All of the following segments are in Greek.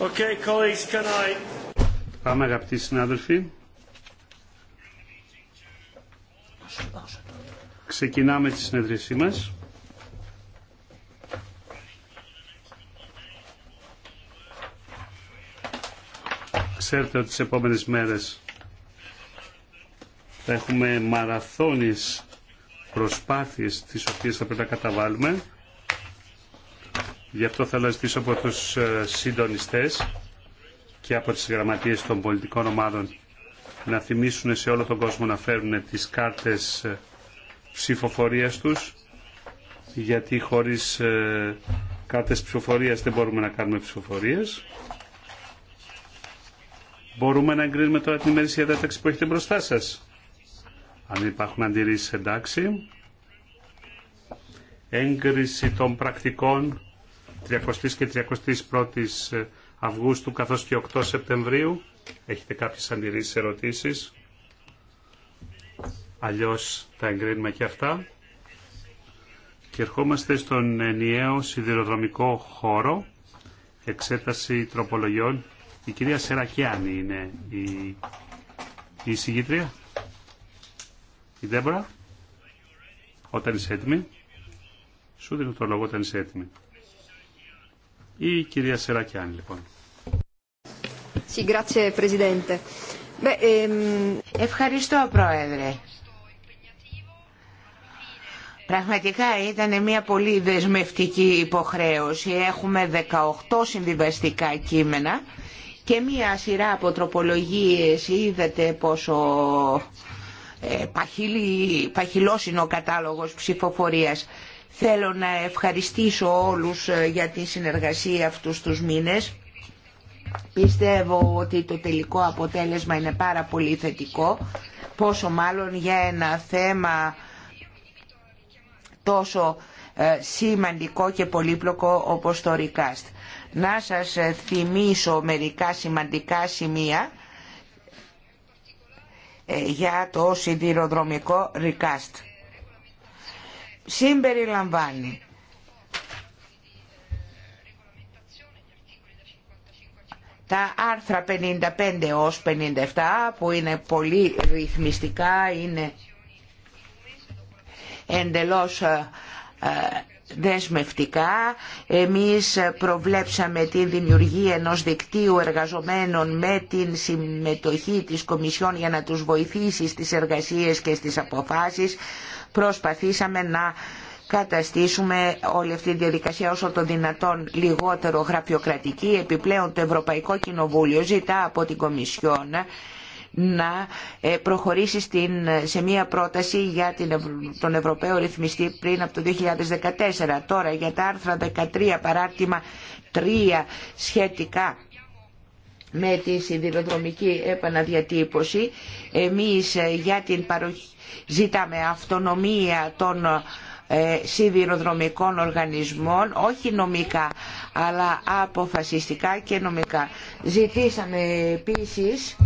Okay, colleagues, Πάμε αγαπητοί συνάδελφοι. Ξεκινάμε τη συνεδρίασή μας. Ξέρετε ότι τις επόμενες μέρες θα έχουμε μαραθώνιες προσπάθειες τις οποίες θα πρέπει να καταβάλουμε. Γι' αυτό θέλω να ζητήσω από τους ε, συντονιστές και από τις γραμματείες των πολιτικών ομάδων να θυμίσουν σε όλο τον κόσμο να φέρουν τις κάρτες ε, ψηφοφορίας τους γιατί χωρίς ε, κάρτες ψηφοφορίας δεν μπορούμε να κάνουμε ψηφοφορίες. Μπορούμε να εγκρίνουμε τώρα την ημερήσια διάταξη που έχετε μπροστά σας. Αν υπάρχουν αντιρρήσεις εντάξει. Έγκριση των πρακτικών 30 και 31 ε, Αυγούστου καθώς και 8 Σεπτεμβρίου. Έχετε κάποιες αντιρρήσεις ερωτήσεις. Αλλιώς τα εγκρίνουμε και αυτά. Και ερχόμαστε στον ενιαίο σιδηροδρομικό χώρο, εξέταση τροπολογιών. Η κυρία Σερακιάνη είναι η, η Η Δέμπρα όταν είσαι έτοιμη, σου δίνω το λόγο όταν είσαι έτοιμη. Η κυρία Σερακιάνη, λοιπόν. Ehm, Ευχαριστώ, Πρόεδρε. Πραγματικά ήταν μια πολύ δεσμευτική υποχρέωση. Έχουμε 18 συμβιβαστικά κείμενα και μια σειρά από τροπολογίες. Είδατε πόσο ε, παχυλός είναι ο κατάλογος ψηφοφορίας. Θέλω να ευχαριστήσω όλους ε, για τη συνεργασία αυτούς τους μήνες. Πιστεύω ότι το τελικό αποτέλεσμα είναι πάρα πολύ θετικό, πόσο μάλλον για ένα θέμα τόσο ε, σημαντικό και πολύπλοκο όπως το Recast. Να σας ε, θυμίσω μερικά σημαντικά σημεία για το σιδηροδρομικό Recast συμπεριλαμβάνει τα άρθρα 55 ως 57 που είναι πολύ ρυθμιστικά, είναι εντελώς ε, ε, δεσμευτικά. Εμείς προβλέψαμε τη δημιουργία ενός δικτύου εργαζομένων με την συμμετοχή της Κομισιόν για να τους βοηθήσει στις εργασίες και στις αποφάσεις προσπαθήσαμε να καταστήσουμε όλη αυτή τη διαδικασία όσο το δυνατόν λιγότερο γραφειοκρατική. Επιπλέον το Ευρωπαϊκό Κοινοβούλιο ζητά από την Κομισιόν να ε, προχωρήσει στην, σε μία πρόταση για τον Ευρωπαίο ρυθμιστή πριν από το 2014. Τώρα για τα άρθρα 13 παράρτημα 3 σχετικά με τη σιδηροδρομική επαναδιατύπωση εμείς ε, για την παροχή ζητάμε αυτονομία των ε, σιδηροδρομικών οργανισμών όχι νομικά αλλά αποφασιστικά και νομικά. Ζητήσαμε επίσης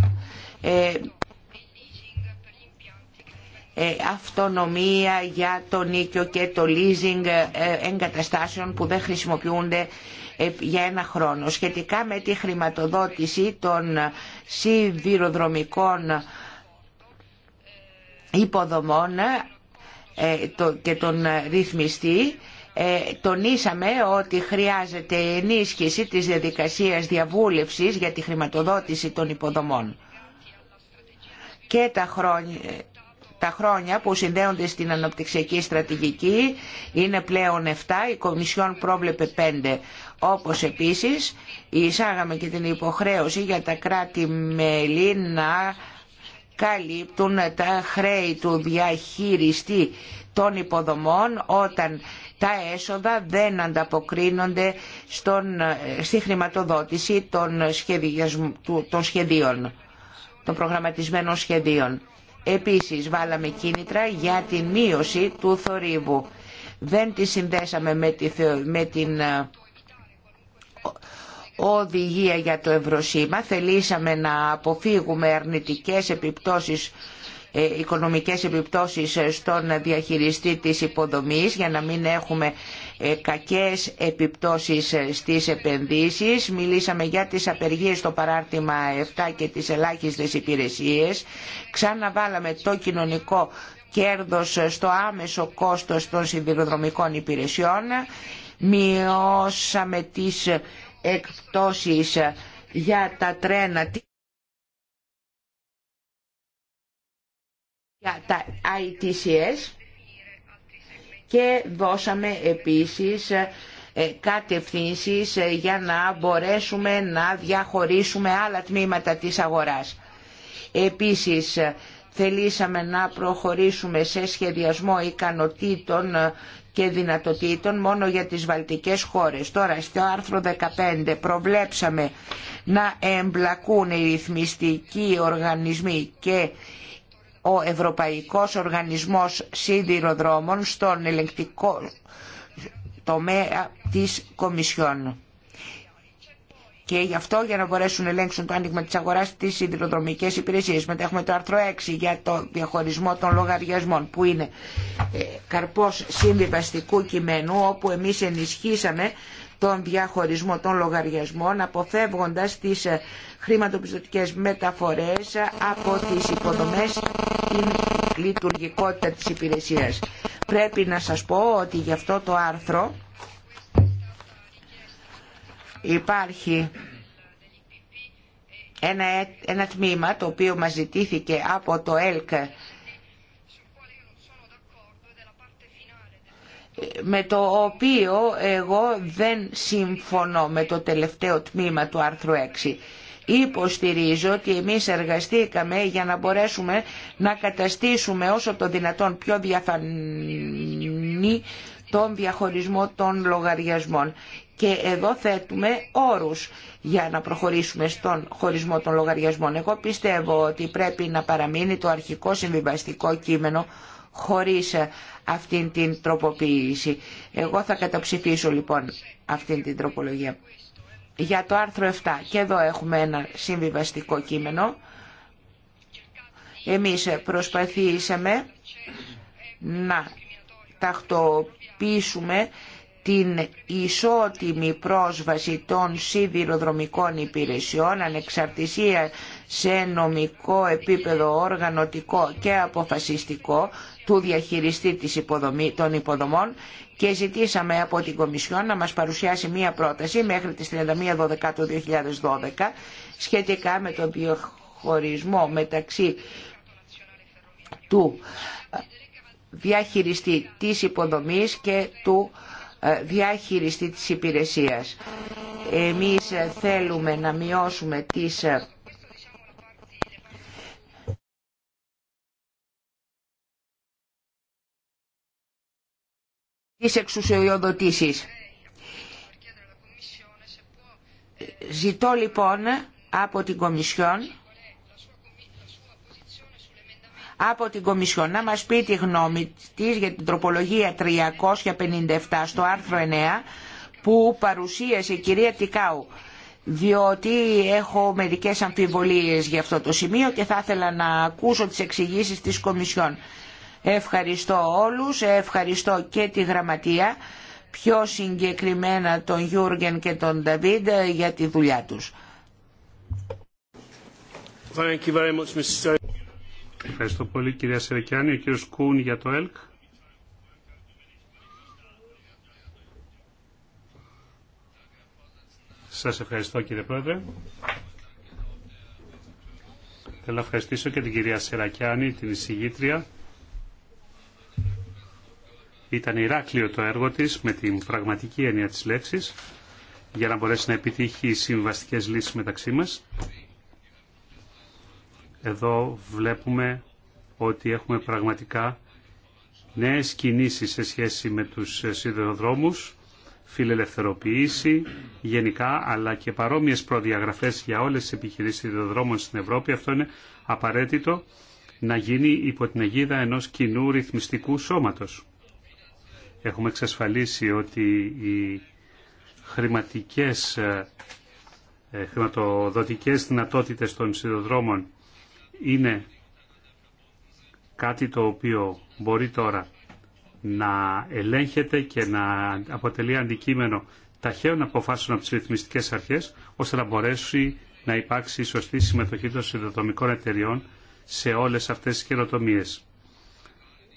ε, αυτονομία για το νίκιο και το leasing εγκαταστάσεων που δεν χρησιμοποιούνται για ένα χρόνο σχετικά με τη χρηματοδότηση των σιδηροδρομικών υποδομών ε, και των ρυθμιστή ε, τονίσαμε ότι χρειάζεται ενίσχυση της διαδικασίας διαβούλευσης για τη χρηματοδότηση των υποδομών και τα χρόνια, τα χρόνια που συνδέονται στην αναπτυξιακή στρατηγική είναι πλέον 7, η Κομισιόν πρόβλεπε 5. Όπως επίσης εισάγαμε και την υποχρέωση για τα κράτη-μέλη να καλύπτουν τα χρέη του διαχειριστή των υποδομών όταν τα έσοδα δεν ανταποκρίνονται στον, στη χρηματοδότηση των, των σχεδίων, των προγραμματισμένων σχεδίων. Επίσης βάλαμε κίνητρα για την μείωση του θορύβου. Δεν τη συνδέσαμε με, με την ε, οδηγία για το ευρωσήμα. Θελήσαμε να αποφύγουμε αρνητικές επιπτώσεις ε, οικονομικές επιπτώσεις στον διαχειριστή της υποδομής για να μην έχουμε ε, κακές επιπτώσεις στις επενδύσεις. Μιλήσαμε για τις απεργίες στο παράρτημα 7 και τις ελάχιστες υπηρεσίες. Ξαναβάλαμε το κοινωνικό κέρδος στο άμεσο κόστος των σιδηροδρομικών υπηρεσιών μειώσαμε τις εκπτώσεις για τα τρένα, για τα ITCS και δώσαμε επίσης ε, κατευθύνσεις ε, για να μπορέσουμε να διαχωρίσουμε άλλα τμήματα της αγοράς. Επίσης, ε, θελήσαμε να προχωρήσουμε σε σχεδιασμό ικανοτήτων και δυνατοτήτων μόνο για τις βαλτικές χώρες. Τώρα στο άρθρο 15 προβλέψαμε να εμπλακούν οι ρυθμιστικοί οργανισμοί και ο Ευρωπαϊκός Οργανισμός Σίδηροδρόμων στον ελεγκτικό τομέα της Κομισιόν. Και γι' αυτό για να μπορέσουν να ελέγξουν το άνοιγμα τη αγορά στι σιδηροδρομικέ υπηρεσίε. Μετά έχουμε το άρθρο 6 για το διαχωρισμό των λογαριασμών που είναι ε, καρπό συμβιβαστικού κειμένου όπου εμεί ενισχύσαμε τον διαχωρισμό των λογαριασμών αποφεύγοντας τις ε, χρηματοπιστωτικέ μεταφορέ από τις υποδομές την λειτουργικότητα τη υπηρεσία. Πρέπει να σα πω ότι γι' αυτό το άρθρο Υπάρχει ένα, τμήμα το οποίο μας ζητήθηκε από το ΕΛΚ με το οποίο εγώ δεν συμφωνώ με το τελευταίο τμήμα του άρθρου 6. Υποστηρίζω ότι εμείς εργαστήκαμε για να μπορέσουμε να καταστήσουμε όσο το δυνατόν πιο διαφανή τον διαχωρισμό των λογαριασμών και εδώ θέτουμε όρους για να προχωρήσουμε στον χωρισμό των λογαριασμών. Εγώ πιστεύω ότι πρέπει να παραμείνει το αρχικό συμβιβαστικό κείμενο χωρίς ε, αυτήν την τροποποίηση. Εγώ θα καταψηφίσω λοιπόν αυτήν την τροπολογία. Για το άρθρο 7 και εδώ έχουμε ένα συμβιβαστικό κείμενο. Εμείς προσπαθήσαμε να τακτοποιήσουμε την ισότιμη πρόσβαση των σιδηροδρομικών υπηρεσιών, ανεξαρτησία σε νομικό επίπεδο οργανωτικό και αποφασιστικό του διαχειριστή της υποδομή, των υποδομών και ζητήσαμε από την Κομισιόν να μας παρουσιάσει μία πρόταση μέχρι τις 31 2012 σχετικά με τον διαχωρισμό μεταξύ του διαχειριστή της υποδομής και του ε, διαχειριστή της υπηρεσίας. Εμείς ε, θέλουμε να μειώσουμε τις ε, τις εξουσιοδοτήσεις. Ζητώ λοιπόν από την Κομισιόν από την Κομισιόν να μας πει τη γνώμη της για την τροπολογία 357 στο άρθρο 9 που παρουσίασε η κυρία Τικάου διότι έχω μερικές αμφιβολίες για αυτό το σημείο και θα ήθελα να ακούσω τις εξηγήσεις της Κομισιόν. Ευχαριστώ όλους, ευχαριστώ και τη Γραμματεία, πιο συγκεκριμένα τον Γιούργεν και τον Νταβίντ για τη δουλειά τους. very much, Ευχαριστώ πολύ κυρία Σερικιάνη. Ο κύριος Κούν για το ΕΛΚ. Σας ευχαριστώ κύριε Πρόεδρε. Θέλω να ευχαριστήσω και την κυρία Σερακιάνη, την εισηγήτρια. Ήταν Ηράκλειο το έργο της με την πραγματική έννοια της λέξης για να μπορέσει να επιτύχει οι συμβαστικές λύσεις μεταξύ μας. Εδώ βλέπουμε ότι έχουμε πραγματικά νέες κινήσεις σε σχέση με τους σιδηροδρόμους, φιλελευθεροποίηση γενικά, αλλά και παρόμοιες προδιαγραφές για όλες τις επιχειρήσεις σιδηροδρόμων στην Ευρώπη. Αυτό είναι απαραίτητο να γίνει υπό την αιγίδα ενός κοινού ρυθμιστικού σώματος. Έχουμε εξασφαλίσει ότι οι χρηματικές, ε, ε, χρηματοδοτικές δυνατότητες των σιδηροδρόμων είναι κάτι το οποίο μπορεί τώρα να ελέγχεται και να αποτελεί αντικείμενο ταχαίων αποφάσεων από τι ρυθμιστικέ αρχές, ώστε να μπορέσει να υπάρξει η σωστή συμμετοχή των συνδοτομικών εταιριών σε όλες αυτές τις καινοτομίε.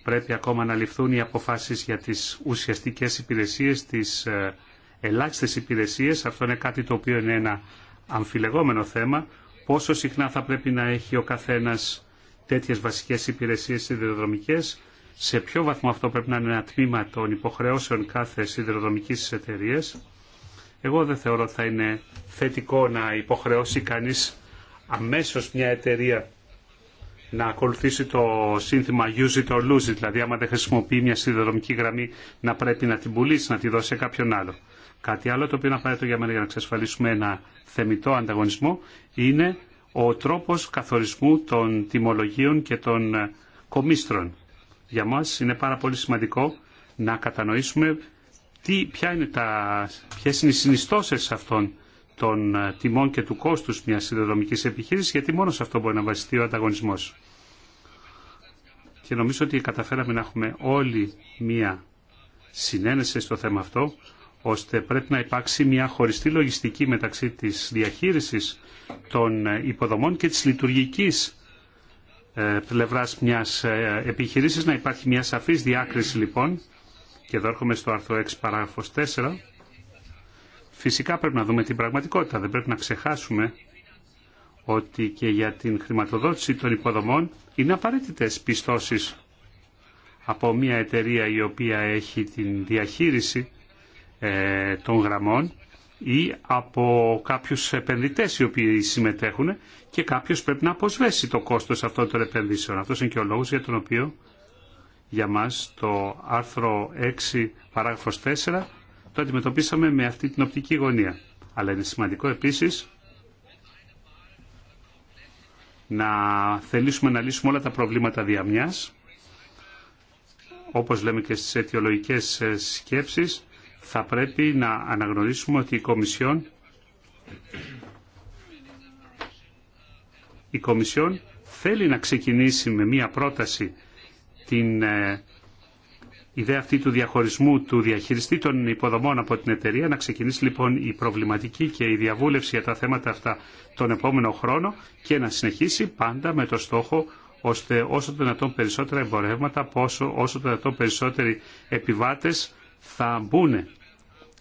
Πρέπει ακόμα να ληφθούν οι αποφάσεις για τις ουσιαστικές υπηρεσίες, τις ε, ελάχιστες υπηρεσίες. Αυτό είναι κάτι το οποίο είναι ένα αμφιλεγόμενο θέμα, πόσο συχνά θα πρέπει να έχει ο καθένας τέτοιες βασικές υπηρεσίες σιδηροδρομικές, σε ποιο βαθμό αυτό πρέπει να είναι ένα τμήμα των υποχρεώσεων κάθε σιδηροδρομικής εταιρεία. Εγώ δεν θεωρώ ότι θα είναι θετικό να υποχρεώσει κανείς αμέσως μια εταιρεία να ακολουθήσει το σύνθημα use it or lose it, δηλαδή άμα δεν χρησιμοποιεί μια σιδηροδρομική γραμμή να πρέπει να την πουλήσει, να τη δώσει σε κάποιον άλλο. Κάτι άλλο το οποίο είναι απαραίτητο για μένα για να εξασφαλίσουμε ένα θεμητό ανταγωνισμό είναι ο τρόπος καθορισμού των τιμολογίων και των ε, κομίστρων. Για μας είναι πάρα πολύ σημαντικό να κατανοήσουμε τι, ποια είναι τα, ποιες είναι οι συνιστώσεις αυτών των ε, τιμών και του κόστους μιας συνδρομικής επιχείρησης, γιατί μόνο σε αυτό μπορεί να βασιστεί ο ανταγωνισμός. Και νομίζω ότι καταφέραμε να έχουμε όλοι μία συνένεση στο θέμα αυτό, ώστε πρέπει να υπάρξει μια χωριστή λογιστική μεταξύ της διαχείρισης των υποδομών και της λειτουργικής ε, πλευράς μιας ε, επιχειρήσης. Να υπάρχει μια σαφής διάκριση λοιπόν, και εδώ έρχομαι στο άρθρο 6 παράγραφος 4, Φυσικά πρέπει να δούμε την πραγματικότητα. Δεν πρέπει να ξεχάσουμε ότι και για την χρηματοδότηση των υποδομών είναι απαραίτητες πιστώσεις από μια εταιρεία η οποία έχει την διαχείριση ε, των γραμμών ή από κάποιους επενδυτές οι οποίοι συμμετέχουν και κάποιος πρέπει να αποσβέσει το κόστος αυτών των επενδύσεων. Αυτός είναι και ο λόγος για τον οποίο για μας το άρθρο 6 παράγραφος 4 το αντιμετωπίσαμε με αυτή την οπτική γωνία. Αλλά είναι σημαντικό επίσης να θελήσουμε να λύσουμε όλα τα προβλήματα διαμιάς όπως λέμε και στις αιτιολογικές ε, σκέψεις θα πρέπει να αναγνωρίσουμε ότι η Κομισιόν η Κομισιόν θέλει να ξεκινήσει με μία πρόταση την ε, ιδέα αυτή του διαχωρισμού του διαχειριστή των υποδομών από την εταιρεία. Να ξεκινήσει λοιπόν η προβληματική και η διαβούλευση για τα θέματα αυτά τον επόμενο χρόνο και να συνεχίσει πάντα με το στόχο ώστε όσο το δυνατόν περισσότερα εμπορεύματα, όσο το δυνατόν περισσότεροι επιβάτες θα μπουν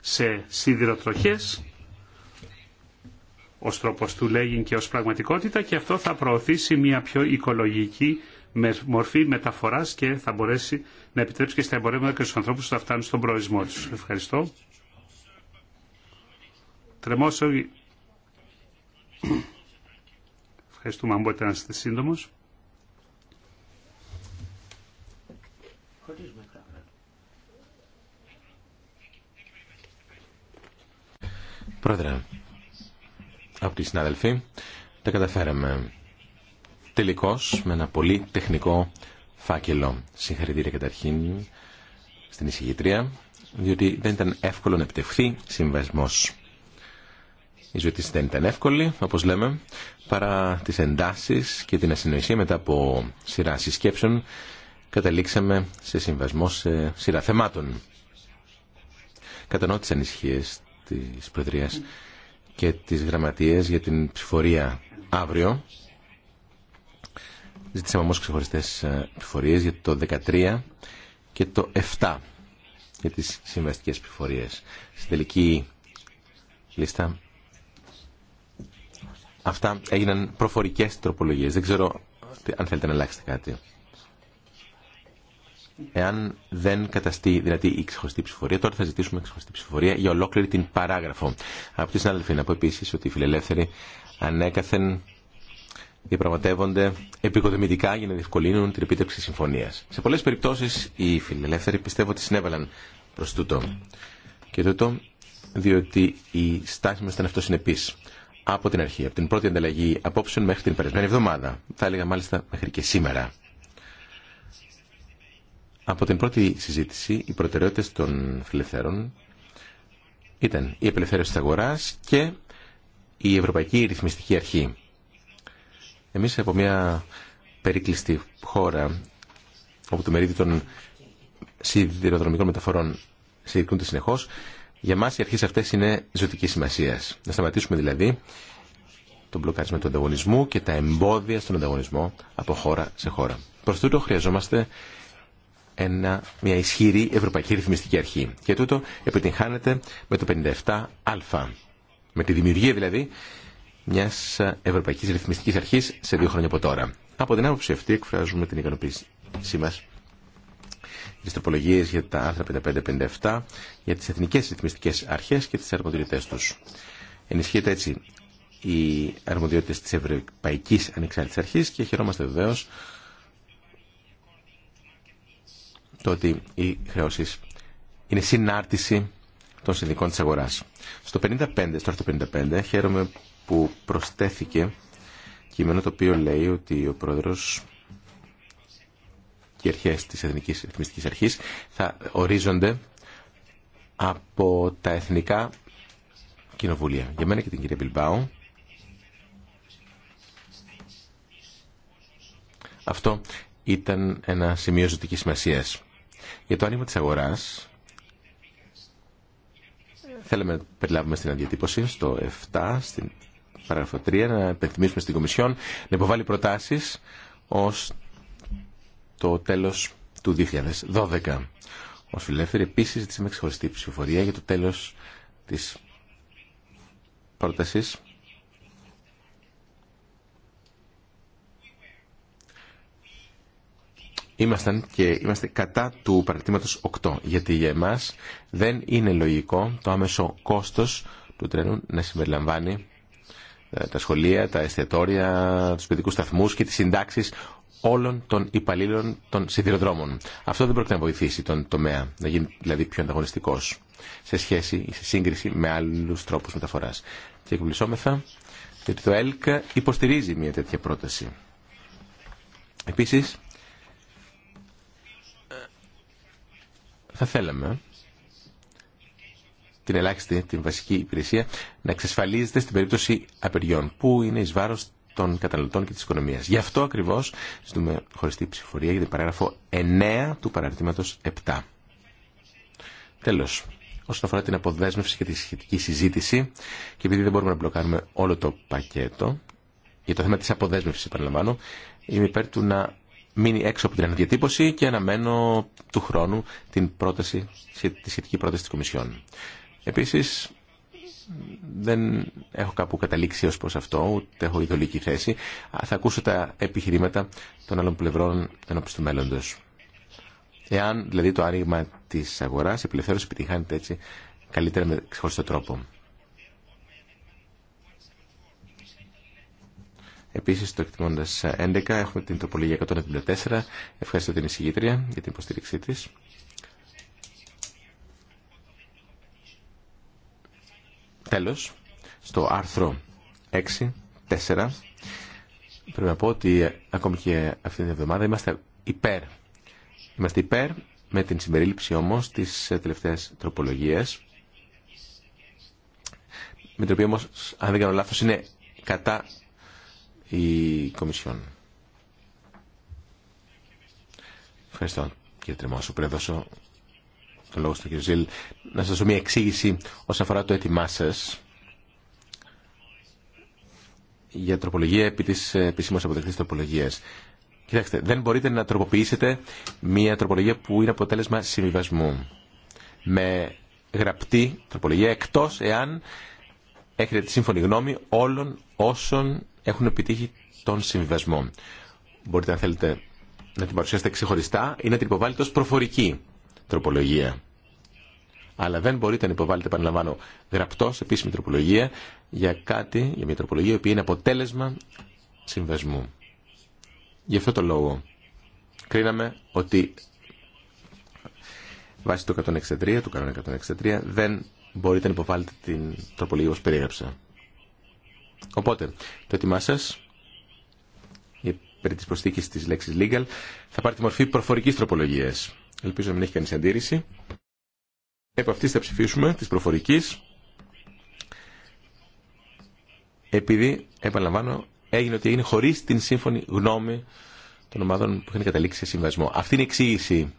σε σιδηροτροχές ως τρόπος του λέγει και ως πραγματικότητα και αυτό θα προωθήσει μια πιο οικολογική μορφή μεταφοράς και θα μπορέσει να επιτρέψει και στα εμπορεύματα και στους ανθρώπους να φτάνουν στον προορισμό τους. Ευχαριστώ. Τρεμόσο. Ευχαριστούμε αν μπορείτε να είστε σύντομος. Πρόεδρε, από τη συνάδελφη, τα καταφέραμε τελικώς με ένα πολύ τεχνικό φάκελο. Συγχαρητήρια καταρχήν στην εισηγητρία, διότι δεν ήταν εύκολο να επιτευχθεί συμβασμός. Η ζωή της δεν ήταν εύκολη, όπως λέμε, παρά τις εντάσεις και την ασυνοησία μετά από σειρά συσκέψεων, καταλήξαμε σε συμβασμό σε σειρά θεμάτων. Κατανοώ τις της Προεδρίας και της Γραμματείας για την ψηφορία αύριο. Ζήτησαμε όμως ξεχωριστές ε, ψηφορίες για το 13 και το 7 για τις συμβαστικές ψηφορίες. Στην τελική λίστα αυτά έγιναν προφορικές τροπολογίες. Δεν ξέρω αν θέλετε να αλλάξετε κάτι. Εάν δεν καταστεί δηλαδή η ξεχωριστή ψηφορία, τώρα θα ζητήσουμε ξεχωριστή ψηφορία για ολόκληρη την παράγραφο. Από τη συνάδελφη να πω επίση ότι οι φιλελεύθεροι ανέκαθεν διαπραγματεύονται επικοδομητικά για να διευκολύνουν την επίτευξη συμφωνία. Σε πολλέ περιπτώσει οι φιλελεύθεροι πιστεύω ότι συνέβαλαν προ τούτο. Και τούτο διότι η στάση μα ήταν αυτό συνεπή. Από την αρχή, από την πρώτη ανταλλαγή απόψεων μέχρι την περασμένη εβδομάδα. Θα έλεγα μάλιστα μέχρι και σήμερα. Από την πρώτη συζήτηση, οι προτεραιότητε των φιλελευθέρων ήταν η απελευθέρωση της αγοράς και η Ευρωπαϊκή Ρυθμιστική Αρχή. Εμείς από μια περίκλειστη χώρα όπου το μερίδιο των σιδηροδρομικών μεταφορών συγκρίνονται συνεχώς, για μας οι αρχές αυτές είναι ζωτική σημασίας. Να σταματήσουμε δηλαδή τον μπλοκάρισμα του ανταγωνισμού και τα εμπόδια στον ανταγωνισμό από χώρα σε χώρα. Προς τούτο χρειαζόμαστε ένα, μια ισχυρή ευρωπαϊκή ρυθμιστική αρχή. Και τούτο επιτυγχάνεται με το 57α. Με τη δημιουργία δηλαδή μια ευρωπαϊκή ρυθμιστική αρχή σε δύο χρόνια από τώρα. Από την άποψη αυτή εκφράζουμε την ικανοποίησή μα τι τροπολογίε για τα άρθρα 55-57, για τι εθνικέ ρυθμιστικέ αρχέ και τι αρμοδιότητέ του. Ενισχύεται έτσι οι αρμοδιότητε τη Ευρωπαϊκή Ανεξάρτητη Αρχή και χαιρόμαστε βεβαίω το ότι οι χρεώσει είναι συνάρτηση των συνδικών της αγοράς. Στο 55, στο 55 χαίρομαι που προσθέθηκε κείμενο το οποίο λέει ότι ο πρόεδρος και οι αρχές της Εθνικής Εθνικής Αρχής θα ορίζονται από τα εθνικά κοινοβουλία. Για μένα και την κυρία Μπιλμπάου αυτό ήταν ένα σημείο ζωτικής σημασίας. Για το άνοιγμα τη αγορά, θέλαμε να περιλάβουμε στην αδιατύπωση, στο 7, στην παράγραφο 3, να υπενθυμίσουμε στην Κομισιόν να υποβάλει προτάσει ω το τέλο του 2012. Ως φιλελεύθερη επίσης ζητήσαμε ξεχωριστή ψηφοφορία για το τέλο τη πρόταση. ήμασταν και είμαστε κατά του παρακτήματος 8, γιατί για εμάς δεν είναι λογικό το άμεσο κόστος του τρένου να συμπεριλαμβάνει ε, τα σχολεία, τα εστιατόρια, τους παιδικούς σταθμούς και τις συντάξεις όλων των υπαλλήλων των σιδηροδρόμων. Αυτό δεν πρόκειται να βοηθήσει τον τομέα, να γίνει δηλαδή πιο ανταγωνιστικός σε σχέση, ή σε σύγκριση με άλλους τρόπους μεταφοράς. Και εκπλησόμεθα ότι το ΕΛΚ υποστηρίζει μια τέτοια πρόταση. Επίση, Θα θέλαμε την ελάχιστη, την βασική υπηρεσία να εξασφαλίζεται στην περίπτωση απεριών που είναι εις βάρος των καταναλωτών και της οικονομίας. Γι' αυτό ακριβώς ζητούμε χωριστή ψηφορία για την παράγραφο 9 του παραρτήματος 7. Τέλος, όσον αφορά την αποδέσμευση και τη σχετική συζήτηση και επειδή δεν μπορούμε να μπλοκάρουμε όλο το πακέτο, για το θέμα της αποδέσμευσης, επαναλαμβάνω, είμαι υπέρ του να μείνει έξω από την αναδιατύπωση και αναμένω του χρόνου την πρόταση, τη σχετική πρόταση της Κομισιόν. Επίσης, δεν έχω κάπου καταλήξει ως προς αυτό, ούτε έχω ιδολική θέση. Θα ακούσω τα επιχειρήματα των άλλων πλευρών ενώπιση του μέλλοντος. Εάν δηλαδή το άνοιγμα της αγοράς, η επιτυχάνεται έτσι καλύτερα με ξεχωριστό τρόπο. Επίσης, το εκτιμώντας 11, έχουμε την τροπολογία 174. Ευχαριστώ την εισηγήτρια για την υποστήριξή της. Τέλος, στο άρθρο 6, 4, πρέπει να πω ότι ακόμη και αυτή την εβδομάδα είμαστε υπέρ. Είμαστε υπέρ με την συμπερίληψη όμως της τελευταίας τροπολογίας, με την οποία όμως, αν δεν κάνω λάθος, είναι κατά η Κομισιόν. Ευχαριστώ κύριε Πρέπει να δώσω το λόγο στον κύριο Ζήλ, να σας δώσω μια εξήγηση όσον αφορά το έτοιμά σα. για τροπολογία επί της επισήμως αποδεκτής τροπολογίας. Κοιτάξτε, δεν μπορείτε να τροποποιήσετε μια τροπολογία που είναι αποτέλεσμα συμβιβασμού με γραπτή τροπολογία εκτός εάν έχετε τη σύμφωνη γνώμη όλων όσων έχουν επιτύχει τον συμβιβασμό. Μπορείτε να θέλετε να την παρουσιάσετε ξεχωριστά ή να την υποβάλλετε ως προφορική τροπολογία. Αλλά δεν μπορείτε να υποβάλλετε, επαναλαμβάνω, γραπτό επίσημη τροπολογία για κάτι, για μια τροπολογία, η οποία είναι αποτέλεσμα συμβασμού. Γι' αυτό το λόγο κρίναμε ότι βάσει του 163, του κανόνα 163, δεν μπορείτε να υποβάλλετε την τροπολογία όπως περιέγραψα. Οπότε, το έτοιμά σα περί της προσθήκης τη λέξης legal θα πάρει τη μορφή προφορικής τροπολογία. Ελπίζω να μην έχει κανεί αντίρρηση. Επ' αυτή θα ψηφίσουμε τη προφορική επειδή, επαναλαμβάνω, έγινε ότι έγινε χωρί την σύμφωνη γνώμη των ομάδων που είχαν καταλήξει σε συμβασμό. Αυτή είναι η εξήγηση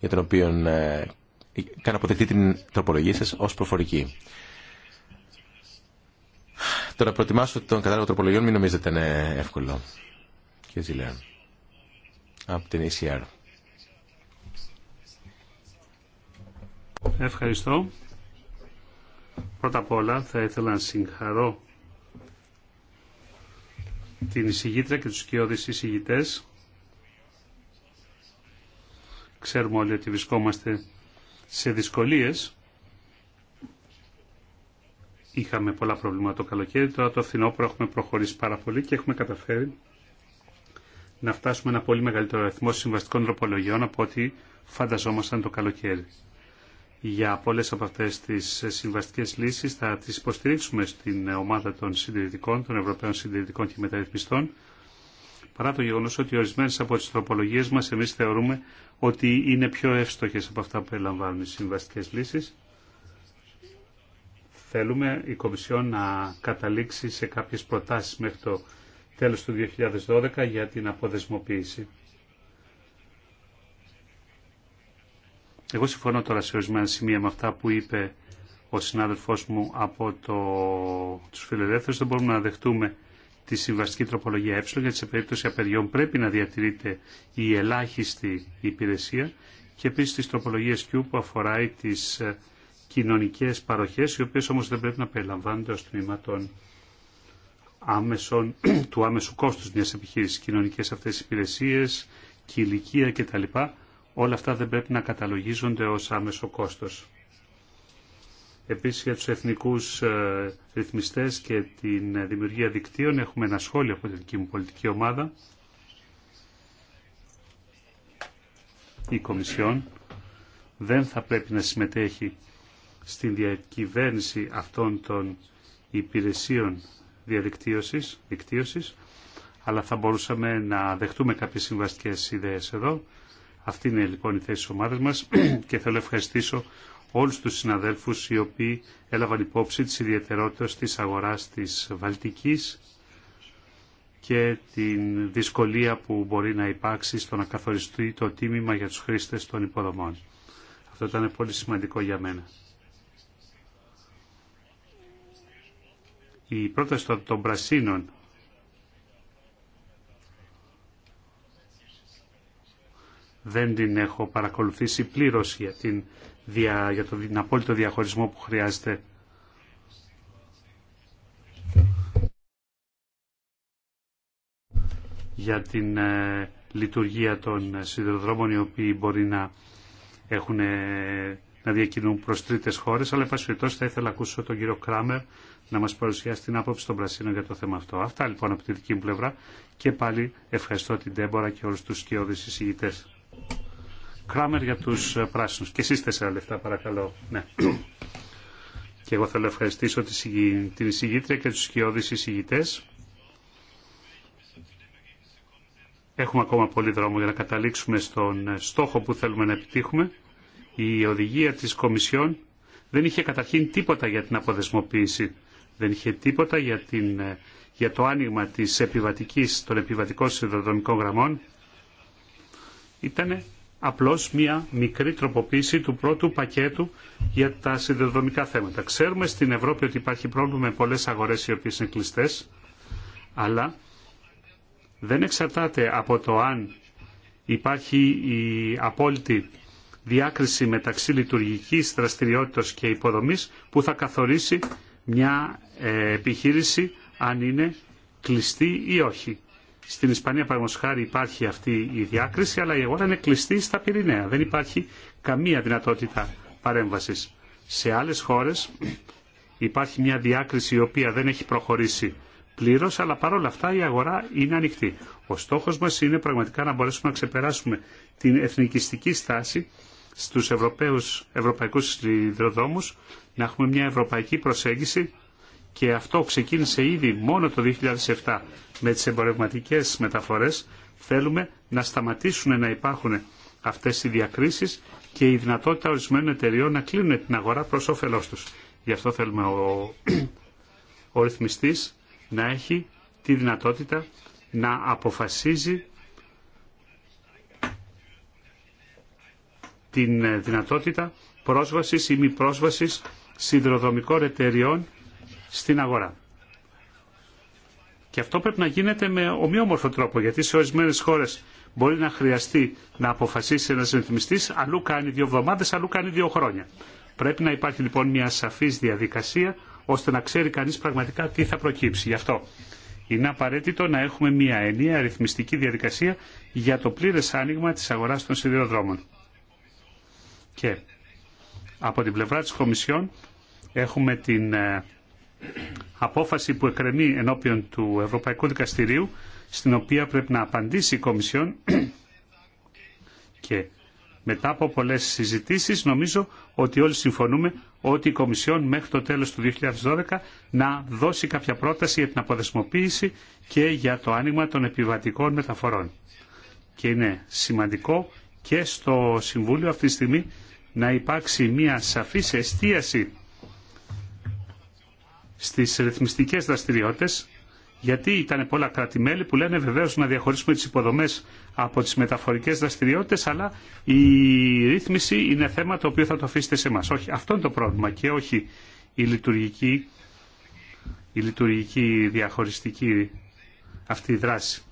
για την οποία ε, κάνω την τροπολογία σας ως προφορική. Τώρα να προετοιμάσω τον κατάλογο τροπολογιών μην νομίζετε είναι εύκολο. και Ζηλέα, από την ECR. Ευχαριστώ. Πρώτα απ' όλα θα ήθελα να συγχαρώ την εισηγήτρια και τους κοιόδης εισηγητές. Ξέρουμε όλοι ότι βρισκόμαστε σε δυσκολίες είχαμε πολλά προβλήματα το καλοκαίρι, τώρα το φθινόπωρο έχουμε προχωρήσει πάρα πολύ και έχουμε καταφέρει να φτάσουμε ένα πολύ μεγαλύτερο αριθμό συμβαστικών τροπολογιών από ό,τι φανταζόμασταν το καλοκαίρι. Για πολλές από αυτές τις συμβαστικές λύσεις θα τις υποστηρίξουμε στην ομάδα των συντηρητικών, των Ευρωπαίων Συντηρητικών και Μεταρρυθμιστών, παρά το γεγονός ότι ορισμένες από τις τροπολογίες μας εμείς θεωρούμε ότι είναι πιο εύστοχες από αυτά που περιλαμβάνουν οι συμβαστικέ λύσεις. Θέλουμε η Κομισιόν να καταλήξει σε κάποιες προτάσεις μέχρι το τέλος του 2012 για την αποδεσμοποίηση. Εγώ συμφωνώ τώρα σε ορισμένα σημεία με αυτά που είπε ο συνάδελφός μου από το... τους φιλελεύθερους. Δεν μπορούμε να δεχτούμε τη συμβαστική τροπολογία ε, γιατί σε περίπτωση απεριών πρέπει να διατηρείται η ελάχιστη υπηρεσία και επίσης τις τροπολογίες Q που αφορά τις ε, κοινωνικές παροχές, οι οποίες όμως δεν πρέπει να περιλαμβάνονται ως τμήμα των άμεσων, του άμεσου κόστους μιας επιχείρησης. Κοινωνικές αυτές υπηρεσίες, και ηλικία κτλ. Όλα αυτά δεν πρέπει να καταλογίζονται ως άμεσο κόστος. Επίσης για τους εθνικούς ε, ρυθμιστές και την ε, δημιουργία δικτύων έχουμε ένα σχόλιο από την δική μου πολιτική ομάδα. Η Κομισιόν δεν θα πρέπει να συμμετέχει στην διακυβέρνηση αυτών των υπηρεσίων διαδικτύωσης, δικτύωσης, αλλά θα μπορούσαμε να δεχτούμε κάποιες συμβαστικές ιδέες εδώ. Αυτή είναι λοιπόν η θέση της ομάδας μας και θέλω να ευχαριστήσω όλους τους συναδέλφους οι οποίοι έλαβαν υπόψη της ιδιαιτερότητας της αγοράς της Βαλτικής και την δυσκολία που μπορεί να υπάρξει στο να καθοριστεί το τίμημα για τους χρήστες των υποδομών. Αυτό ήταν πολύ σημαντικό για μένα. η πρόταση των πρασίνων δεν την έχω παρακολουθήσει πλήρως για, την, για το, την απόλυτο διαχωρισμό που χρειάζεται. για την ε, λειτουργία των σιδηροδρόμων οι οποίοι μπορεί να, έχουν, να διακινούν προς τρίτες χώρες αλλά εν θα ήθελα να ακούσω τον κύριο Κράμερ να μας παρουσιάσει την άποψη των Πρασίνων για το θέμα αυτό. Αυτά λοιπόν από τη δική μου πλευρά και πάλι ευχαριστώ την Τέμπορα και όλους τους σκιώδεις εισηγητές. Κράμερ για τους ε, πράσινους. Και εσείς τέσσερα λεφτά παρακαλώ. Ναι. και εγώ θέλω να ευχαριστήσω την εισηγήτρια και τους σκιώδεις εισηγητές. Έχουμε ακόμα πολύ δρόμο για να καταλήξουμε στον ε, στόχο που θέλουμε να επιτύχουμε. Η οδηγία της Κομισιόν δεν είχε καταρχήν τίποτα για την αποδεσμοποίηση δεν είχε τίποτα ε, για, το άνοιγμα της επιβατικής, των επιβατικών συνδρομικών γραμμών. Ήταν απλώς μια μικρή τροποποίηση του πρώτου πακέτου για τα συνδρομικά θέματα. Ξέρουμε στην Ευρώπη ότι υπάρχει πρόβλημα με πολλές αγορές οι οποίες είναι κλειστές, αλλά δεν εξαρτάται από το αν υπάρχει η απόλυτη διάκριση μεταξύ λειτουργικής δραστηριότητας και υποδομής που θα καθορίσει μια ε, επιχείρηση αν είναι κλειστή ή όχι. Στην Ισπανία, παραδείγματο χάρη, υπάρχει αυτή η διάκριση, αλλά η αγορά είναι κλειστή στα Πυρηναία. Δεν υπάρχει καμία δυνατότητα παρέμβαση. Σε άλλε χώρε υπάρχει μια διάκριση η οποία δεν έχει προχωρήσει πλήρω, αλλά παρόλα αυτά η αγορά είναι ανοιχτή. Ο στόχο μα είναι πραγματικά να μπορέσουμε να ξεπεράσουμε την εθνικιστική στάση στους Ευρωπαίους, ευρωπαϊκούς σιδηροδρόμους, να έχουμε μια ευρωπαϊκή πραγματικα να μπορεσουμε να ξεπερασουμε την εθνικιστικη σταση στου ευρωπαϊκού ευρωπαικους να εχουμε μια ευρωπαικη προσεγγιση και αυτό ξεκίνησε ήδη μόνο το 2007 με τις εμπορευματικές μεταφορές, θέλουμε να σταματήσουν να υπάρχουν αυτές οι διακρίσεις και η δυνατότητα ορισμένων εταιριών να κλείνουν την αγορά προς όφελός τους. Γι' αυτό θέλουμε ο, ο να έχει τη δυνατότητα να αποφασίζει την ε, δυνατότητα πρόσβασης ή μη πρόσβασης σιδηροδρομικών εταιριών στην αγορά. Και αυτό πρέπει να γίνεται με ομοιόμορφο τρόπο, γιατί σε ορισμένε χώρε μπορεί να χρειαστεί να αποφασίσει ένα ρυθμιστή, αλλού κάνει δύο εβδομάδε, αλλού κάνει δύο χρόνια. Πρέπει να υπάρχει λοιπόν μια σαφή διαδικασία, ώστε να ξέρει κανεί πραγματικά τι θα προκύψει. Γι' αυτό είναι απαραίτητο να έχουμε μια ενιαία ρυθμιστική διαδικασία για το πλήρε άνοιγμα τη αγορά των σιδηροδρόμων. Και από την πλευρά τη Κομισιόν έχουμε την ε, απόφαση που εκκρεμεί ενώπιον του Ευρωπαϊκού Δικαστηρίου στην οποία πρέπει να απαντήσει η Κομισιόν και μετά από πολλές συζητήσεις νομίζω ότι όλοι συμφωνούμε ότι η Κομισιόν μέχρι το τέλος του 2012 να δώσει κάποια πρόταση για την αποδεσμοποίηση και για το άνοιγμα των επιβατικών μεταφορών. Και είναι σημαντικό και στο Συμβούλιο αυτή τη στιγμή να υπάρξει μια σαφής εστίαση Στι ρυθμιστικέ δραστηριότητε, δραστηριότητες, γιατί ήταν πολλά κράτη-μέλη που λένε βεβαίω να διαχωρίσουμε τι υποδομέ από τι μεταφορικέ δραστηριότητε, αλλά η ρύθμιση είναι θέμα το οποίο θα το αφήσετε σε εμά. Όχι, αυτό είναι το πρόβλημα και όχι η λειτουργική, η λειτουργική διαχωριστική αυτή η δράση.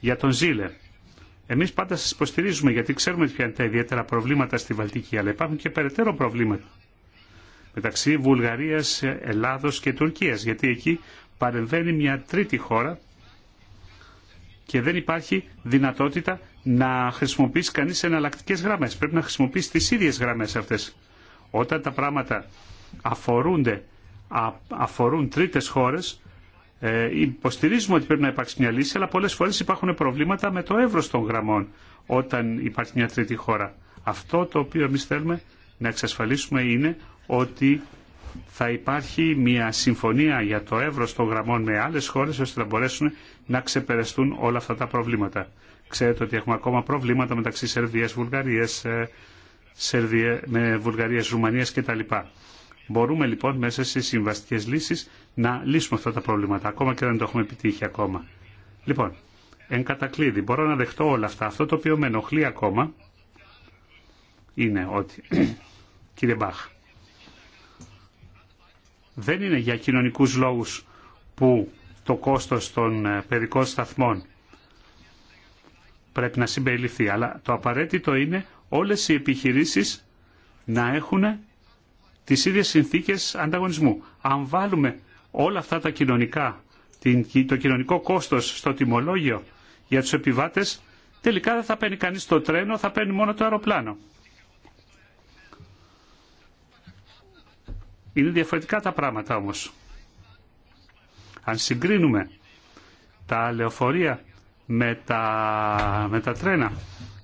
Για τον Ζήλε, εμεί πάντα σα υποστηρίζουμε γιατί ξέρουμε ποια είναι τα ιδιαίτερα προβλήματα στη Βαλτική, αλλά υπάρχουν και περαιτέρω προβλήματα μεταξύ Βουλγαρίας, Ελλάδος και Τουρκίας, γιατί εκεί παρεμβαίνει μια τρίτη χώρα και δεν υπάρχει δυνατότητα να χρησιμοποιήσει κανείς εναλλακτικέ γραμμές. Πρέπει να χρησιμοποιήσει τις ίδιες γραμμές αυτές. Όταν τα πράγματα αφορούνται, αφορούν τρίτες χώρες, ε, υποστηρίζουμε ότι πρέπει να υπάρξει μια λύση, αλλά πολλές φορές υπάρχουν προβλήματα με το εύρος των γραμμών όταν υπάρχει μια τρίτη χώρα. Αυτό το οποίο εμεί θέλουμε να εξασφαλίσουμε είναι ότι θα υπάρχει μια συμφωνία για το εύρος των γραμμών με άλλες χώρες ώστε να μπορέσουν να ξεπεραστούν όλα αυτά τα προβλήματα. Ξέρετε ότι έχουμε ακόμα προβλήματα μεταξύ Σερβίας, Βουλγαρίας, ε, Σερβία, με Βουλγαρίας, Ρουμανίας κτλ. Μπορούμε λοιπόν μέσα σε συμβαστικές λύσεις να λύσουμε αυτά τα προβλήματα, ακόμα και δεν το έχουμε επιτύχει ακόμα. Λοιπόν, εν κατακλείδη, μπορώ να δεχτώ όλα αυτά. Αυτό το οποίο με ενοχλεί ακόμα είναι ότι, κύριε Μπάχ, δεν είναι για κοινωνικούς λόγους που το κόστος των ε, παιδικών σταθμών πρέπει να συμπεριληφθεί. Αλλά το απαραίτητο είναι όλες οι επιχειρήσεις να έχουν τις ίδιες συνθήκες ανταγωνισμού. Αν βάλουμε όλα αυτά τα κοινωνικά, το κοινωνικό κόστος στο τιμολόγιο για τους επιβάτες, τελικά δεν θα παίρνει κανείς το τρένο, θα παίρνει μόνο το αεροπλάνο. Είναι διαφορετικά τα πράγματα όμως. Αν συγκρίνουμε τα λεωφορεία με τα, με τα τρένα,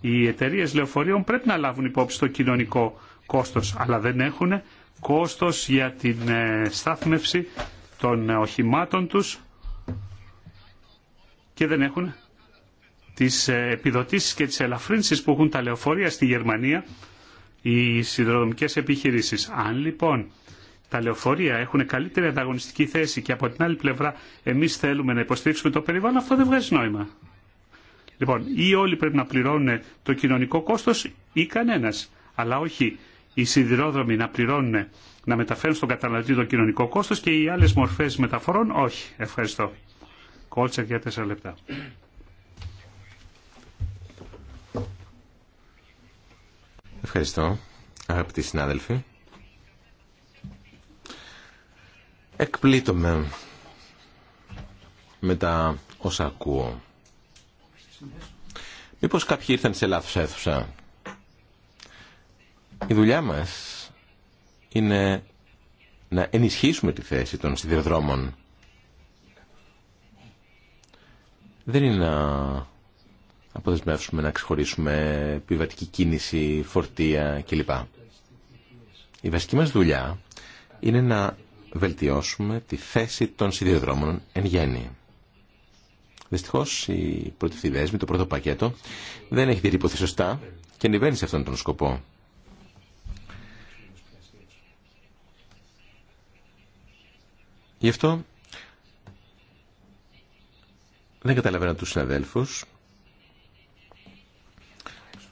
οι εταιρείε λεωφορείων πρέπει να λάβουν υπόψη το κοινωνικό κόστος, αλλά δεν έχουν κόστος για την ε, στάθμευση των ε, οχημάτων τους και δεν έχουν τις ε, επιδοτήσεις και τις ελαφρύνσεις που έχουν τα λεωφορεία στη Γερμανία οι σιδηροδρομικές επιχειρήσεις. Αν λοιπόν τα λεωφορεία έχουν καλύτερη ανταγωνιστική θέση και από την άλλη πλευρά εμείς θέλουμε να υποστηρίξουμε το περιβάλλον, αυτό δεν βγάζει νόημα. Λοιπόν, ή όλοι πρέπει να πληρώνουν το κοινωνικό κόστος ή κανένα. Αλλά όχι οι σιδηρόδρομοι να πληρώνουν, να μεταφέρουν στον καταναλωτή το κοινωνικό κόστος και οι άλλε μορφέ μεταφορών όχι. Ευχαριστώ. Κόλτσα για τέσσερα λεπτά. Ευχαριστώ, αγαπητοί συνάδελφοι. Εκπλήττομαι με τα όσα ακούω. Μήπως κάποιοι ήρθαν σε λάθος αίθουσα. Η δουλειά μας είναι να ενισχύσουμε τη θέση των σιδηροδρόμων. Δεν είναι να αποδεσμεύσουμε να ξεχωρίσουμε πιβατική κίνηση, φορτία κλπ. Η βασική μας δουλειά είναι να βελτιώσουμε τη θέση των σιδηροδρόμων εν γέννη. Δυστυχώ η πρώτη δέσμη, το πρώτο πακέτο, δεν έχει διατυπωθεί σωστά και ανεβαίνει σε αυτόν τον σκοπό. Γι' αυτό δεν καταλαβαίνω τους συναδέλφου.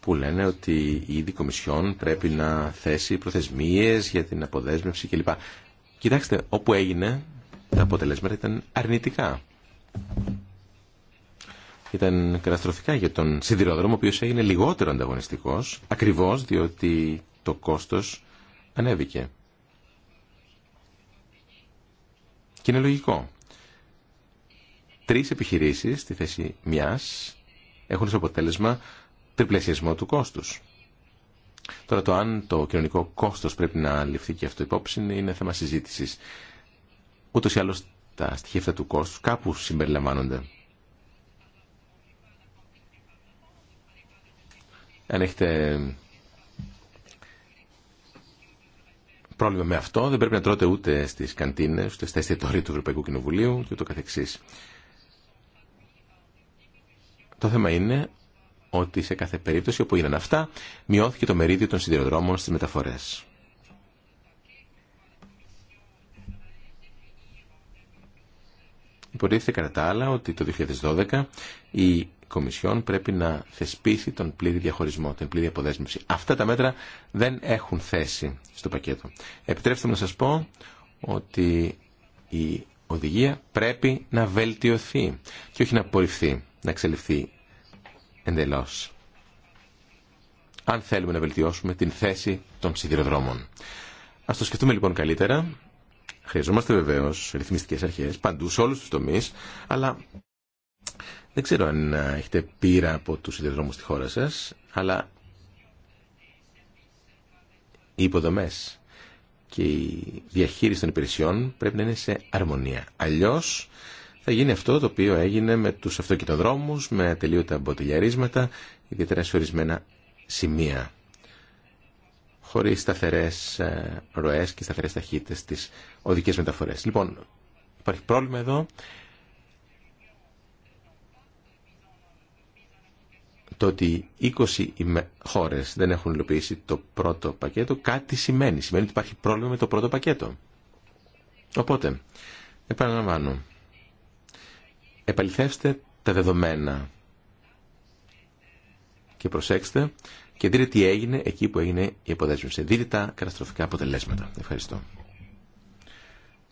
που λένε ότι η ίδια Κομισιόν πρέπει να θέσει προθεσμίες για την αποδέσμευση κλπ. Κοιτάξτε, όπου έγινε, τα αποτελέσματα ήταν αρνητικά. Ήταν καταστροφικά για τον σιδηρόδρομο, ο οποίος έγινε λιγότερο ανταγωνιστικός, ακριβώς διότι το κόστος ανέβηκε. Και είναι λογικό. Τρεις επιχειρήσεις στη θέση μιας έχουν ως αποτέλεσμα τριπλασιασμό του κόστους. Τώρα το αν το κοινωνικό κόστος πρέπει να ληφθεί και αυτό υπόψη είναι θέμα συζήτησης. Ούτως ή άλλως τα στοιχεία του κόστους κάπου συμπεριλαμβάνονται. Αν έχετε πρόβλημα με αυτό, δεν πρέπει να τρώτε ούτε στις καντίνες, ούτε στα εστιατόρια του Ευρωπαϊκού Κοινοβουλίου και ούτω καθεξής. Το θέμα είναι ότι σε κάθε περίπτωση όπου έγιναν αυτά, μειώθηκε το μερίδιο των σιδηροδρόμων στις μεταφορές. Υποτίθεται κατά τα άλλα ότι το 2012 η Κομισιόν πρέπει να θεσπίσει τον πλήρη διαχωρισμό, την πλήρη αποδέσμευση. Αυτά τα μέτρα δεν έχουν θέση στο πακέτο. Επιτρέψτε μου να σας πω ότι η οδηγία πρέπει να βελτιωθεί και όχι να απορριφθεί, να εξελιχθεί εντελώς αν θέλουμε να βελτιώσουμε την θέση των σιδηροδρόμων. Ας το σκεφτούμε λοιπόν καλύτερα. Χρειαζόμαστε βεβαίως ρυθμιστικές αρχές παντού σε όλους τους τομείς, αλλά δεν ξέρω αν έχετε πείρα από τους σιδηροδρόμους στη χώρα σας, αλλά οι υποδομές και η διαχείριση των υπηρεσιών πρέπει να είναι σε αρμονία. Αλλιώς θα γίνει αυτό το οποίο έγινε με τους αυτοκινοδρόμους, με τελείωτα μποτιλιαρίσματα, ιδιαίτερα σε ορισμένα σημεία, χωρίς σταθερές ε, ροές και σταθερές ταχύτητες στις οδικές μεταφορές. Λοιπόν, υπάρχει πρόβλημα εδώ. Το ότι 20 χώρες δεν έχουν υλοποιήσει το πρώτο πακέτο, κάτι σημαίνει. Σημαίνει ότι υπάρχει πρόβλημα με το πρώτο πακέτο. Οπότε, επαναλαμβάνω, επαληθεύστε τα δεδομένα και προσέξτε και δείτε τι έγινε εκεί που έγινε η αποδέσμευση. Δείτε τα καταστροφικά αποτελέσματα. Ευχαριστώ.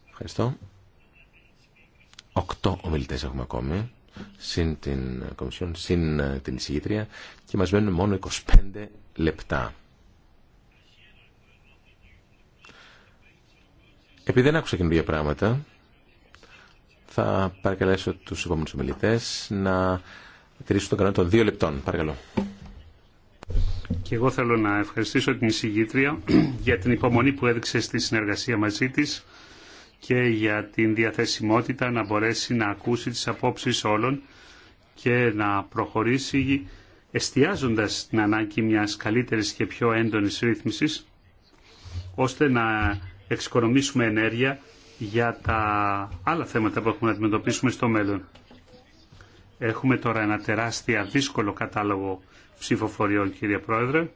Ευχαριστώ. Οκτώ ομιλητέ έχουμε ακόμη, συν την Κομισιόν, συν ε, την εισηγήτρια και μας μένουν μόνο 25 λεπτά. Επειδή δεν άκουσα καινούργια πράγματα, θα παρακαλέσω του επόμενου ομιλητές να τηρήσουν τον κανόνα των δύο λεπτών. Παρακαλώ. Και εγώ θέλω να ευχαριστήσω την εισηγήτρια για την υπομονή που έδειξε στη συνεργασία μαζί της και για την διαθεσιμότητα να μπορέσει να ακούσει τις απόψεις όλων και να προχωρήσει εστιάζοντας την ανάγκη μιας καλύτερης και πιο έντονης ρύθμισης ώστε να εξοικονομήσουμε ενέργεια για τα άλλα θέματα που έχουμε να αντιμετωπίσουμε στο μέλλον. Έχουμε τώρα ένα τεράστια δύσκολο κατάλογο ψηφοφοριών, κύριε Πρόεδρε.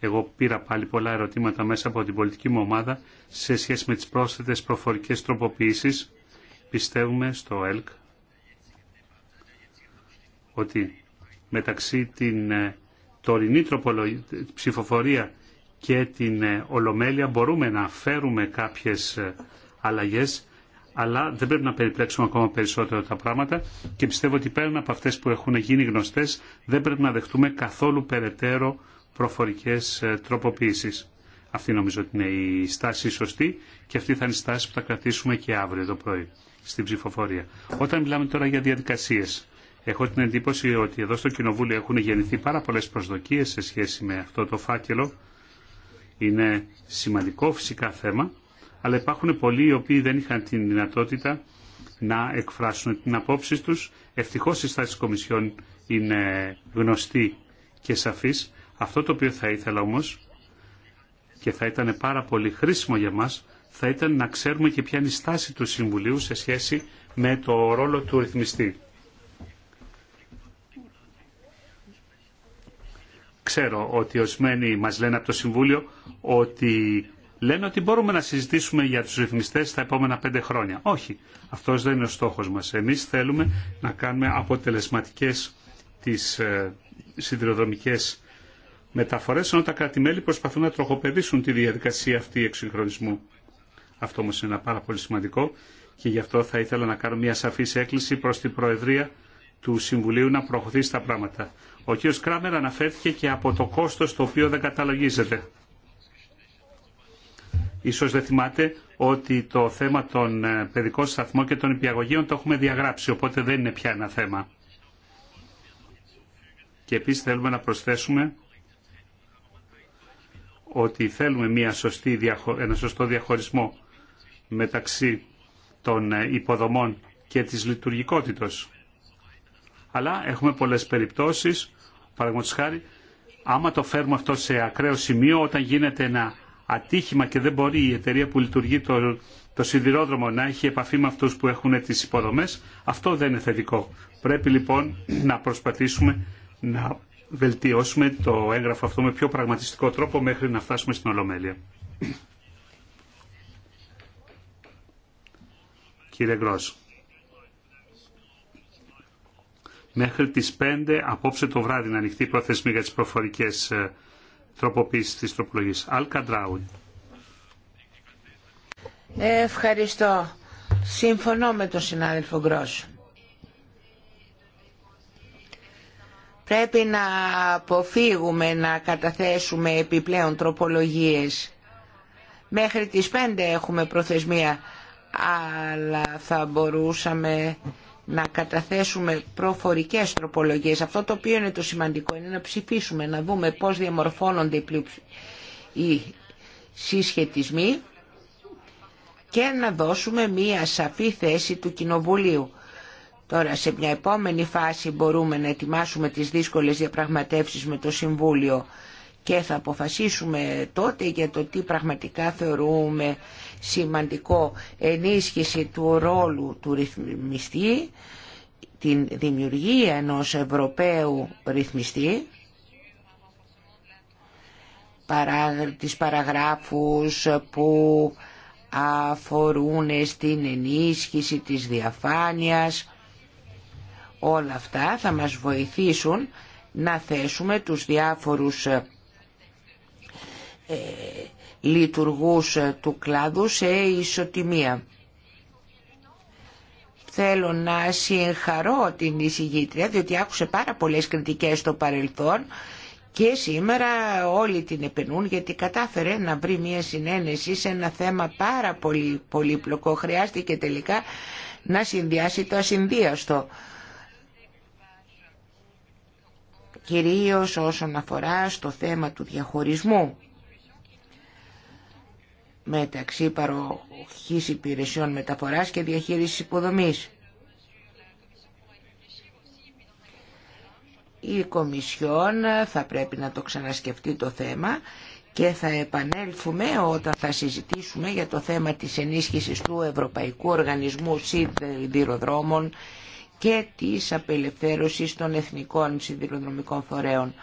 Εγώ πήρα πάλι πολλά ερωτήματα μέσα από την πολιτική μου ομάδα σε σχέση με τις πρόσθετες προφορικές τροποποιήσεις. Πιστεύουμε στο ΕΛΚ ότι μεταξύ την ε, τωρινή ψηφοφορία και την ε, Ολομέλεια μπορούμε να φέρουμε κάποιες ε, Αλλαγέ, αλλά δεν πρέπει να περιπλέξουμε ακόμα περισσότερο τα πράγματα και πιστεύω ότι πέραν από αυτέ που έχουν γίνει γνωστέ, δεν πρέπει να δεχτούμε καθόλου περαιτέρω προφορικέ ε, τροποποίησεις. Αυτή νομίζω ότι είναι η στάση σωστή και αυτή θα είναι η στάση που θα κρατήσουμε και αύριο το πρωί στην ψηφοφορία. Όταν μιλάμε τώρα για διαδικασίε. έχω την εντύπωση ότι εδώ στο Κοινοβούλιο έχουν γεννηθεί πάρα πολλέ προσδοκίε σε σχέση με αυτό το φάκελο. Είναι σημαντικό φυσικά θέμα, αλλά υπάρχουν πολλοί οι οποίοι δεν είχαν την δυνατότητα να εκφράσουν την απόψη τους. Ευτυχώς η στάση της Κομισιόν είναι γνωστή και σαφής. Αυτό το οποίο θα ήθελα όμως και θα ήταν πάρα πολύ χρήσιμο για μας θα ήταν να ξέρουμε και ποια είναι η στάση του Συμβουλίου σε σχέση με το ρόλο του ρυθμιστή. Ξέρω ότι ορισμένοι μας λένε από το Συμβούλιο ότι λένε ότι μπορούμε να συζητήσουμε για τους ρυθμιστές τα επόμενα πέντε χρόνια. Όχι, αυτός δεν είναι ο στόχος μας. Εμείς θέλουμε να κάνουμε αποτελεσματικές τις ε, σιδηροδρομικές μεταφορές, ενώ τα κράτη-μέλη προσπαθούν να τροχοπεδίσουν τη διαδικασία αυτή εξυγχρονισμού. Αυτό όμως είναι ένα πάρα πολύ σημαντικό και γι' αυτό θα ήθελα να κάνω μια σαφή έκκληση προς την Προεδρία του Συμβουλίου να προχωρήσει τα πράγματα. Ο κ. Κράμερ αναφέρθηκε και από το κόστος το οποίο δεν καταλογίζεται. Ίσως δεν θυμάται ότι το θέμα των ε, παιδικών σταθμών και των υπηαγωγείων το έχουμε διαγράψει, οπότε δεν είναι πια ένα θέμα. Και επίσης θέλουμε να προσθέσουμε ότι θέλουμε μια σωστή, ένα σωστό διαχωρισμό μεταξύ των ε, υποδομών και της λειτουργικότητας. Αλλά έχουμε πολλές περιπτώσεις, παραδείγματος χάρη, άμα το φέρουμε αυτό σε ακραίο σημείο, όταν γίνεται ένα ατύχημα και δεν μπορεί η εταιρεία που λειτουργεί το, σιδηρόδρομο να έχει επαφή με αυτούς που έχουν τις υποδομές, αυτό δεν είναι θετικό. Πρέπει λοιπόν να προσπαθήσουμε να βελτιώσουμε το έγγραφο αυτό με πιο πραγματιστικό τρόπο μέχρι να φτάσουμε στην Ολομέλεια. Κύριε Γκρός, μέχρι τις 5 απόψε το βράδυ να ανοιχτεί η προθεσμή για τις προφορικές ε, τροποποίηση της τροπολογίας. Ευχαριστώ. Συμφωνώ με τον συνάδελφο Γκρός. Πρέπει να αποφύγουμε να καταθέσουμε επιπλέον τροπολογίες. Μέχρι τις 5 έχουμε προθεσμία, αλλά θα μπορούσαμε να καταθέσουμε προφορικές τροπολογίες. Αυτό το οποίο είναι το σημαντικό είναι να ψηφίσουμε, να δούμε πώς διαμορφώνονται οι συσχετισμοί και να δώσουμε μία σαφή θέση του Κοινοβουλίου. Τώρα σε μια επόμενη φάση μπορούμε να ετοιμάσουμε τις δύσκολες διαπραγματεύσεις με το Συμβούλιο και θα αποφασίσουμε τότε για το τι πραγματικά θεωρούμε σημαντικό ενίσχυση του ρόλου του ρυθμιστή, την δημιουργία ενός Ευρωπαίου ρυθμιστή, παρά, τις παραγράφους που αφορούν στην ενίσχυση της διαφάνειας. Όλα αυτά θα μας βοηθήσουν να θέσουμε τους διάφορους ε, λειτουργούς ε, του κλάδου σε ισοτιμία. Θέλω να συγχαρώ την εισηγήτρια διότι άκουσε πάρα πολλές κριτικές στο παρελθόν και σήμερα όλοι την επενούν γιατί κατάφερε να βρει μια συνένεση σε ένα θέμα πάρα πολύ πολύπλοκο. Χρειάστηκε τελικά να συνδυάσει το ασυνδύαστο. Κυρίως όσον αφορά στο θέμα του διαχωρισμού μεταξύ παροχής υπηρεσιών μεταφοράς και διαχείρισης υποδομής. Η Κομισιόν θα πρέπει να το ξανασκεφτεί το θέμα και θα επανέλθουμε όταν θα συζητήσουμε για το θέμα της ενίσχυσης του Ευρωπαϊκού Οργανισμού Σιδηροδρόμων και της απελευθέρωσης των εθνικών σιδηροδρομικών φορέων.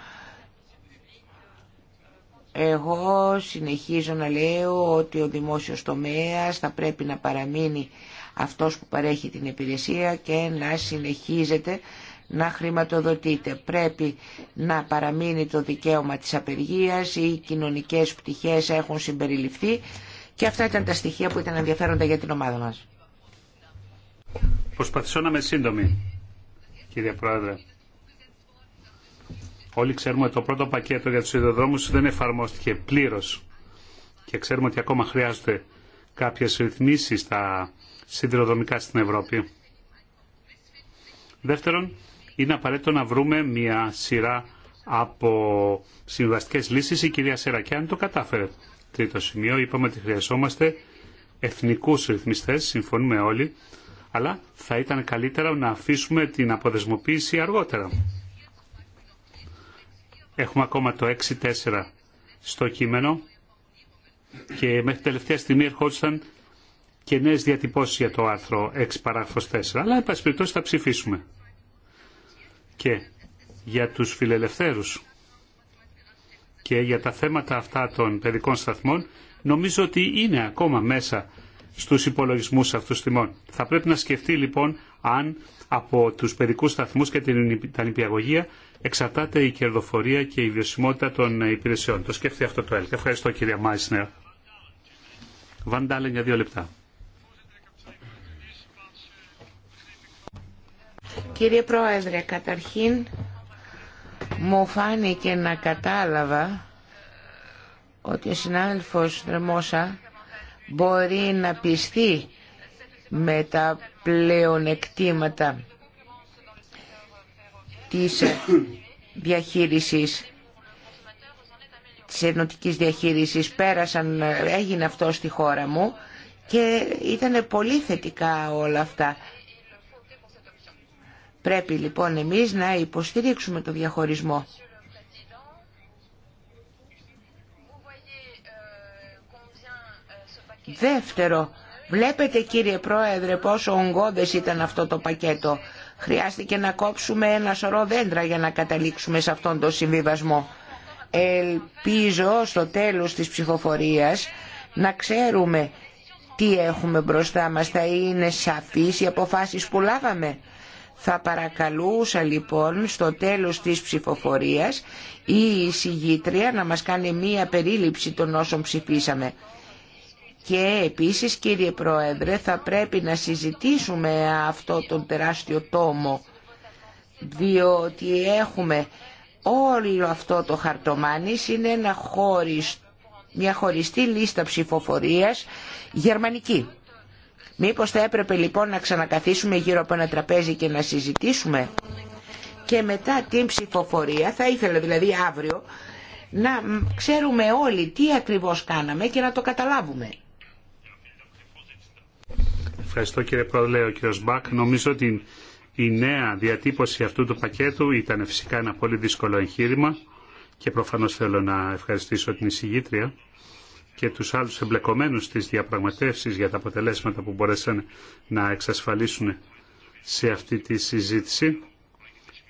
Εγώ συνεχίζω να λέω ότι ο δημόσιος τομέας θα πρέπει να παραμείνει αυτός που παρέχει την υπηρεσία και να συνεχίζεται να χρηματοδοτείται. Πρέπει να παραμείνει το δικαίωμα της απεργίας, οι κοινωνικές πτυχές έχουν συμπεριληφθεί και αυτά ήταν τα στοιχεία που ήταν ενδιαφέροντα για την ομάδα μας. Προσπαθήσω να είμαι σύντομη, κύριε Πρόεδρε. Όλοι ξέρουμε ότι το πρώτο πακέτο για τους ιδεοδρόμους δεν εφαρμόστηκε πλήρως και ξέρουμε ότι ακόμα χρειάζονται κάποιες ρυθμίσεις στα σιδηροδρομικά στην Ευρώπη. Δεύτερον, είναι απαραίτητο να βρούμε μια σειρά από συμβαστικές λύσεις. Η κυρία Σερακιάν το κατάφερε. Τρίτο σημείο, είπαμε ότι χρειαζόμαστε εθνικούς ρυθμιστές, συμφωνούμε όλοι, αλλά θα ήταν καλύτερα να αφήσουμε την αποδεσμοποίηση αργότερα Έχουμε ακόμα το 6-4 στο κείμενο και μέχρι τελευταία στιγμή ερχόντουσαν και νέες διατυπώσεις για το άρθρο 6 παράγραφος 4. Αλλά, εν περιπτώσει, θα ψηφίσουμε. Και για τους φιλελευθέρους και για τα θέματα αυτά των παιδικών σταθμών, νομίζω ότι είναι ακόμα μέσα στους υπολογισμούς αυτούς τιμών. Θα πρέπει να σκεφτεί λοιπόν αν από τους παιδικούς σταθμούς και την, νηπιαγωγία εξαρτάται η κερδοφορία και η βιωσιμότητα των υπηρεσιών. Το σκέφτεται αυτό το ΕΛΚ. Ευχαριστώ κύριε Μάισνερ. Βαντάλε για δύο λεπτά. Κύριε Πρόεδρε, καταρχήν μου φάνηκε να κατάλαβα ότι ο συνάδελφος Δρεμόσα μπορεί να πιστεί με τα πλέον εκτίματα της διαχείρισης της ενωτικής διαχείρισης πέρασαν, έγινε αυτό στη χώρα μου και ήταν πολύ θετικά όλα αυτά. Πρέπει λοιπόν εμείς να υποστηρίξουμε το διαχωρισμό. Δεύτερο, βλέπετε κύριε Πρόεδρε πόσο ογκώδες ήταν αυτό το πακέτο. Χρειάστηκε να κόψουμε ένα σωρό δέντρα για να καταλήξουμε σε αυτόν τον συμβιβασμό. Ελπίζω στο τέλος της ψηφοφορίας να ξέρουμε τι έχουμε μπροστά μας. Θα είναι σαφείς οι αποφάσεις που λάβαμε. Θα παρακαλούσα λοιπόν στο τέλος της ψηφοφορίας η συγγήτρια να μας κάνει μία περίληψη των όσων ψηφίσαμε. Και επίσης κύριε Πρόεδρε θα πρέπει να συζητήσουμε αυτό τον τεράστιο τόμο διότι έχουμε όλο αυτό το χαρτομάνι είναι μια χωριστή λίστα ψηφοφορίας γερμανική. Μήπως θα έπρεπε λοιπόν να ξανακαθίσουμε γύρω από ένα τραπέζι και να συζητήσουμε. Και μετά την ψηφοφορία, θα ήθελα δηλαδή αύριο, να ξέρουμε όλοι τι ακριβώς κάναμε και να το καταλάβουμε. Ευχαριστώ κύριε Πρόεδρε, ο κύριος Μπακ. Νομίζω ότι η νέα διατύπωση αυτού του πακέτου ήταν φυσικά ένα πολύ δύσκολο εγχείρημα και προφανώς θέλω να ευχαριστήσω την εισηγήτρια και τους άλλους εμπλεκομένους στις διαπραγματεύσεις για τα αποτελέσματα που μπορέσαν να εξασφαλίσουν σε αυτή τη συζήτηση.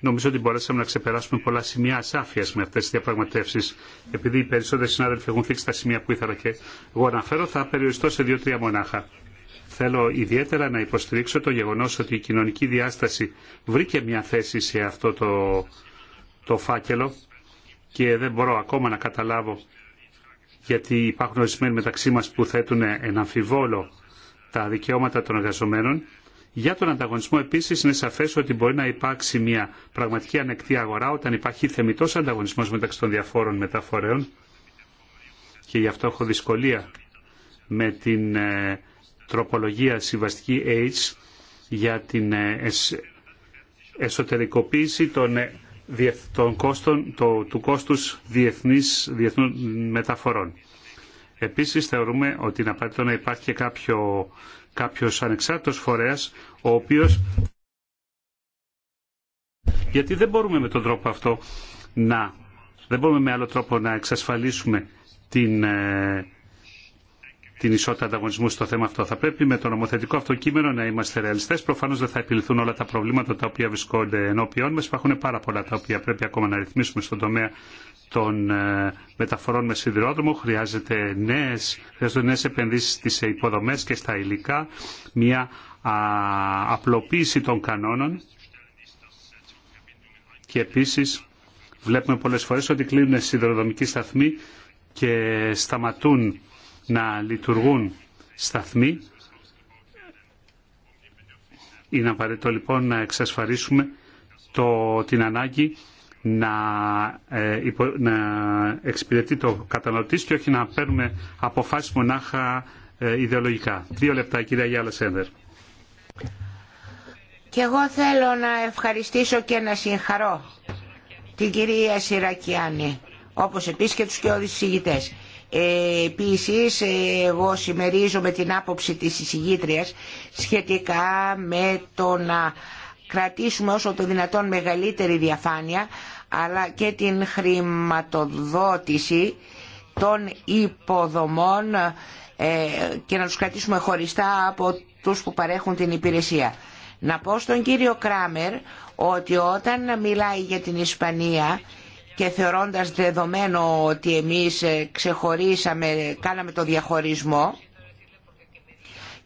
Νομίζω ότι μπορέσαμε να ξεπεράσουμε πολλά σημεία ασάφεια με αυτέ τι διαπραγματεύσει. Επειδή οι περισσότεροι συνάδελφοι έχουν θίξει τα σημεία που ήθελα και εγώ αναφέρω, θα περιοριστώ σε δύο-τρία μονάχα. Θέλω ιδιαίτερα να υποστηρίξω το γεγονός ότι η κοινωνική διάσταση βρήκε μια θέση σε αυτό το, το φάκελο και δεν μπορώ ακόμα να καταλάβω γιατί υπάρχουν ορισμένοι μεταξύ μας που θέτουν ένα αμφιβόλο τα δικαιώματα των εργαζομένων. Για τον ανταγωνισμό επίσης είναι σαφές ότι μπορεί να υπάρξει μια πραγματική ανεκτή αγορά όταν υπάρχει θεμητός ανταγωνισμός μεταξύ των διαφόρων μεταφορέων και γι' αυτό έχω δυσκολία με την ε, τροπολογία συμβαστική H για την ε, εσωτερικοποίηση των, ε, του κόστους διεθνής, διεθνών μεταφορών. Επίσης θεωρούμε ότι είναι απαραίτητο να υπάρχει και κάποιο, κάποιος ανεξάρτητος φορέας ο οποίος γιατί δεν μπορούμε με τον τρόπο αυτό να δεν μπορούμε με άλλο τρόπο να εξασφαλίσουμε την, ε, την ισότητα ανταγωνισμού στο θέμα αυτό. Θα πρέπει με το νομοθετικό αυτό κείμενο να είμαστε ρεαλιστέ. Προφανώ δεν θα επιληθούν όλα τα προβλήματα τα οποία βρισκόνται ενώπιον μα. Υπάρχουν πάρα πολλά τα οποία πρέπει ακόμα να ρυθμίσουμε στον τομέα των ε, μεταφορών με σιδηρόδρομο. Χρειάζεται νέες, χρειάζονται νέε επενδύσεις στις υποδομές και στα υλικά, μια α, απλοποίηση των κανόνων και επίση, βλέπουμε πολλέ φορέ ότι κλείνουν σιδηροδρομικοί σταθμοί και σταματούν να λειτουργούν σταθμοί. Είναι απαραίτητο λοιπόν να εξασφαλίσουμε το, την ανάγκη να, ε, να εξυπηρετεί το καταναλωτής και όχι να παίρνουμε αποφάσεις μονάχα ε, ιδεολογικά. Δύο λεπτά κυρία Γιάλα Σέντερ. Και εγώ θέλω να ευχαριστήσω και να συγχαρώ την κυρία Σιρακιάνη, όπως επίσης και τους και ε, επίσης, ε, εγώ συμμερίζομαι την άποψη της εισηγήτριας σχετικά με το να κρατήσουμε όσο το δυνατόν μεγαλύτερη διαφάνεια αλλά και την χρηματοδότηση των υποδομών ε, και να τους κρατήσουμε χωριστά από τους που παρέχουν την υπηρεσία. Να πω στον κύριο Κράμερ ότι όταν μιλάει για την Ισπανία και θεωρώντας δεδομένο ότι εμείς ε, ξεχωρίσαμε, κάναμε το διαχωρισμό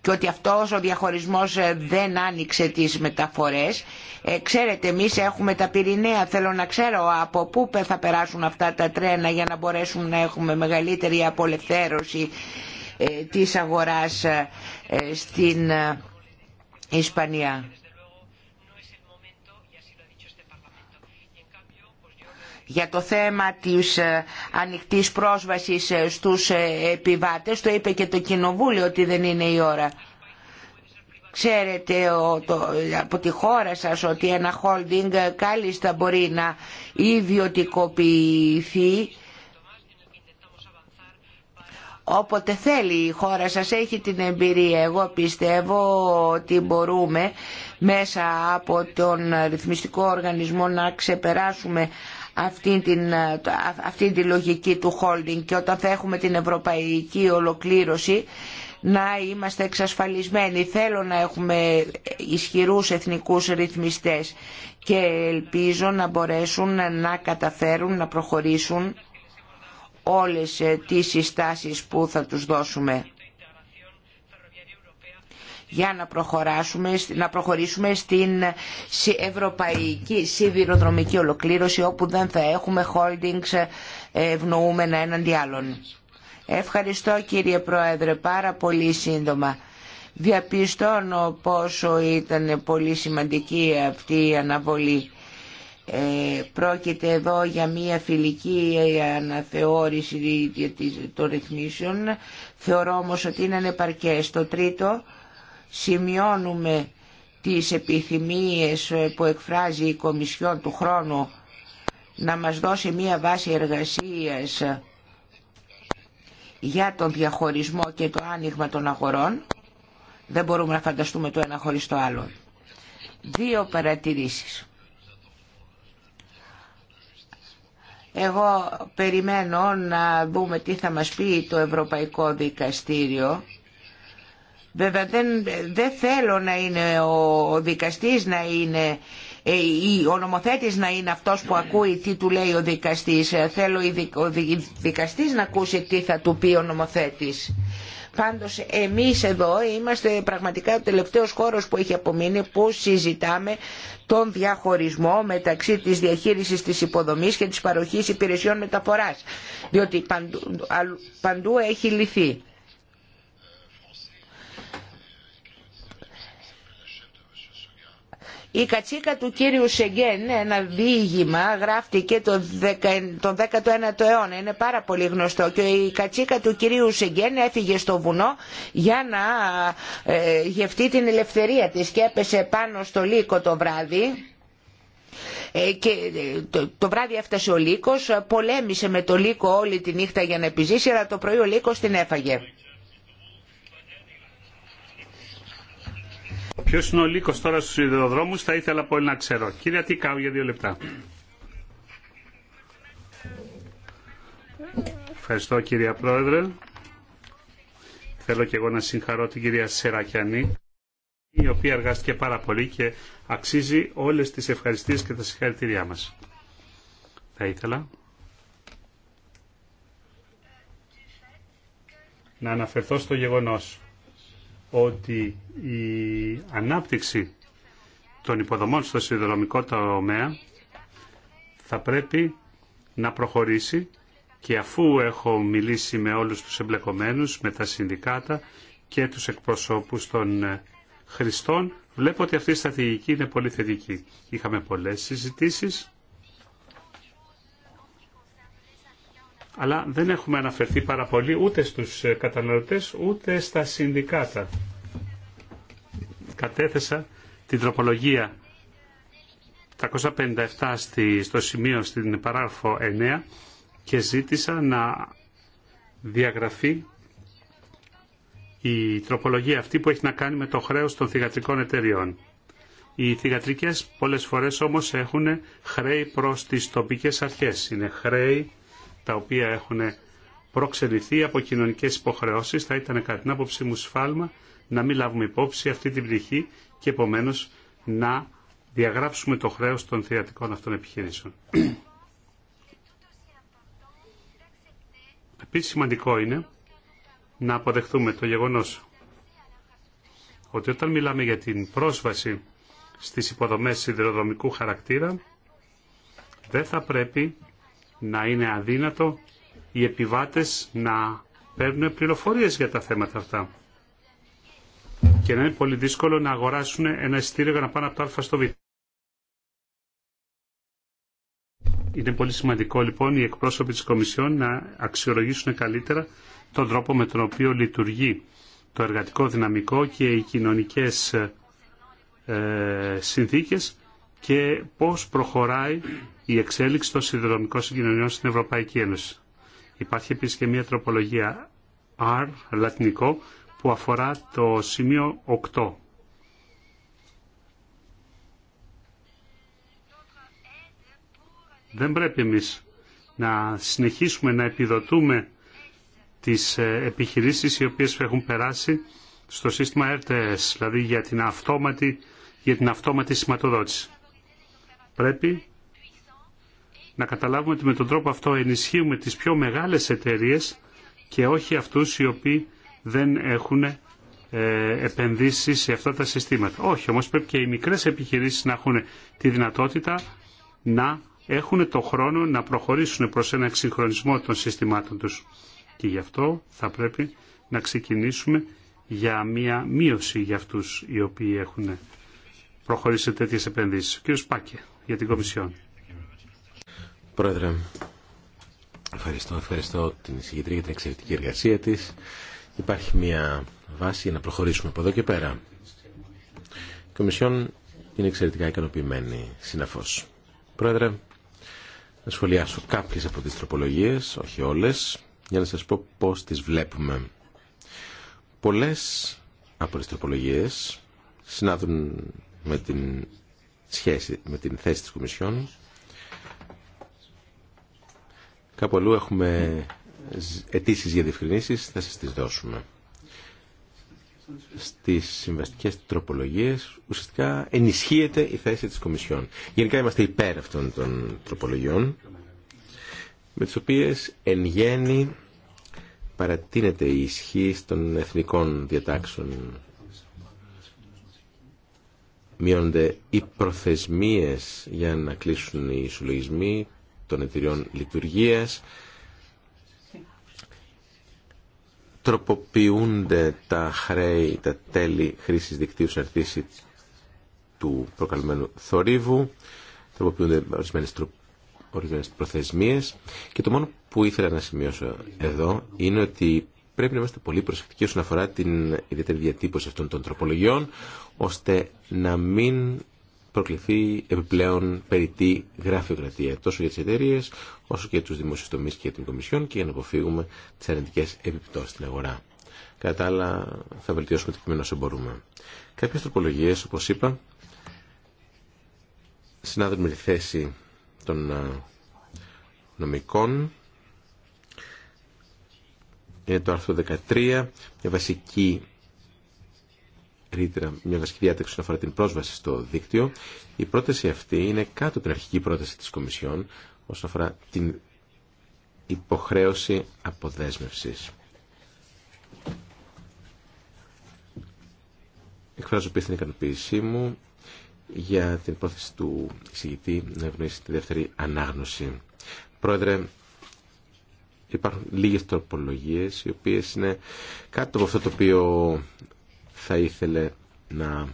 και ότι αυτός ο διαχωρισμός ε, δεν άνοιξε τις μεταφορές. Ε, ξέρετε, εμείς έχουμε τα Πυρηναία, θέλω να ξέρω από πού θα περάσουν αυτά τα τρένα για να μπορέσουν να έχουμε μεγαλύτερη απολευθέρωση ε, της αγοράς στην Ισπανία. για το θέμα της ε, ανοιχτής πρόσβασης ε, στους ε, επιβάτες. Το είπε και το Κοινοβούλιο ότι δεν είναι η ώρα. Ξέρετε από τη χώρα σας ότι ένα holding κάλλιστα μπορεί να ιδιωτικοποιηθεί όποτε θέλει η χώρα σας έχει την εμπειρία εγώ πιστεύω ότι μπορούμε μέσα από τον ρυθμιστικό οργανισμό να ξεπεράσουμε αυτή την, ε, αυτή τη λογική του holding και όταν θα έχουμε την ευρωπαϊκή ολοκλήρωση να είμαστε εξασφαλισμένοι. Θέλω να έχουμε ισχυρούς εθνικούς ρυθμιστές και ελπίζω να μπορέσουν να καταφέρουν να προχωρήσουν όλες ε, τις συστάσεις που θα τους δώσουμε για να, προχωράσουμε, να προχωρήσουμε στην ευρωπαϊκή σιδηροδρομική ολοκλήρωση όπου δεν θα έχουμε holdings ευνοούμενα έναντι άλλων. Ευχαριστώ κύριε Πρόεδρε πάρα πολύ σύντομα. Διαπιστώνω πόσο ήταν πολύ σημαντική αυτή η αναβολή. Ε, πρόκειται εδώ για μια φιλική αναθεώρηση των ρυθμίσεων. Θεωρώ όμως ότι είναι ανεπαρκές. Το τρίτο σημειώνουμε τις επιθυμίες που εκφράζει η Κομισιόν του χρόνου να μας δώσει μία βάση εργασίας για τον διαχωρισμό και το άνοιγμα των αγορών. Δεν μπορούμε να φανταστούμε το ένα χωρίς το άλλο. Δύο παρατηρήσεις. Εγώ περιμένω να δούμε τι θα μας πει το Ευρωπαϊκό Δικαστήριο Βέβαια δεν, θέλω να είναι ο δικαστής να είναι ή ε, ο νομοθέτης να είναι αυτός που ακούει τι του λέει ο δικαστής. Ε, θέλω ο δικαστής να ακούσει τι θα του πει ο νομοθέτης. Πάντως εμείς εδώ είμαστε πραγματικά ο τελευταίος χώρος που έχει απομείνει που συζητάμε τον διαχωρισμό μεταξύ της διαχείρισης της υποδομής και της παροχής υπηρεσιών μεταφοράς. Διότι παντού έχει λυθεί. Η κατσίκα του κύριου Σεγγέν, ένα διήγημα, γράφτηκε τον 19ο αιώνα, είναι πάρα πολύ γνωστό και η κατσίκα του κυρίου Σεγγέν έφυγε στο βουνό για να ε, γευτεί την ελευθερία της και έπεσε πάνω στο λύκο το βράδυ ε, και ε, το, βράδυ έφτασε ο λύκος, πολέμησε με το λύκο όλη τη νύχτα για να επιζήσει, αλλά το πρωί ο λύκος την έφαγε. Ποιο είναι ο λύκο τώρα στου σιδηροδρόμου, θα ήθελα πολύ να ξέρω. Κύριε Τικάου, για δύο λεπτά. Ευχαριστώ κύριε Πρόεδρε. Θέλω και εγώ να συγχαρώ την κυρία Σερακιανή, η οποία εργάστηκε πάρα πολύ και αξίζει όλες τις ευχαριστίες και τα συγχαρητήριά μας. Θα ήθελα να αναφερθώ στο γεγονός ότι η ανάπτυξη των υποδομών στο σιδηροδρομικό τομέα θα πρέπει να προχωρήσει και αφού έχω μιλήσει με όλους τους εμπλεκομένους, με τα συνδικάτα και τους εκπροσώπους των ε, χρηστών, βλέπω ότι αυτή η στρατηγική είναι πολύ θετική. Είχαμε πολλές συζητήσεις αλλά δεν έχουμε αναφερθεί πάρα πολύ ούτε στους ε, καταναλωτές ούτε στα συνδικάτα. Κατέθεσα την τροπολογία 357 στο σημείο στην παράγραφο 9 και ζήτησα να διαγραφεί η τροπολογία αυτή που έχει να κάνει με το χρέος των θηγατρικών εταιριών. Οι θηγατρικές πολλές φορές όμως έχουν χρέη προς τις τοπικές αρχές. Είναι χρέη τα οποία έχουν προξενηθεί από κοινωνικέ υποχρεώσει. Θα ήταν κατά την άποψή μου σφάλμα να μην λάβουμε υπόψη αυτή την πτυχή και επομένω να διαγράψουμε το χρέο των θεατικών αυτών επιχειρήσεων. Επίση σημαντικό είναι να αποδεχθούμε το γεγονός ότι όταν μιλάμε για την πρόσβαση στις υποδομές σιδηροδρομικού χαρακτήρα δεν θα πρέπει να είναι αδύνατο οι επιβάτες να παίρνουν πληροφορίες για τα θέματα αυτά. Και να είναι πολύ δύσκολο να αγοράσουν ένα εισιτήριο για να πάνε από το α στο β. Είναι πολύ σημαντικό λοιπόν οι εκπρόσωποι της Κομισιόν να αξιολογήσουν καλύτερα τον τρόπο με τον οποίο λειτουργεί το εργατικό δυναμικό και οι κοινωνικές ε, συνθήκες και πώς προχωράει η εξέλιξη των συνδρομικών συγκοινωνιών στην Ευρωπαϊκή Ένωση. Υπάρχει επίσης και μια τροπολογία R, λατινικό, που αφορά το σημείο 8. Δεν πρέπει εμείς να συνεχίσουμε να επιδοτούμε τις ε, επιχειρήσεις οι οποίες έχουν περάσει στο σύστημα RTS, δηλαδή για την αυτόματη, για την αυτόματη σηματοδότηση. Πρέπει να καταλάβουμε ότι με τον τρόπο αυτό ενισχύουμε τις πιο μεγάλες εταιρείες και όχι αυτούς οι οποίοι δεν έχουν ε, επενδύσει σε αυτά τα συστήματα. Όχι, όμως πρέπει και οι μικρές επιχειρήσεις να έχουν τη δυνατότητα να έχουν το χρόνο να προχωρήσουν προς ένα εξυγχρονισμό των συστημάτων τους. Και γι' αυτό θα πρέπει να ξεκινήσουμε για μια μείωση για αυτούς οι οποίοι έχουν προχωρήσει σε τέτοιες επενδύσεις. κ. Πάκερ για την Κομισιόν. Πρόεδρε, ευχαριστώ, ευχαριστώ την εισηγητρία για την εξαιρετική εργασία της. Υπάρχει μια βάση για να προχωρήσουμε από εδώ και πέρα. Η Κομισιόν είναι εξαιρετικά ικανοποιημένη, συναφώς. Πρόεδρε, να σχολιάσω κάποιες από τις τροπολογίες, όχι όλες, για να σας πω πώς τις βλέπουμε. Πολλές από τις τροπολογίε συνάδουν με την σχέση με την θέση της Κομισιόν. Κάπου αλλού έχουμε αιτήσει για διευκρινήσεις, θα σας τις δώσουμε. Στις συμβαστικές τροπολογίες ουσιαστικά ενισχύεται η θέση της Κομισιόν. Γενικά είμαστε υπέρ αυτών των τροπολογιών, με τις οποίες εν γέννη παρατείνεται η ισχύ των εθνικών διατάξεων μειώνονται οι προθεσμίες για να κλείσουν οι συλλογισμοί των εταιριών λειτουργίας, τροποποιούνται τα χρέη, τα τέλη χρήσης δικτύου σε αρτήση του προκαλμένου θορύβου, τροποποιούνται ορισμένες, τρο... ορισμένες προθεσμίες και το μόνο που ήθελα να σημειώσω εδώ είναι ότι πρέπει να είμαστε πολύ προσεκτικοί όσον αφορά την ιδιαίτερη διατύπωση αυτών των τροπολογιών, ώστε να μην προκληθεί επιπλέον περιττή γραφειοκρατία τόσο για τι εταιρείε όσο και για του δημόσιου τομεί και για την Κομισιόν και για να αποφύγουμε τι αρνητικέ επιπτώσει στην αγορά. Κατά άλλα, θα βελτιώσουμε το κείμενο όσο μπορούμε. Κάποιε τροπολογίε, όπω είπα, συνάδουν με τη θέση των ε, νομικών είναι το άρθρο 13, μια βασική ρήτρα, μια βασική διάταξη όσον αφορά την πρόσβαση στο δίκτυο. Η πρόταση αυτή είναι κάτω από την αρχική πρόταση της Κομισιόν όσον αφορά την υποχρέωση αποδέσμευσης. Εκφράζω πίστη την ικανοποίησή μου για την πρόθεση του εισηγητή να ευνοήσει τη δεύτερη ανάγνωση. Πρόεδρε, υπάρχουν λίγες τροπολογίες οι οποίες είναι κάτι από αυτό το οποίο θα ήθελε να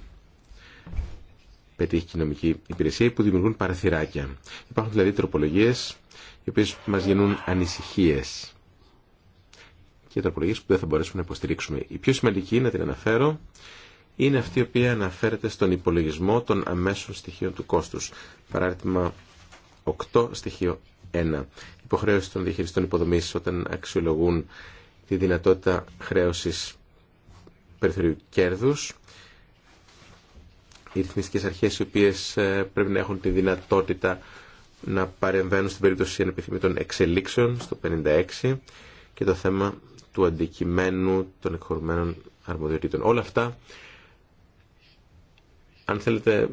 πετύχει η νομική υπηρεσία που δημιουργούν παραθυράκια. Υπάρχουν δηλαδή τροπολογίες οι οποίες μας γεννούν ανησυχίες και τροπολογίες που δεν θα μπορέσουμε να υποστηρίξουμε. Η πιο σημαντική, να την αναφέρω, είναι αυτή η οποία αναφέρεται στον υπολογισμό των αμέσων στοιχείων του κόστους. Παράδειγμα 8, στοιχείο 1. Υποχρέωση των διαχειριστών υποδομή όταν αξιολογούν τη δυνατότητα χρέωσης περιθωρίου κέρδου. Οι ρυθμιστικέ αρχές οι οποίες ε, πρέπει να έχουν τη δυνατότητα να παρεμβαίνουν στην περίπτωση ανεπιθυμητών εξελίξεων στο 56 και το θέμα του αντικειμένου των εκχωρημένων αρμοδιοτήτων. Όλα αυτά, αν θέλετε,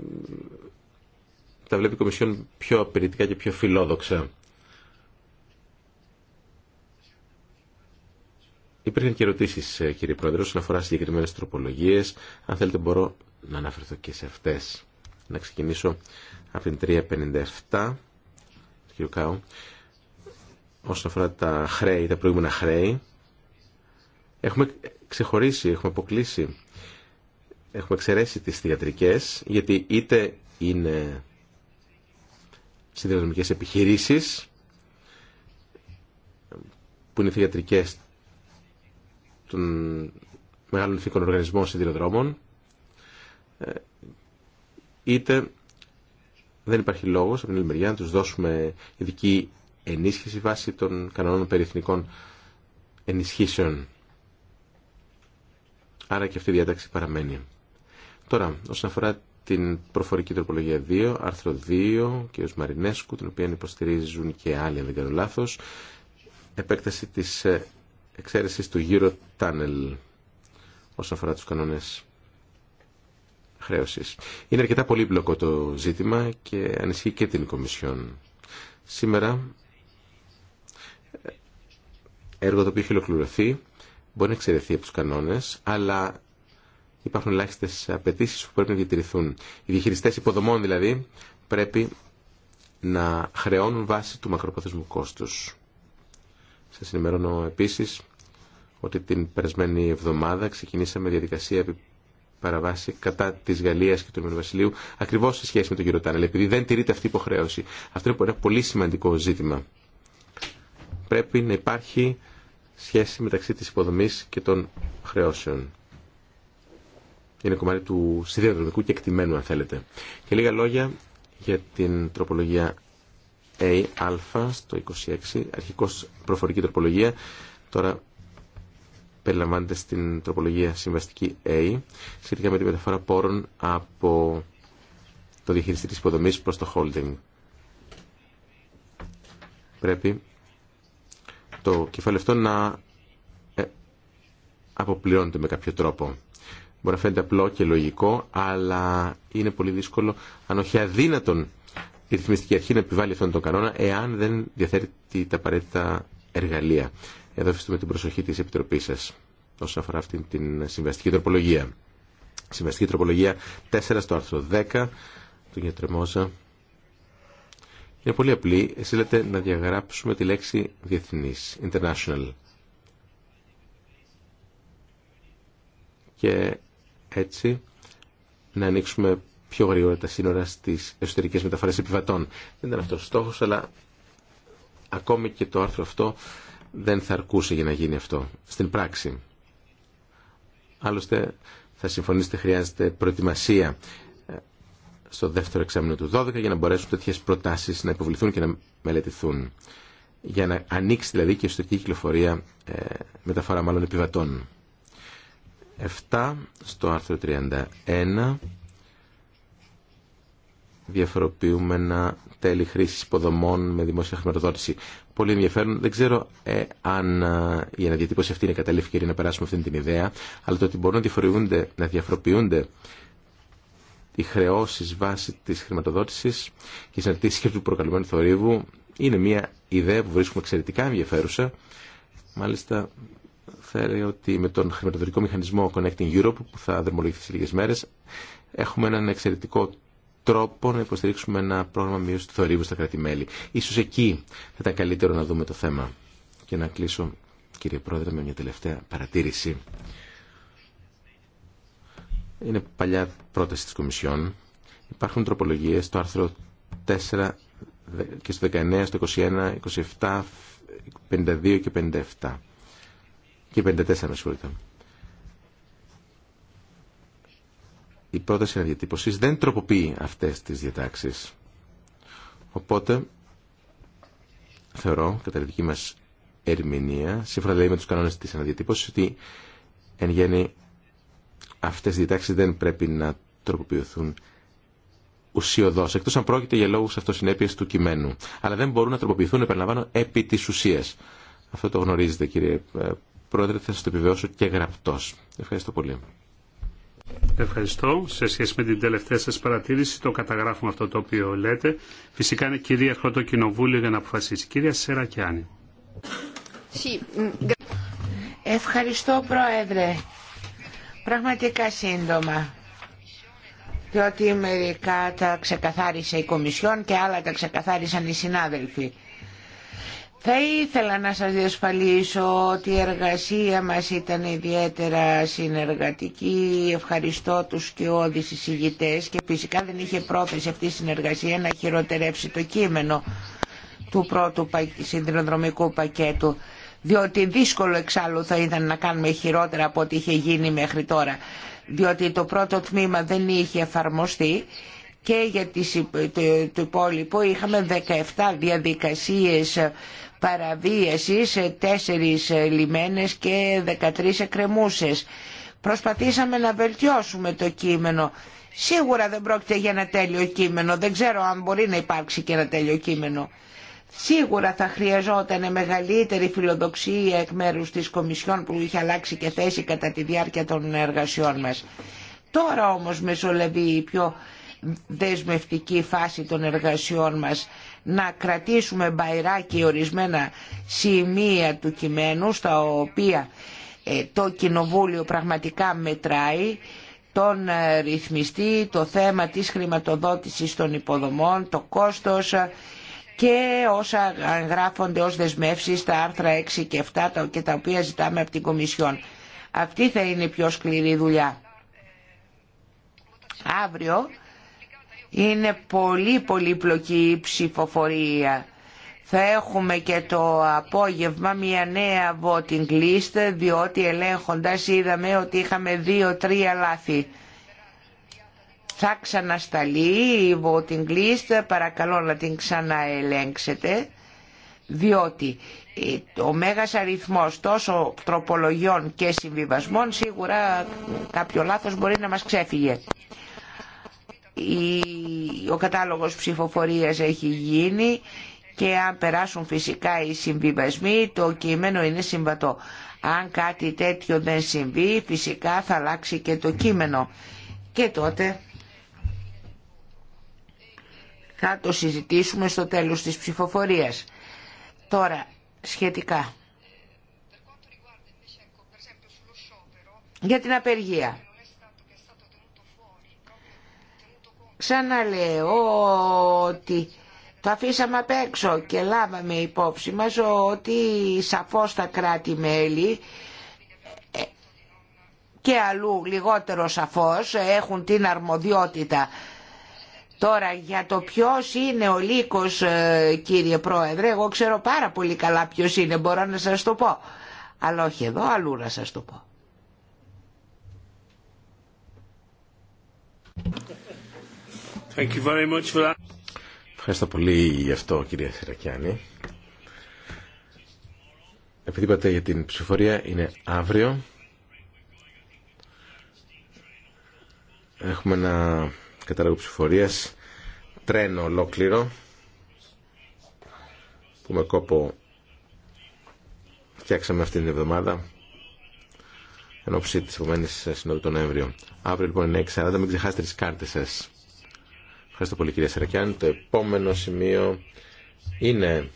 τα βλέπει η Κομισιόν πιο απειρητικά και πιο φιλόδοξα. Υπήρχαν και ερωτήσει, ε, κύριε Πρόεδρε, όσον αφορά συγκεκριμένε τροπολογίε. Αν θέλετε, μπορώ να αναφερθώ και σε αυτέ. Να ξεκινήσω από την 357, κύριο Κάου, όσον αφορά τα χρέη, τα προηγούμενα χρέη. Έχουμε ξεχωρίσει, έχουμε αποκλείσει, έχουμε εξαιρέσει τις θεατρικές, γιατί είτε είναι συνδυασμικές επιχειρήσεις, που είναι θεατρικέ των μεγάλων εθνικών οργανισμών σιδηροδρόμων ε, είτε δεν υπάρχει λόγος από την άλλη μεριά να τους δώσουμε ειδική ενίσχυση βάσει των κανονών περιθνικών ενισχύσεων. Άρα και αυτή η διάταξη παραμένει. Τώρα, όσον αφορά την προφορική τροπολογία 2, άρθρο 2, κ. Μαρινέσκου, την οποία υποστηρίζουν και άλλοι, αν δεν κάνω λάθος, επέκταση της ε, εξαίρεση του γύρω τάνελ όσον αφορά τους κανόνες χρέωσης. Είναι αρκετά πολύπλοκο το ζήτημα και ανησυχεί και την Κομισιόν. Σήμερα έργο το οποίο έχει ολοκληρωθεί μπορεί να εξαιρεθεί από τους κανόνες, αλλά υπάρχουν ελάχιστε απαιτήσει που πρέπει να διατηρηθούν. Οι διαχειριστέ υποδομών δηλαδή πρέπει να χρεώνουν βάση του μακροπρόθεσμου κόστους. Σας ενημερώνω επίσης ότι την περασμένη εβδομάδα ξεκινήσαμε διαδικασία επί παραβάση κατά της Γαλλίας και του Ηνωμένου Βασιλείου ακριβώς σε σχέση με τον κύριο Τάνελ επειδή δεν τηρείται αυτή η υποχρέωση. Αυτό είναι ένα πολύ σημαντικό ζήτημα. Πρέπει να υπάρχει σχέση μεταξύ της υποδομής και των χρεώσεων. Είναι κομμάτι του σιδηροδρομικού και εκτιμένου αν θέλετε. Και λίγα λόγια για την τροπολογία το ε, στο 26, αρχικός προφορική τροπολογία, τώρα περιλαμβάνεται στην τροπολογία συμβαστική A, σχετικά με τη μεταφορά πόρων από το διαχειριστή της υποδομής προς το holding. Πρέπει το κεφάλαιο αυτό να ε, αποπληρώνεται με κάποιο τρόπο. Μπορεί να φαίνεται απλό και λογικό, αλλά είναι πολύ δύσκολο, αν όχι αδύνατον, η ρυθμιστική αρχή να επιβάλλει αυτόν τον κανόνα εάν δεν διαθέτει τα απαραίτητα εργαλεία. Εδώ με την προσοχή της Επιτροπής σας όσον αφορά αυτή την συμβαστική τροπολογία. Συμβαστική τροπολογία 4 στο άρθρο 10 του κ. Τρεμόζα. Είναι πολύ απλή. Εσείς λέτε να διαγράψουμε τη λέξη διεθνής, international. Και έτσι να ανοίξουμε πιο γρήγορα τα σύνορα στι εσωτερικέ μεταφορέ επιβατών. Δεν ήταν αυτό ο στόχο, αλλά ακόμη και το άρθρο αυτό δεν θα αρκούσε για να γίνει αυτό στην πράξη. Άλλωστε, θα συμφωνήσετε, χρειάζεται προετοιμασία ε, στο δεύτερο εξάμεινο του 12 για να μπορέσουν τέτοιε προτάσει να υποβληθούν και να μελετηθούν. Για να ανοίξει δηλαδή και η εσωτερική κυκλοφορία ε, μεταφορά μάλλον επιβατών. 7 στο άρθρο 31 διαφοροποιούμενα τέλη χρήση υποδομών με δημόσια χρηματοδότηση. Πολύ ενδιαφέρον. Δεν ξέρω ε, αν ε, η αναδιατύπωση αυτή είναι κατάλληλη ευκαιρία να περάσουμε αυτή την ιδέα, αλλά το ότι μπορούν να διαφοροποιούνται, να διαφοροποιούνται οι χρεώσει βάσει τη χρηματοδότηση και τη συναρτήσει του προκαλουμένου θορύβου είναι μια ιδέα που βρίσκουμε εξαιρετικά ενδιαφέρουσα. Μάλιστα, θέλει ότι με τον χρηματοδοτικό μηχανισμό Connecting Europe που θα δρομολογηθεί σε λίγε μέρε, έχουμε έναν εξαιρετικό τρόπο να υποστηρίξουμε ένα πρόγραμμα μείωση του θορύβου στα κράτη-μέλη. Ίσως εκεί θα ήταν καλύτερο να δούμε το θέμα. Και να κλείσω, κύριε Πρόεδρε, με μια τελευταία παρατήρηση. Είναι παλιά πρόταση της Κομισιόν. Υπάρχουν τροπολογίες στο άρθρο 4 και στο 19, στο 21, 27, 52 και 57. Και 54, με συγχωρείτε. η πρόταση αναδιατύπωση δεν τροποποιεί αυτέ τι διατάξει. Οπότε, θεωρώ, κατά τη δική μα ερμηνεία, σύμφωνα δηλαδή με του κανόνε τη αναδιατύπωση, ότι εν γέννη αυτές οι διατάξει δεν πρέπει να τροποποιηθούν ουσιοδό. Εκτό αν πρόκειται για λόγου αυτοσυνέπειε του κειμένου. Αλλά δεν μπορούν να τροποποιηθούν, επαναλαμβάνω, επί τη ουσία. Αυτό το γνωρίζετε, κύριε ε, Πρόεδρε, θα σα το επιβεβαιώσω και γραπτό. Ευχαριστώ πολύ. Ευχαριστώ. Σε σχέση με την τελευταία σας παρατήρηση, το καταγράφουμε αυτό το οποίο λέτε. Φυσικά είναι κυρία το Κοινοβούλιο για να αποφασίσει. Κυρία Σερακιάνη. Ευχαριστώ Πρόεδρε. Πραγματικά σύντομα. Διότι μερικά τα ξεκαθάρισε η Κομισιόν και άλλα τα ξεκαθάρισαν οι συνάδελφοι. Θα ήθελα να σας διασφαλίσω ότι η εργασία μας ήταν ιδιαίτερα συνεργατική. Ευχαριστώ τους και όδης εισηγητές και φυσικά δεν είχε πρόθεση αυτή η συνεργασία να χειροτερεύσει το κείμενο του πρώτου συνδυνοδρομικού πακέτου διότι δύσκολο εξάλλου θα ήταν να κάνουμε χειρότερα από ό,τι είχε γίνει μέχρι τώρα διότι το πρώτο τμήμα δεν είχε εφαρμοστεί και για το υπόλοιπο είχαμε 17 διαδικασίες παραβίασης, 4 λιμένες και 13 εκκρεμούσες. Προσπαθήσαμε να βελτιώσουμε το κείμενο. Σίγουρα δεν πρόκειται για ένα τέλειο κείμενο, δεν ξέρω αν μπορεί να υπάρξει και ένα τέλειο κείμενο. Σίγουρα θα χρειαζόταν μεγαλύτερη φιλοδοξία εκ μέρους της Κομισιόν που είχε αλλάξει και θέση κατά τη διάρκεια των εργασιών μας. Τώρα όμως μεσολαβεί η πιο δεσμευτική φάση των εργασιών μας να κρατήσουμε και ορισμένα σημεία του κειμένου στα οποία ε, το Κοινοβούλιο πραγματικά μετράει τον ε, ρυθμιστή, το θέμα της χρηματοδότησης των υποδομών, το κόστος ε, και όσα γράφονται ως δεσμεύσεις στα άρθρα 6 και 7 και τα οποία ζητάμε από την Κομισιόν. Αυτή θα είναι η πιο σκληρή δουλειά. Αύριο είναι πολύ πλοκή η ψηφοφορία. Θα έχουμε και το απόγευμα μια νέα voting list, διότι ελέγχοντας είδαμε ότι είχαμε δύο-τρία λάθη. Θα ξανασταλεί η voting list, παρακαλώ να την ξαναελέγξετε, διότι ο μέγας αριθμός τόσο τροπολογιών και συμβιβασμών σίγουρα κάποιο λάθος μπορεί να μας ξέφυγε ο κατάλογος ψηφοφορίας έχει γίνει και αν περάσουν φυσικά οι συμβιβασμοί το κείμενο είναι συμβατό. Αν κάτι τέτοιο δεν συμβεί φυσικά θα αλλάξει και το κείμενο και τότε θα το συζητήσουμε στο τέλος της ψηφοφορίας. Τώρα σχετικά για την απεργία. Ξαναλέω ότι το αφήσαμε απ' έξω και λάβαμε υπόψη μας ότι σαφώς τα κράτη-μέλη ε, και αλλού λιγότερο σαφώς έχουν την αρμοδιότητα. Τώρα για το ποιος είναι ο λύκος ε, κύριε Πρόεδρε, εγώ ξέρω πάρα πολύ καλά ποιος είναι, μπορώ να σας το πω. Αλλά όχι εδώ, αλλού να σας το πω. Ευχαριστώ πολύ γι' αυτό κύριε Σερακιάνη. Επειδή είπατε για την ψηφορία είναι αύριο. Έχουμε ένα κατάλογο ψηφορία, τρένο ολόκληρο που με κόπο φτιάξαμε αυτήν την εβδομάδα Ενώψη ώψη τη επόμενη συνόδου τον Νοέμβριο. Αύριο λοιπόν είναι 6.40, μην ξεχάσετε τι κάρτε σα. Ευχαριστώ πολύ κύριε Σερακιάν. Το επόμενο σημείο είναι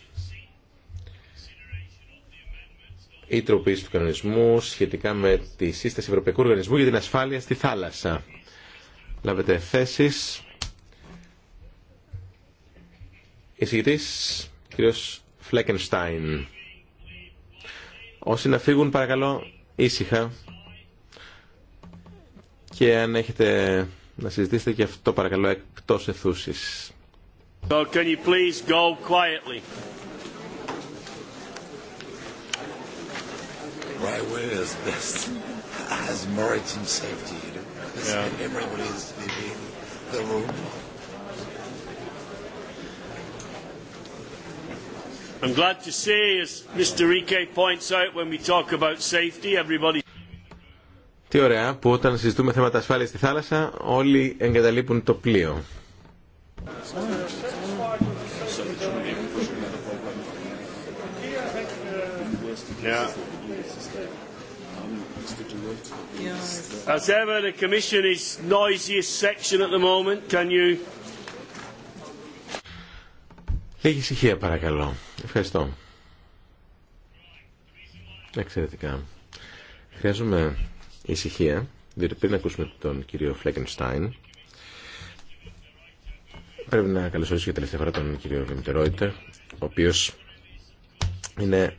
η τροποποίηση του κανονισμού σχετικά με τη σύσταση Ευρωπαϊκού Οργανισμού για την ασφάλεια στη θάλασσα. Λάβετε θέσεις. Εισηγητής, κύριος Φλέκενστάιν. Όσοι να φύγουν παρακαλώ ήσυχα και αν έχετε να συζητήσετε και αυτό παρακαλώ εκτός εθούσης. So can you please go quietly? Right, where is this? Has maritime safety, you know? Yeah. Everybody is in the room. I'm glad to see, as Mr. Rike points out, when we talk about safety, everybody... Τι ωραία που όταν συζητούμε θέματα ασφάλειας στη θάλασσα όλοι εγκαταλείπουν το πλοίο. As ever, the Commission is noisiest section at the moment. Can you? Λίγη ησυχία παρακαλώ. Ευχαριστώ. Εξαιρετικά. Χρειάζομαι ησυχία, διότι πριν ακούσουμε τον κύριο Φλέκενστάιν, πρέπει να καλωσορίσω για τελευταία φορά τον κύριο Βιμτερόιτε, ο οποίος είναι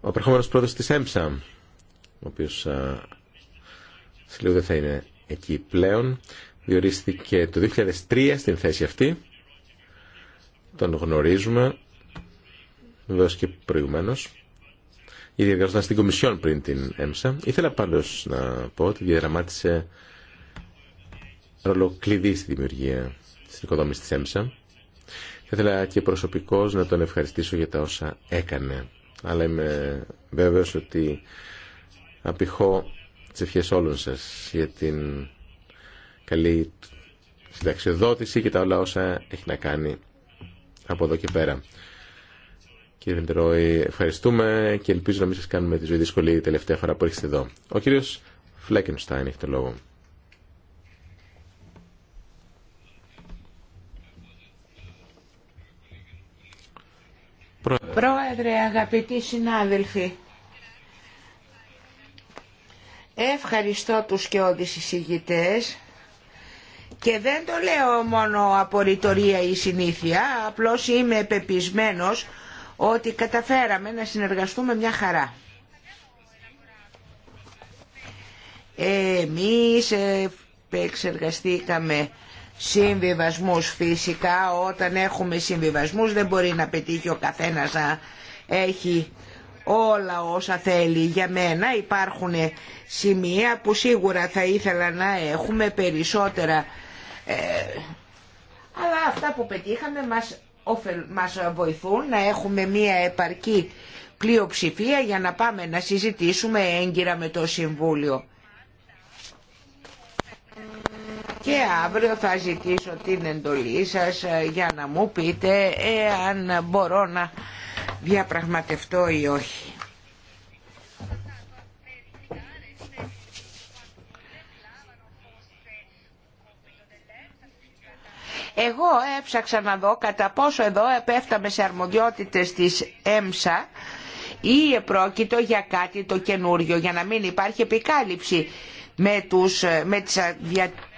ο προχώμενος πρόεδρος της ΕΜΣΑ, ο οποίος σε λίγο δεν θα είναι εκεί πλέον. Διορίστηκε το 2003 στην θέση αυτή. Τον γνωρίζουμε, βεβαίω και προηγουμένω ήδη εργαζόταν στην Κομισιόν πριν την ΕΜΣΑ. Ήθελα πάντω να πω ότι διαδραμάτισε ρόλο κλειδί στη δημιουργία στην οικοδόμηση τη ΕΜΣΑ. Θα ήθελα και προσωπικώ να τον ευχαριστήσω για τα όσα έκανε. Αλλά είμαι βέβαιο ότι απηχώ τι ευχέ όλων σα για την καλή συνταξιοδότηση και τα όλα όσα έχει να κάνει από εδώ και πέρα. Κύριε Βεντερόη, ευχαριστούμε και ελπίζω να μην σα κάνουμε τη ζωή δύσκολη τελευταία φορά που έρχεστε εδώ. Ο κύριο Φλέκενστάιν έχει το λόγο. Πρόεδρε, αγαπητοί συνάδελφοι, ευχαριστώ τους και όλους και δεν το λέω μόνο από ρητορία ή συνήθεια, απλώς είμαι πεπισμένος ότι καταφέραμε να συνεργαστούμε μια χαρά. Εμείς εξεργαστήκαμε συμβιβασμούς φυσικά όταν έχουμε συμβιβασμούς δεν μπορεί να πετύχει ο καθένας να έχει όλα όσα θέλει για μένα υπάρχουν σημεία που σίγουρα θα ήθελα να έχουμε περισσότερα ε, αλλά αυτά που πετύχαμε μας όφελ, μας βοηθούν να έχουμε μία επαρκή πλειοψηφία για να πάμε να συζητήσουμε έγκυρα με το Συμβούλιο. Και αύριο θα ζητήσω την εντολή σας ε, για να μου πείτε εάν μπορώ να διαπραγματευτώ ή όχι. Εγώ έψαξα να δω κατά πόσο εδώ επέφταμε σε αρμοδιότητες της ΕΜΣΑ ή επρόκειτο για κάτι το καινούριο για να μην υπάρχει επικάλυψη με, τους,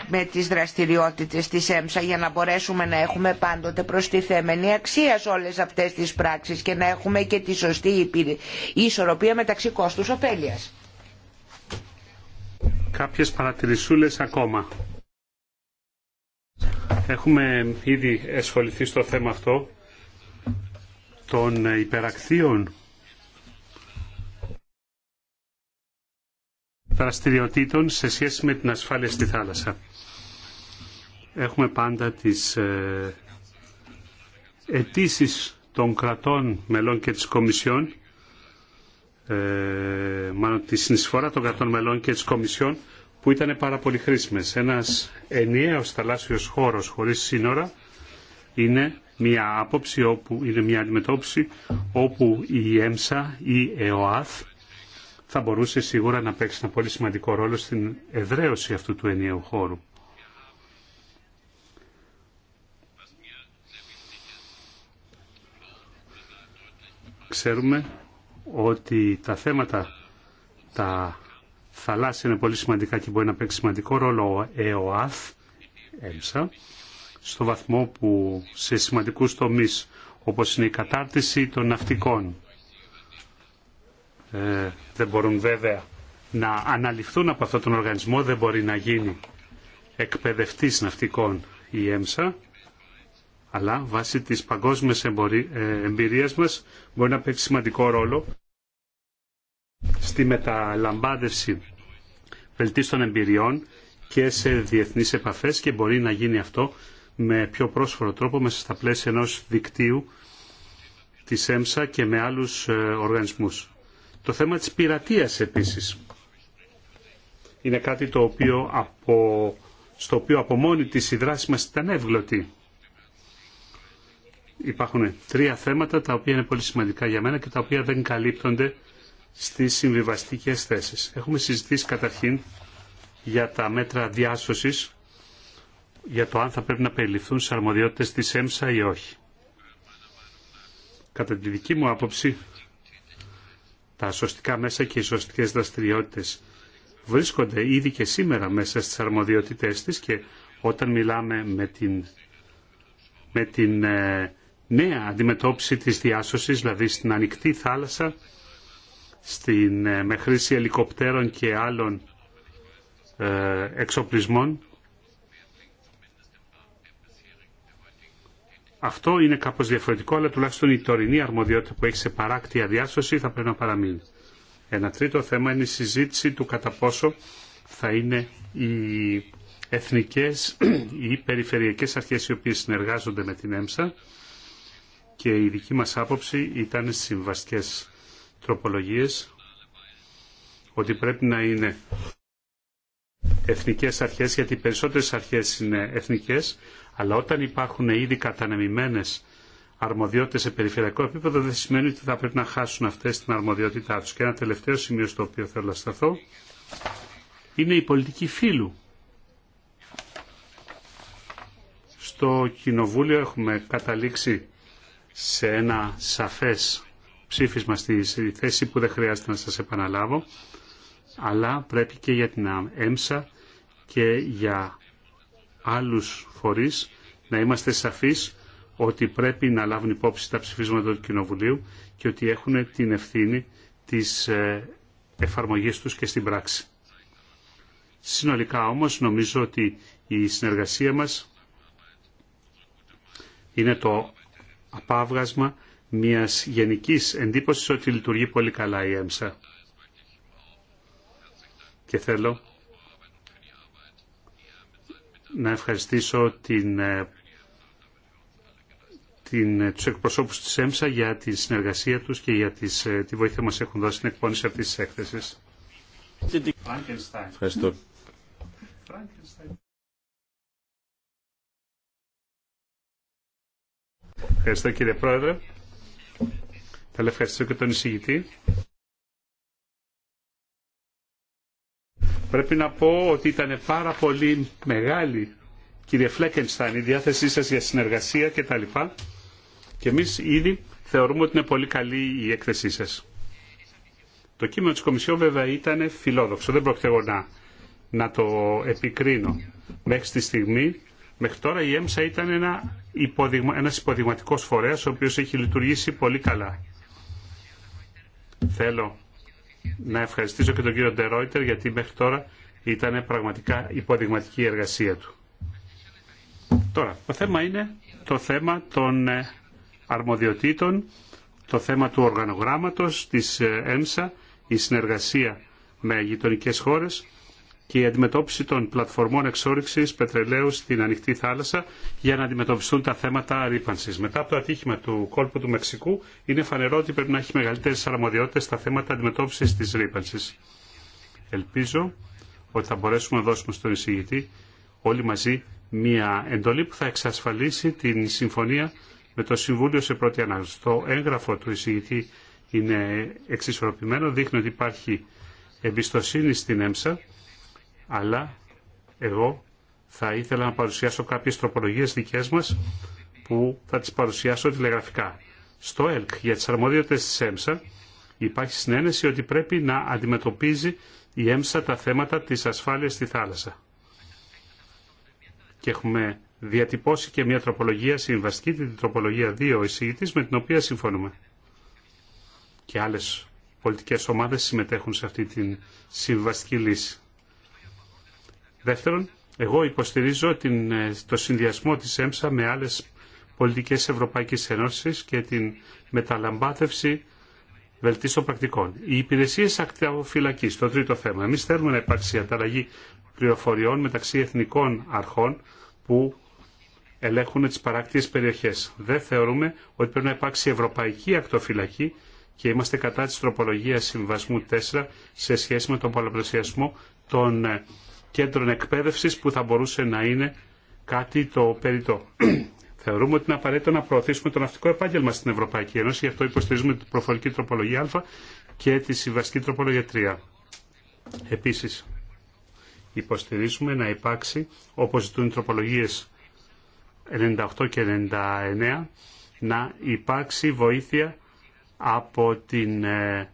με, τις, δραστηριότητες της ΕΜΣΑ για να μπορέσουμε να έχουμε πάντοτε προστιθέμενη αξία σε όλες αυτές τις πράξεις και να έχουμε και τη σωστή ισορροπία μεταξύ κόστους ωφέλειας. Κάποιες παρατηρησούλες ακόμα. Έχουμε ήδη ασχοληθεί στο θέμα αυτό των υπερακτίων δραστηριοτήτων σε σχέση με την ασφάλεια στη θάλασσα. Έχουμε πάντα τις ε, αιτήσει των κρατών μελών και της Κομισιόν, ε, μάλλον τη συνεισφορά των κρατών μελών και της Κομισιόν που ήταν πάρα πολύ χρήσιμες. Ένας ενιαίος θαλάσσιος χώρος χωρίς σύνορα είναι μια άποψη, όπου, είναι μια αντιμετώπιση όπου η ΕΜΣΑ ή η ΕΟΑΘ θα μπορούσε σίγουρα να παίξει ένα πολύ σημαντικό ρόλο στην εδραίωση αυτού του ενιαίου χώρου. Ξέρουμε ότι τα θέματα τα θαλάσσια είναι πολύ σημαντικά και μπορεί να παίξει σημαντικό ρόλο ο ΕΟΑΘ, ΕΜΣΑ, στο βαθμό που σε σημαντικούς τομείς όπως είναι η κατάρτιση των ναυτικών ε, δεν μπορούν βέβαια να αναλυφθούν από αυτόν τον οργανισμό, δεν μπορεί να γίνει εκπαιδευτής ναυτικών η ΕΜΣΑ, αλλά βάσει της παγκόσμιας ε, εμπειρία μας μπορεί να παίξει σημαντικό ρόλο στη μεταλαμπάδευση βελτίστων εμπειριών και σε διεθνείς επαφές και μπορεί να γίνει αυτό με πιο πρόσφορο τρόπο μέσα στα πλαίσια ενός δικτύου της ΕΜΣΑ και με άλλους ε, οργανισμούς. Το θέμα της πειρατείας επίσης είναι κάτι το οποίο από, στο οποίο από μόνη της η δράση μας ήταν εύγλωτη. Υπάρχουν τρία θέματα τα οποία είναι πολύ σημαντικά για μένα και τα οποία δεν καλύπτονται στις συμβιβαστικές θέσεις. Έχουμε συζητήσει καταρχήν για τα μέτρα διάσωσης, για το αν θα πρέπει να περιληφθούν στις αρμοδιότητες της ΕΜΣΑ ή όχι. Κατά τη δική μου άποψη, τα σωστικά μέσα και οι σωστικές δραστηριότητες βρίσκονται ήδη και σήμερα μέσα στις αρμοδιότητές της και όταν μιλάμε με την, με την ε, νέα αντιμετώπιση της διάσωσης, δηλαδή στην ανοιχτή θάλασσα, στην, ε, με χρήση ελικοπτέρων και άλλων ε, εξοπλισμών. Αυτό είναι κάπως διαφορετικό, αλλά τουλάχιστον η τωρινή αρμοδιότητα που έχει σε παράκτια διάσωση θα πρέπει να παραμείνει. Ένα τρίτο θέμα είναι η συζήτηση του κατά πόσο θα είναι οι εθνικές ή περιφερειακές αρχές οι οποίες συνεργάζονται με την ΕΜΣΑ και η δική μας άποψη ήταν στις συμβαστικές τροπολογίες ότι πρέπει να είναι εθνικές αρχές, γιατί οι περισσότερες αρχές είναι εθνικές, αλλά όταν υπάρχουν ήδη κατανεμημένες αρμοδιότητες σε περιφερειακό επίπεδο δεν σημαίνει ότι θα πρέπει να χάσουν αυτές την αρμοδιότητά τους. Και ένα τελευταίο σημείο στο οποίο θέλω να σταθώ είναι η πολιτική φύλου. Στο Κοινοβούλιο έχουμε καταλήξει σε ένα σαφές ψήφισμα στη θέση που δεν χρειάζεται να σας επαναλάβω, αλλά πρέπει και για την ΕΜΣΑ και για άλλους φορείς να είμαστε σαφείς ότι πρέπει να λάβουν υπόψη τα ψηφίσματα του Κοινοβουλίου και ότι έχουν την ευθύνη της ε, εφαρμογής τους και στην πράξη. Συνολικά όμως νομίζω ότι η συνεργασία μας είναι το απάβγασμα μιας γενικής εντύπωσης ότι λειτουργεί πολύ καλά η ΕΜΣΑ. Και θέλω να ευχαριστήσω την, ε, την, ε, τους εκπροσώπους της ΕΜΣΑ για τη συνεργασία τους και για ε, τη βοήθεια που μας έχουν δώσει στην εκπόνηση αυτής της έκθεσης. Ευχαριστώ. Ευχαριστώ κύριε Πρόεδρε. Θέλω και τον εισηγητή. Πρέπει να πω ότι ήταν πάρα πολύ μεγάλη, κύριε Φλέκενσταν, η διάθεσή σας για συνεργασία κτλ. Και εμείς ήδη θεωρούμε ότι είναι πολύ καλή η έκθεσή σας. Το κείμενο της Κομισιόν βέβαια ήταν φιλόδοξο, δεν πρόκειται εγώ να το επικρίνω. Μέχρι τη στιγμή Μέχρι τώρα η ΕΜΣΑ ήταν ένα υποδειγμα, ένας υποδειγματικός φορέας ο οποίος έχει λειτουργήσει πολύ καλά. Θέλω να ευχαριστήσω και τον κύριο Ντερόιτερ γιατί μέχρι τώρα ήταν πραγματικά υποδειγματική η εργασία του. Τώρα, το θέμα είναι το θέμα των ε, αρμοδιοτήτων, το θέμα του οργανογράμματος της ε, ΕΜΣΑ, η συνεργασία με γειτονικές χώρες και η αντιμετώπιση των πλατφορμών εξόριξης πετρελαίου στην ανοιχτή θάλασσα για να αντιμετωπιστούν τα θέματα ρήπανση. Μετά από το ατύχημα του κόλπου του Μεξικού είναι φανερό ότι πρέπει να έχει μεγαλύτερε αρμοδιότητε στα θέματα αντιμετώπιση τη ρήπανση. Ελπίζω ότι θα μπορέσουμε να δώσουμε στον εισηγητή όλοι μαζί μια εντολή που θα εξασφαλίσει την συμφωνία με το Συμβούλιο σε πρώτη ανάγνωση. Το έγγραφο του εισηγητή είναι εξισορροπημένο, δείχνει ότι υπάρχει εμπιστοσύνη στην ΕΜΣΑ αλλά εγώ θα ήθελα να παρουσιάσω κάποιες τροπολογίες δικές μας που θα τις παρουσιάσω τηλεγραφικά. Στο ΕΛΚ για τις αρμοδιότητες της ΕΜΣΑ υπάρχει συνένεση ότι πρέπει να αντιμετωπίζει η ΕΜΣΑ τα θέματα της ασφάλειας στη θάλασσα. Και έχουμε διατυπώσει και μια τροπολογία συμβαστική, την τροπολογία 2 εισηγητής, με την οποία συμφωνούμε. Και άλλες πολιτικές ομάδες συμμετέχουν σε αυτή την συμβαστική λύση. Δεύτερον, εγώ υποστηρίζω την, ε, το συνδυασμό της ΕΜΣΑ με άλλες πολιτικές Ευρωπαϊκής Ένωσης και την μεταλαμπάθευση βελτίστων πρακτικών. Οι υπηρεσίε ακτοφυλακής, το τρίτο θέμα. Εμεί θέλουμε να υπάρξει ανταλλαγή πληροφοριών μεταξύ εθνικών αρχών που ελέγχουν τις παράκτιες περιοχές. Δεν θεωρούμε ότι πρέπει να υπάρξει ευρωπαϊκή ακτοφυλακή και είμαστε κατά της τροπολογίας συμβασμού 4 σε σχέση με τον πολλαπλασιασμό των ε, κέντρων εκπαίδευση που θα μπορούσε να είναι κάτι το περιττό. Θεωρούμε ότι είναι απαραίτητο να προωθήσουμε το ναυτικό επάγγελμα στην Ευρωπαϊκή Ένωση, γι' αυτό υποστηρίζουμε την προφορική τροπολογία Α και τη συμβασική τροπολογία 3. Επίσης, υποστηρίζουμε να υπάρξει, όπως ζητούν οι τροπολογίες 98 και 99, να υπάρξει βοήθεια από την ε,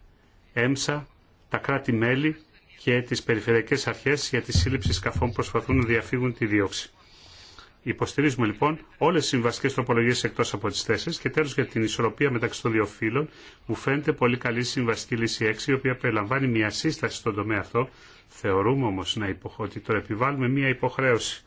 ΕΜΣΑ, τα κράτη-μέλη και τι περιφερειακές αρχέ για τη σύλληψη σκαφών που προσπαθούν να διαφύγουν τη δίωξη. Υποστηρίζουμε λοιπόν όλε τι συμβαστικέ τροπολογίε εκτό από τι θέσει και τέλο για την ισορροπία μεταξύ των δύο φύλων. Μου φαίνεται πολύ καλή συμβαστική λύση 6, η οποία περιλαμβάνει μια σύσταση στον τομέα αυτό. Θεωρούμε όμω ότι τώρα επιβάλλουμε μια υποχρέωση.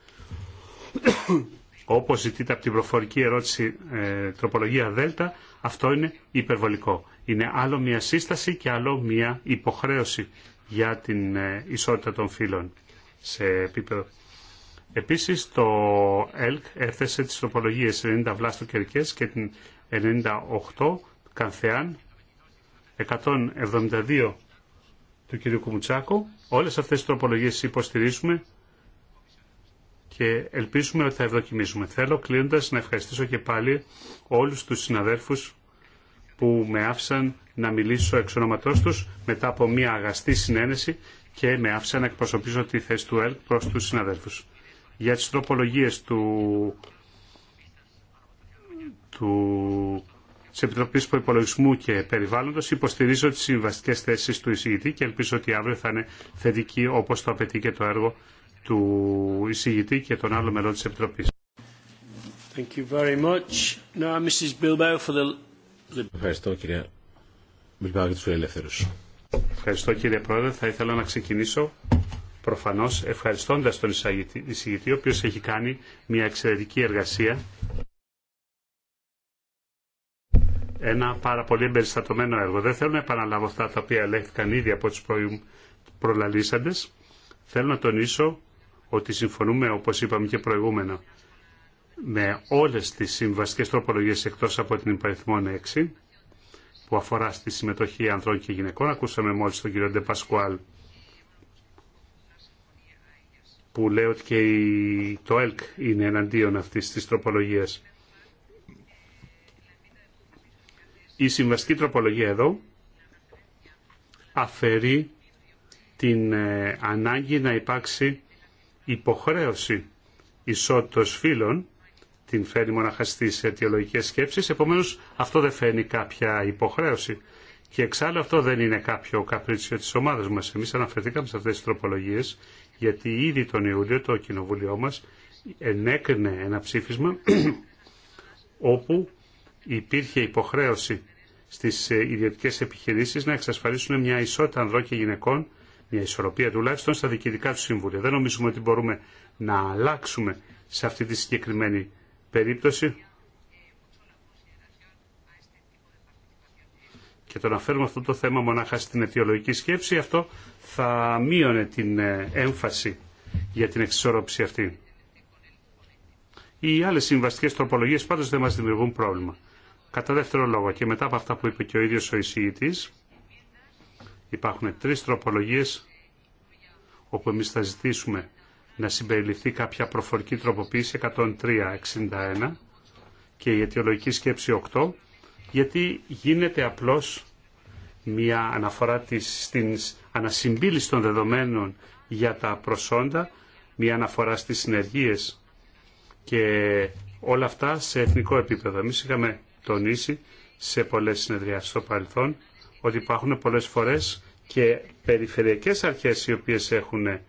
Όπω ζητείται από την προφορική ερώτηση ε, τροπολογία Δέλτα, αυτό είναι υπερβολικό. Είναι άλλο μια σύσταση και άλλο μια υποχρέωση για την ε, ισότητα των φύλων σε επίπεδο. Επίσης το ΕΛΚ έθεσε τις τροπολογίες 90 βλάστο κερκές και την 98 Κανθεάν 172 του κ. Κουμουτσάκου. Όλες αυτές τις τροπολογίες υποστηρίζουμε και ελπίζουμε ότι θα ευδοκιμήσουμε. Θέλω κλείνοντας να ευχαριστήσω και πάλι όλους τους συναδέλφους που με άφησαν να μιλήσω εξ ονοματός τους μετά από μια αγαστή συνένεση και με άφησαν να εκπροσωπήσω τη θέση του ΕΛ προς τους συναδέλφους. Για τις τροπολογίες του, του, της Επιτροπής Προϋπολογισμού και Περιβάλλοντος υποστηρίζω τις συμβαστικές θέσεις του εισηγητή και ελπίζω ότι αύριο θα είναι θετική όπως το απαιτεί και το έργο του εισηγητή και των άλλων μελών της Επιτροπής. Thank you very much. Now, Mrs. Bilbao for the... Ευχαριστώ κύριε για τους Ευχαριστώ κύριε Πρόεδρε. Θα ήθελα να ξεκινήσω προφανώς ευχαριστώντας τον εισηγητή, ο οποίος έχει κάνει μια εξαιρετική εργασία. Ένα πάρα πολύ εμπεριστατωμένο έργο. Δεν θέλω να επαναλάβω αυτά τα οποία ελέγχθηκαν ήδη από τους προλαλήσαντες. Θέλω να τονίσω ότι συμφωνούμε, όπως είπαμε και προηγούμενα, με όλες τις συμβαστικές τροπολογίες εκτός από την υπαριθμόν 6 που αφορά στη συμμετοχή ανθρώπων και γυναικών. Ακούσαμε μόλις τον κύριο Ντεπασκουάλ που λέει ότι και το ΕΛΚ είναι εναντίον αυτής της τροπολογίας. Η συμβαστική τροπολογία εδώ αφαιρεί την ε, ανάγκη να υπάρξει υποχρέωση ισότητος φύλων την φέρνει μοναχα στι αιτιολογικέ σκέψει. Επομένω, αυτό δεν φέρνει κάποια υποχρέωση. Και εξάλλου αυτό δεν είναι κάποιο καπρίτσιο τη ομάδα μα. Εμεί αναφερθήκαμε σε αυτέ τι τροπολογίε, γιατί ήδη τον Ιούλιο το Κοινοβουλίο μα ενέκρινε ένα ψήφισμα όπου υπήρχε υποχρέωση στις ε, ιδιωτικές επιχειρήσεις να εξασφαλίσουν μια ισότητα ανδρών και γυναικών, μια ισορροπία τουλάχιστον στα διοικητικά του συμβούλια. Δεν νομίζουμε ότι μπορούμε να αλλάξουμε σε αυτή τη συγκεκριμένη περίπτωση και το να φέρουμε αυτό το θέμα μονάχα στην αιτιολογική σκέψη, αυτό θα μείωνε την ε, έμφαση για την εξισορρόψη αυτή. Οι άλλες συμβαστικές τροπολογίες πάντως δεν μας δημιουργούν πρόβλημα. Κατά δεύτερο λόγο και μετά από αυτά που είπε και ο ίδιος ο εισηγητής, υπάρχουν τρεις τροπολογίες όπου εμείς θα ζητήσουμε να συμπεριληφθεί κάποια προφορική τροποποίηση 103-61 και η αιτιολογική σκέψη 8, γιατί γίνεται απλώς μια αναφορά της, στην ανασυμπίληση των δεδομένων για τα προσόντα, μια αναφορά στις συνεργίες και όλα αυτά σε εθνικό επίπεδο. Εμείς είχαμε τονίσει σε πολλές συνεδριάσεις στο παρελθόν ότι υπάρχουν πολλές φορές και περιφερειακές αρχές οι οποίες έχουν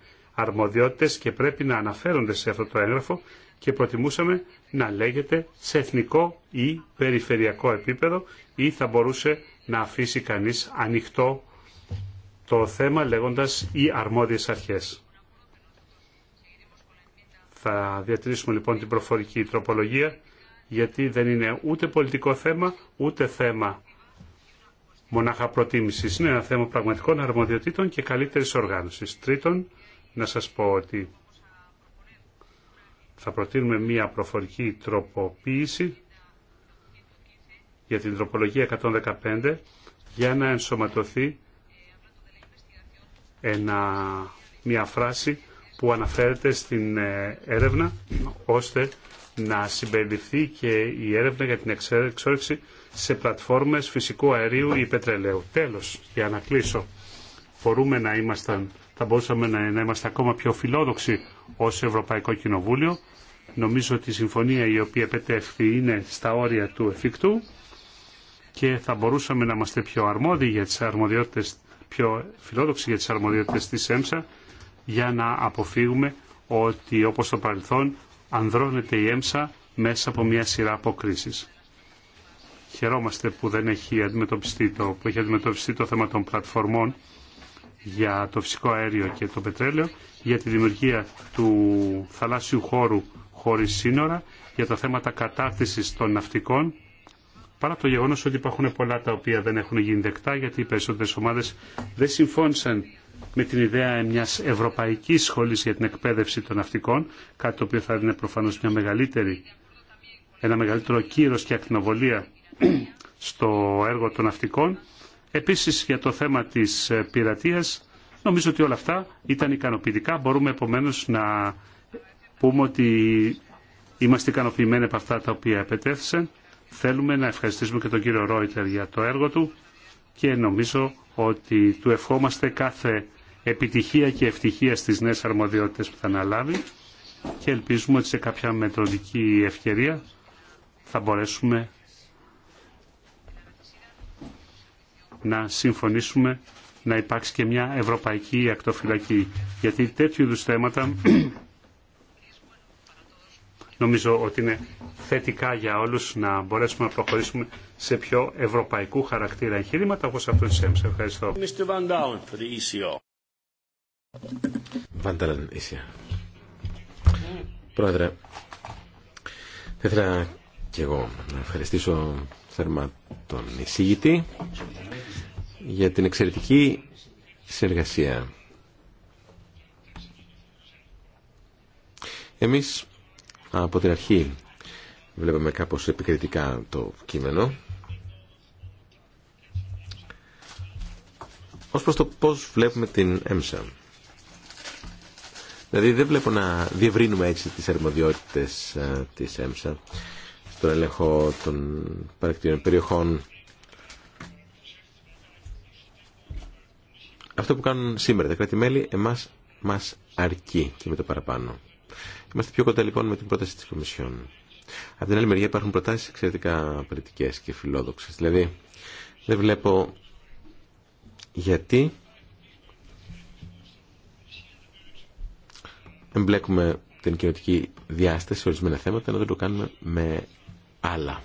αρμοδιότητες και πρέπει να αναφέρονται σε αυτό το έγγραφο και προτιμούσαμε να λέγεται σε εθνικό ή περιφερειακό επίπεδο ή θα μπορούσε να αφήσει κανείς ανοιχτό το θέμα λέγοντας οι αρμόδιες αρχές. Θα διατηρήσουμε λοιπόν την προφορική τροπολογία γιατί δεν είναι ούτε πολιτικό θέμα ούτε θέμα μονάχα προτίμησης. Είναι ένα θέμα πραγματικών αρμοδιοτήτων και καλύτερης οργάνωσης. Τρίτον, να σας πω ότι θα προτείνουμε μία προφορική τροποποίηση για την τροπολογία 115 για να ενσωματωθεί ένα, μια φράση που αναφέρεται στην ε, έρευνα ώστε να συμπεριληφθεί και η έρευνα για την εξόρυξη σε πλατφόρμες φυσικού αερίου ή πετρελαίου. Τέλος, για να κλείσω, μπορούμε να ήμασταν θα μπορούσαμε να, είμαστε ακόμα πιο φιλόδοξοι ως Ευρωπαϊκό Κοινοβούλιο. Νομίζω ότι η συμφωνία η οποία επετεύχθη είναι στα όρια του εφικτού και θα μπορούσαμε να είμαστε πιο αρμόδιοι για πιο φιλόδοξοι για τις αρμοδιότητες της ΕΜΣΑ για να αποφύγουμε ότι όπως το παρελθόν ανδρώνεται η ΕΜΣΑ μέσα από μια σειρά αποκρίσεις. Χαιρόμαστε που δεν έχει αντιμετωπιστεί το, που έχει αντιμετωπιστεί το θέμα των πλατφορμών για το φυσικό αέριο και το πετρέλαιο, για τη δημιουργία του θαλάσσιου χώρου χωρίς σύνορα, για τα θέματα κατάρτισης των ναυτικών, παρά το γεγονός ότι υπάρχουν πολλά τα οποία δεν έχουν γίνει δεκτά, γιατί οι περισσότερες ομάδες δεν συμφώνησαν με την ιδέα μιας ευρωπαϊκής σχολής για την εκπαίδευση των ναυτικών, κάτι το οποίο θα είναι προφανώς μια ένα μεγαλύτερο κύρος και ακτινοβολία στο έργο των ναυτικών Επίσης για το θέμα της ε, πειρατείας, νομίζω ότι όλα αυτά ήταν ικανοποιητικά. Μπορούμε επομένως να πούμε ότι είμαστε ικανοποιημένοι από αυτά τα οποία επετέθησαν. Θέλουμε να ευχαριστήσουμε και τον κύριο Ρόιτερ για το έργο του και νομίζω ότι του ευχόμαστε κάθε επιτυχία και ευτυχία στις νέες αρμοδιότητες που θα αναλάβει και ελπίζουμε ότι σε κάποια μετροδική ευκαιρία θα μπορέσουμε να συμφωνήσουμε να υπάρξει και μια ευρωπαϊκή ακτοφυλακή. Γιατί τέτοιου είδου θέματα νομίζω ότι είναι θετικά για όλους να μπορέσουμε να προχωρήσουμε σε πιο ευρωπαϊκού χαρακτήρα εγχειρήματα όπως αυτό της ΕΜΣ. Ευχαριστώ. Ισία. E e Πρόεδρε, θα ήθελα και εγώ να ευχαριστήσω θερμά τον εισήγητη για την εξαιρετική συνεργασία. Εμείς από την αρχή βλέπαμε κάπως επικριτικά το κείμενο. Ως προς το πώς βλέπουμε την ΕΜΣΑ. Δηλαδή δεν βλέπω να διευρύνουμε έτσι τις αρμοδιότητες ε, της ΕΜΣΑ στον έλεγχο των παρακτήριων περιοχών Αυτό που κάνουν σήμερα τα κράτη-μέλη εμάς μας αρκεί και με το παραπάνω. Είμαστε πιο κοντά λοιπόν με την πρόταση της Κομισιόν. Από την άλλη μεριά υπάρχουν προτάσει εξαιρετικά απαιτητικέ και φιλόδοξες. Δηλαδή δεν βλέπω γιατί εμπλέκουμε την κοινωτική διάσταση σε ορισμένα θέματα να δεν το κάνουμε με άλλα.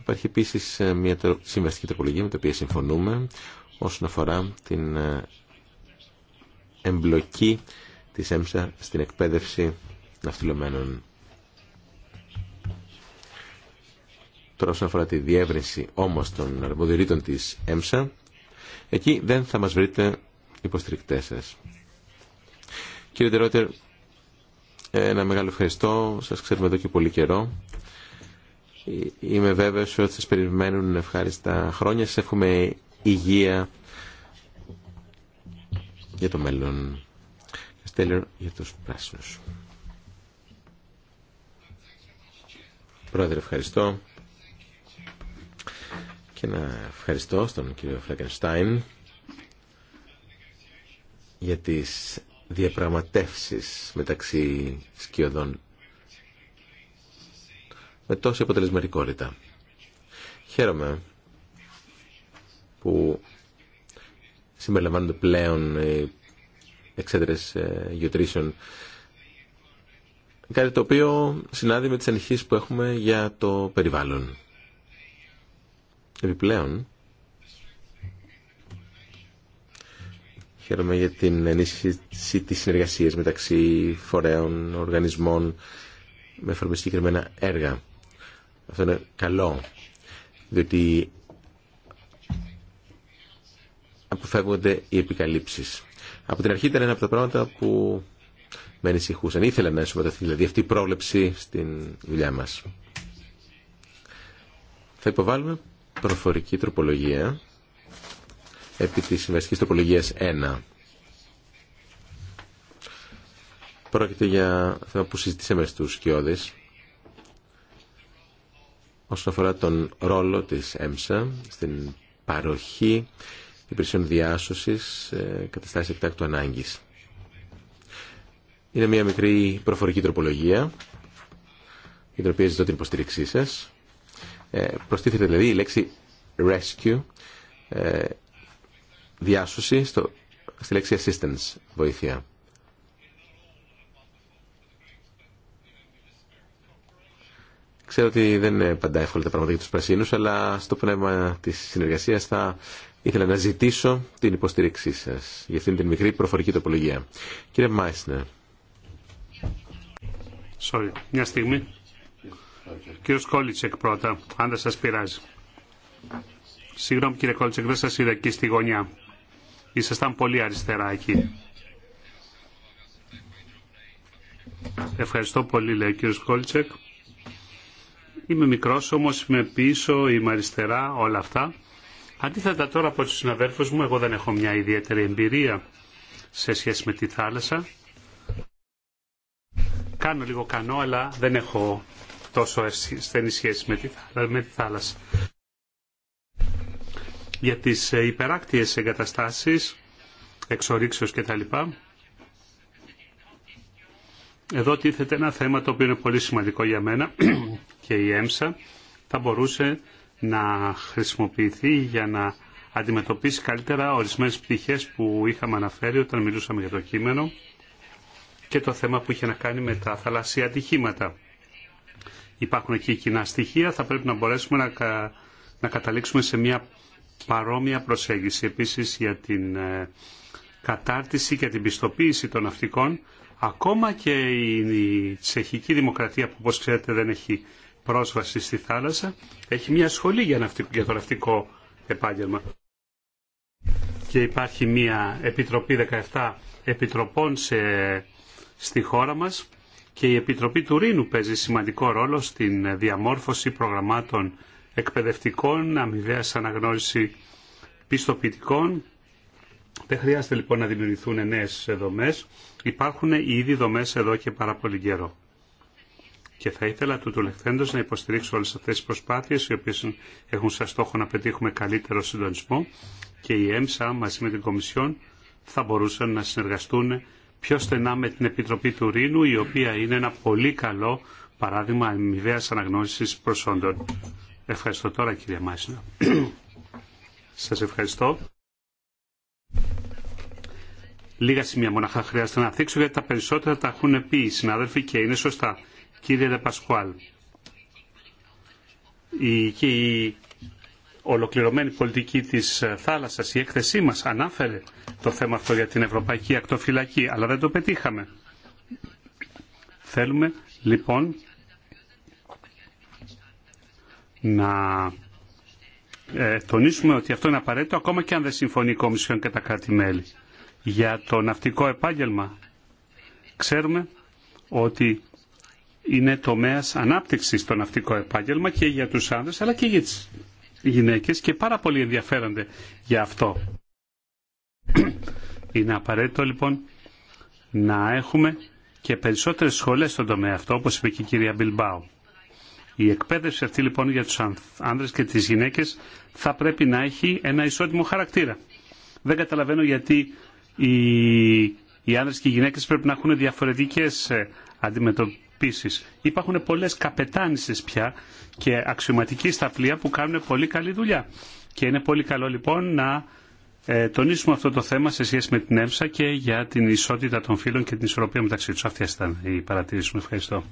Υπάρχει επίση ε, μια συμβαστική τροπολογία με την οποία συμφωνούμε όσον αφορά την ε, εμπλοκή της ΕΜΣΑ στην εκπαίδευση ναυτιλωμένων. Τώρα όσον αφορά τη διεύρυνση όμως των αρμοδιορίτων της ΕΜΣΑ, εκεί δεν θα μας βρείτε υποστηρικτές σας. Κύριε Τερότερ, ένα μεγάλο ευχαριστώ. Σας ξέρουμε εδώ και πολύ καιρό. Είμαι βέβαιος ότι σας περιμένουν ευχάριστα χρόνια. Σας εύχομαι υγεία για το μέλλον. Στέλιο για τους πράσινους. Πρόεδρε, ευχαριστώ. Και να ευχαριστώ στον κύριο Φλέκενστάιν για τις διαπραγματεύσεις μεταξύ σκιωδών με τόση αποτελεσματικότητα. Χαίρομαι που συμπεριλαμβάνονται πλέον οι εξέδρες ε, γεωτρήσεων. Κάτι το οποίο συνάδει με τις ανησυχίες που έχουμε για το περιβάλλον. Επιπλέον, χαίρομαι για την ενίσχυση της συνεργασίας μεταξύ φορέων, οργανισμών, με εφαρμογή συγκεκριμένα έργα. Αυτό είναι καλό, διότι αποφεύγονται οι επικαλύψεις. Από την αρχή ήταν ένα από τα πράγματα που με ανησυχούσαν. Ήθελα να ενσωματωθεί δηλαδή αυτή η πρόβλεψη στην δουλειά μας. Θα υποβάλουμε προφορική τροπολογία επί της συμβαστικής τροπολογίας 1. Πρόκειται για θέμα που συζητήσαμε στους σκιώδες όσον αφορά τον ρόλο της ΕΜΣΑ στην παροχή υπηρεσιών διάσωσης, ε, καταστάσεις εκτάκτου ανάγκη. Είναι μια μικρή προφορική τροπολογία, η την οποία ζητώ την υποστήριξή σα. Ε, προστίθεται δηλαδή η λέξη rescue, ε, διάσωση, στο, στη λέξη assistance, βοήθεια. Ξέρω ότι δεν είναι παντά εύκολα τα πράγματα για τους πρασίνους, αλλά στο πνεύμα της συνεργασίας θα Ήθελα να ζητήσω την υποστήριξή σας για αυτήν την μικρή προφορική τοπολογία. Κύριε Μάισνερ. Sorry, μια στιγμή. Κύριο Κόλιτσεκ πρώτα, αν δεν σας πειράζει. Συγγνώμη κύριε Κόλιτσεκ, δεν σας είδα εκεί στη γωνιά. Ήσασταν πολύ αριστερά εκεί. Ευχαριστώ πολύ, λέει ο κύριος Κόλτσεκ. Είμαι μικρός όμως, είμαι πίσω, είμαι αριστερά, όλα αυτά. Αντίθετα τώρα από τους συναδέλφους μου, εγώ δεν έχω μια ιδιαίτερη εμπειρία σε σχέση με τη θάλασσα. Κάνω λίγο κανό, αλλά δεν έχω τόσο στενή σχέση με τη, θάλασσα. Για τις ε, υπεράκτιες εγκαταστάσεις, εξορίξεως κτλ. Εδώ τίθεται ένα θέμα το οποίο είναι πολύ σημαντικό για μένα και η ΕΜΣΑ θα μπορούσε να χρησιμοποιηθεί για να αντιμετωπίσει καλύτερα ορισμένες πτυχές που είχαμε αναφέρει όταν μιλούσαμε για το κείμενο και το θέμα που είχε να κάνει με τα θαλάσσια ατυχήματα. Υπάρχουν εκεί κοινά στοιχεία, θα πρέπει να μπορέσουμε να, καταλήξουμε σε μια παρόμοια προσέγγιση. Επίσης για την ε, κατάρτιση και την πιστοποίηση των ναυτικών, ακόμα και η τσεχική δημοκρατία που όπως ξέρετε δεν έχει πρόσβαση στη θάλασσα, έχει μια σχολή για, το επάγγελμα. Και υπάρχει μια επιτροπή 17 επιτροπών σε, στη χώρα μας και η Επιτροπή του Ρήνου παίζει σημαντικό ρόλο στην διαμόρφωση προγραμμάτων εκπαιδευτικών, αμοιβαίας αναγνώριση πιστοποιητικών. Δεν χρειάζεται λοιπόν να δημιουργηθούν νέες δομές. Υπάρχουν ήδη δομές εδώ και πάρα πολύ καιρό. Και θα ήθελα του τουλεχθέντο να υποστηρίξω όλε αυτέ τις προσπάθειε οι οποίε έχουν σαν στόχο να πετύχουμε καλύτερο συντονισμό και η ΕΜΣΑ μαζί με την Κομισιόν θα μπορούσαν να συνεργαστούν πιο στενά με την Επιτροπή του Ρήνου η οποία είναι ένα πολύ καλό παράδειγμα αμοιβαία αναγνώριση προσόντων. Ευχαριστώ τώρα κύριε Μάσινα. Σας ευχαριστώ. Λίγα σημεία μοναχά χρειάζεται να θίξω γιατί τα περισσότερα τα έχουν πει οι συνάδελφοι και είναι σωστά. Κύριε Πασχουάλ, η, και η ολοκληρωμένη πολιτική της θάλασσας, η έκθεσή μας ανάφερε το θέμα αυτό για την Ευρωπαϊκή Ακτοφυλακή, αλλά δεν το πετύχαμε. Θέλουμε λοιπόν να ε, τονίσουμε ότι αυτό είναι απαραίτητο ακόμα και αν δεν συμφωνεί η Κομισιόν και τα κράτη-μέλη. Για το ναυτικό επάγγελμα ξέρουμε ότι είναι τομέα ανάπτυξης στο ναυτικό επάγγελμα και για τους άνδρες αλλά και για τις γυναίκες και πάρα πολύ ενδιαφέρονται για αυτό. Είναι απαραίτητο λοιπόν να έχουμε και περισσότερες σχολές στον τομέα αυτό, όπω είπε και η κυρία Μπιλμπάου. Η εκπαίδευση αυτή λοιπόν για τους άνδρες και τις γυναίκες θα πρέπει να έχει ένα ισότιμο χαρακτήρα. Δεν καταλαβαίνω γιατί οι, οι άνδρες και οι γυναίκες πρέπει να έχουν διαφορετικές ε, αντιμετωπίσεις Επίση, υπάρχουν πολλέ καπετάνισε πια και αξιωματικοί στα πλοία που κάνουν πολύ καλή δουλειά. Και είναι πολύ καλό λοιπόν να ε, τονίσουμε αυτό το θέμα σε σχέση με την ΕΜΣΑ και για την ισότητα των φύλων και την ισορροπία μεταξύ του. Αυτέ ήταν οι παρατηρήσει μου. Ευχαριστώ.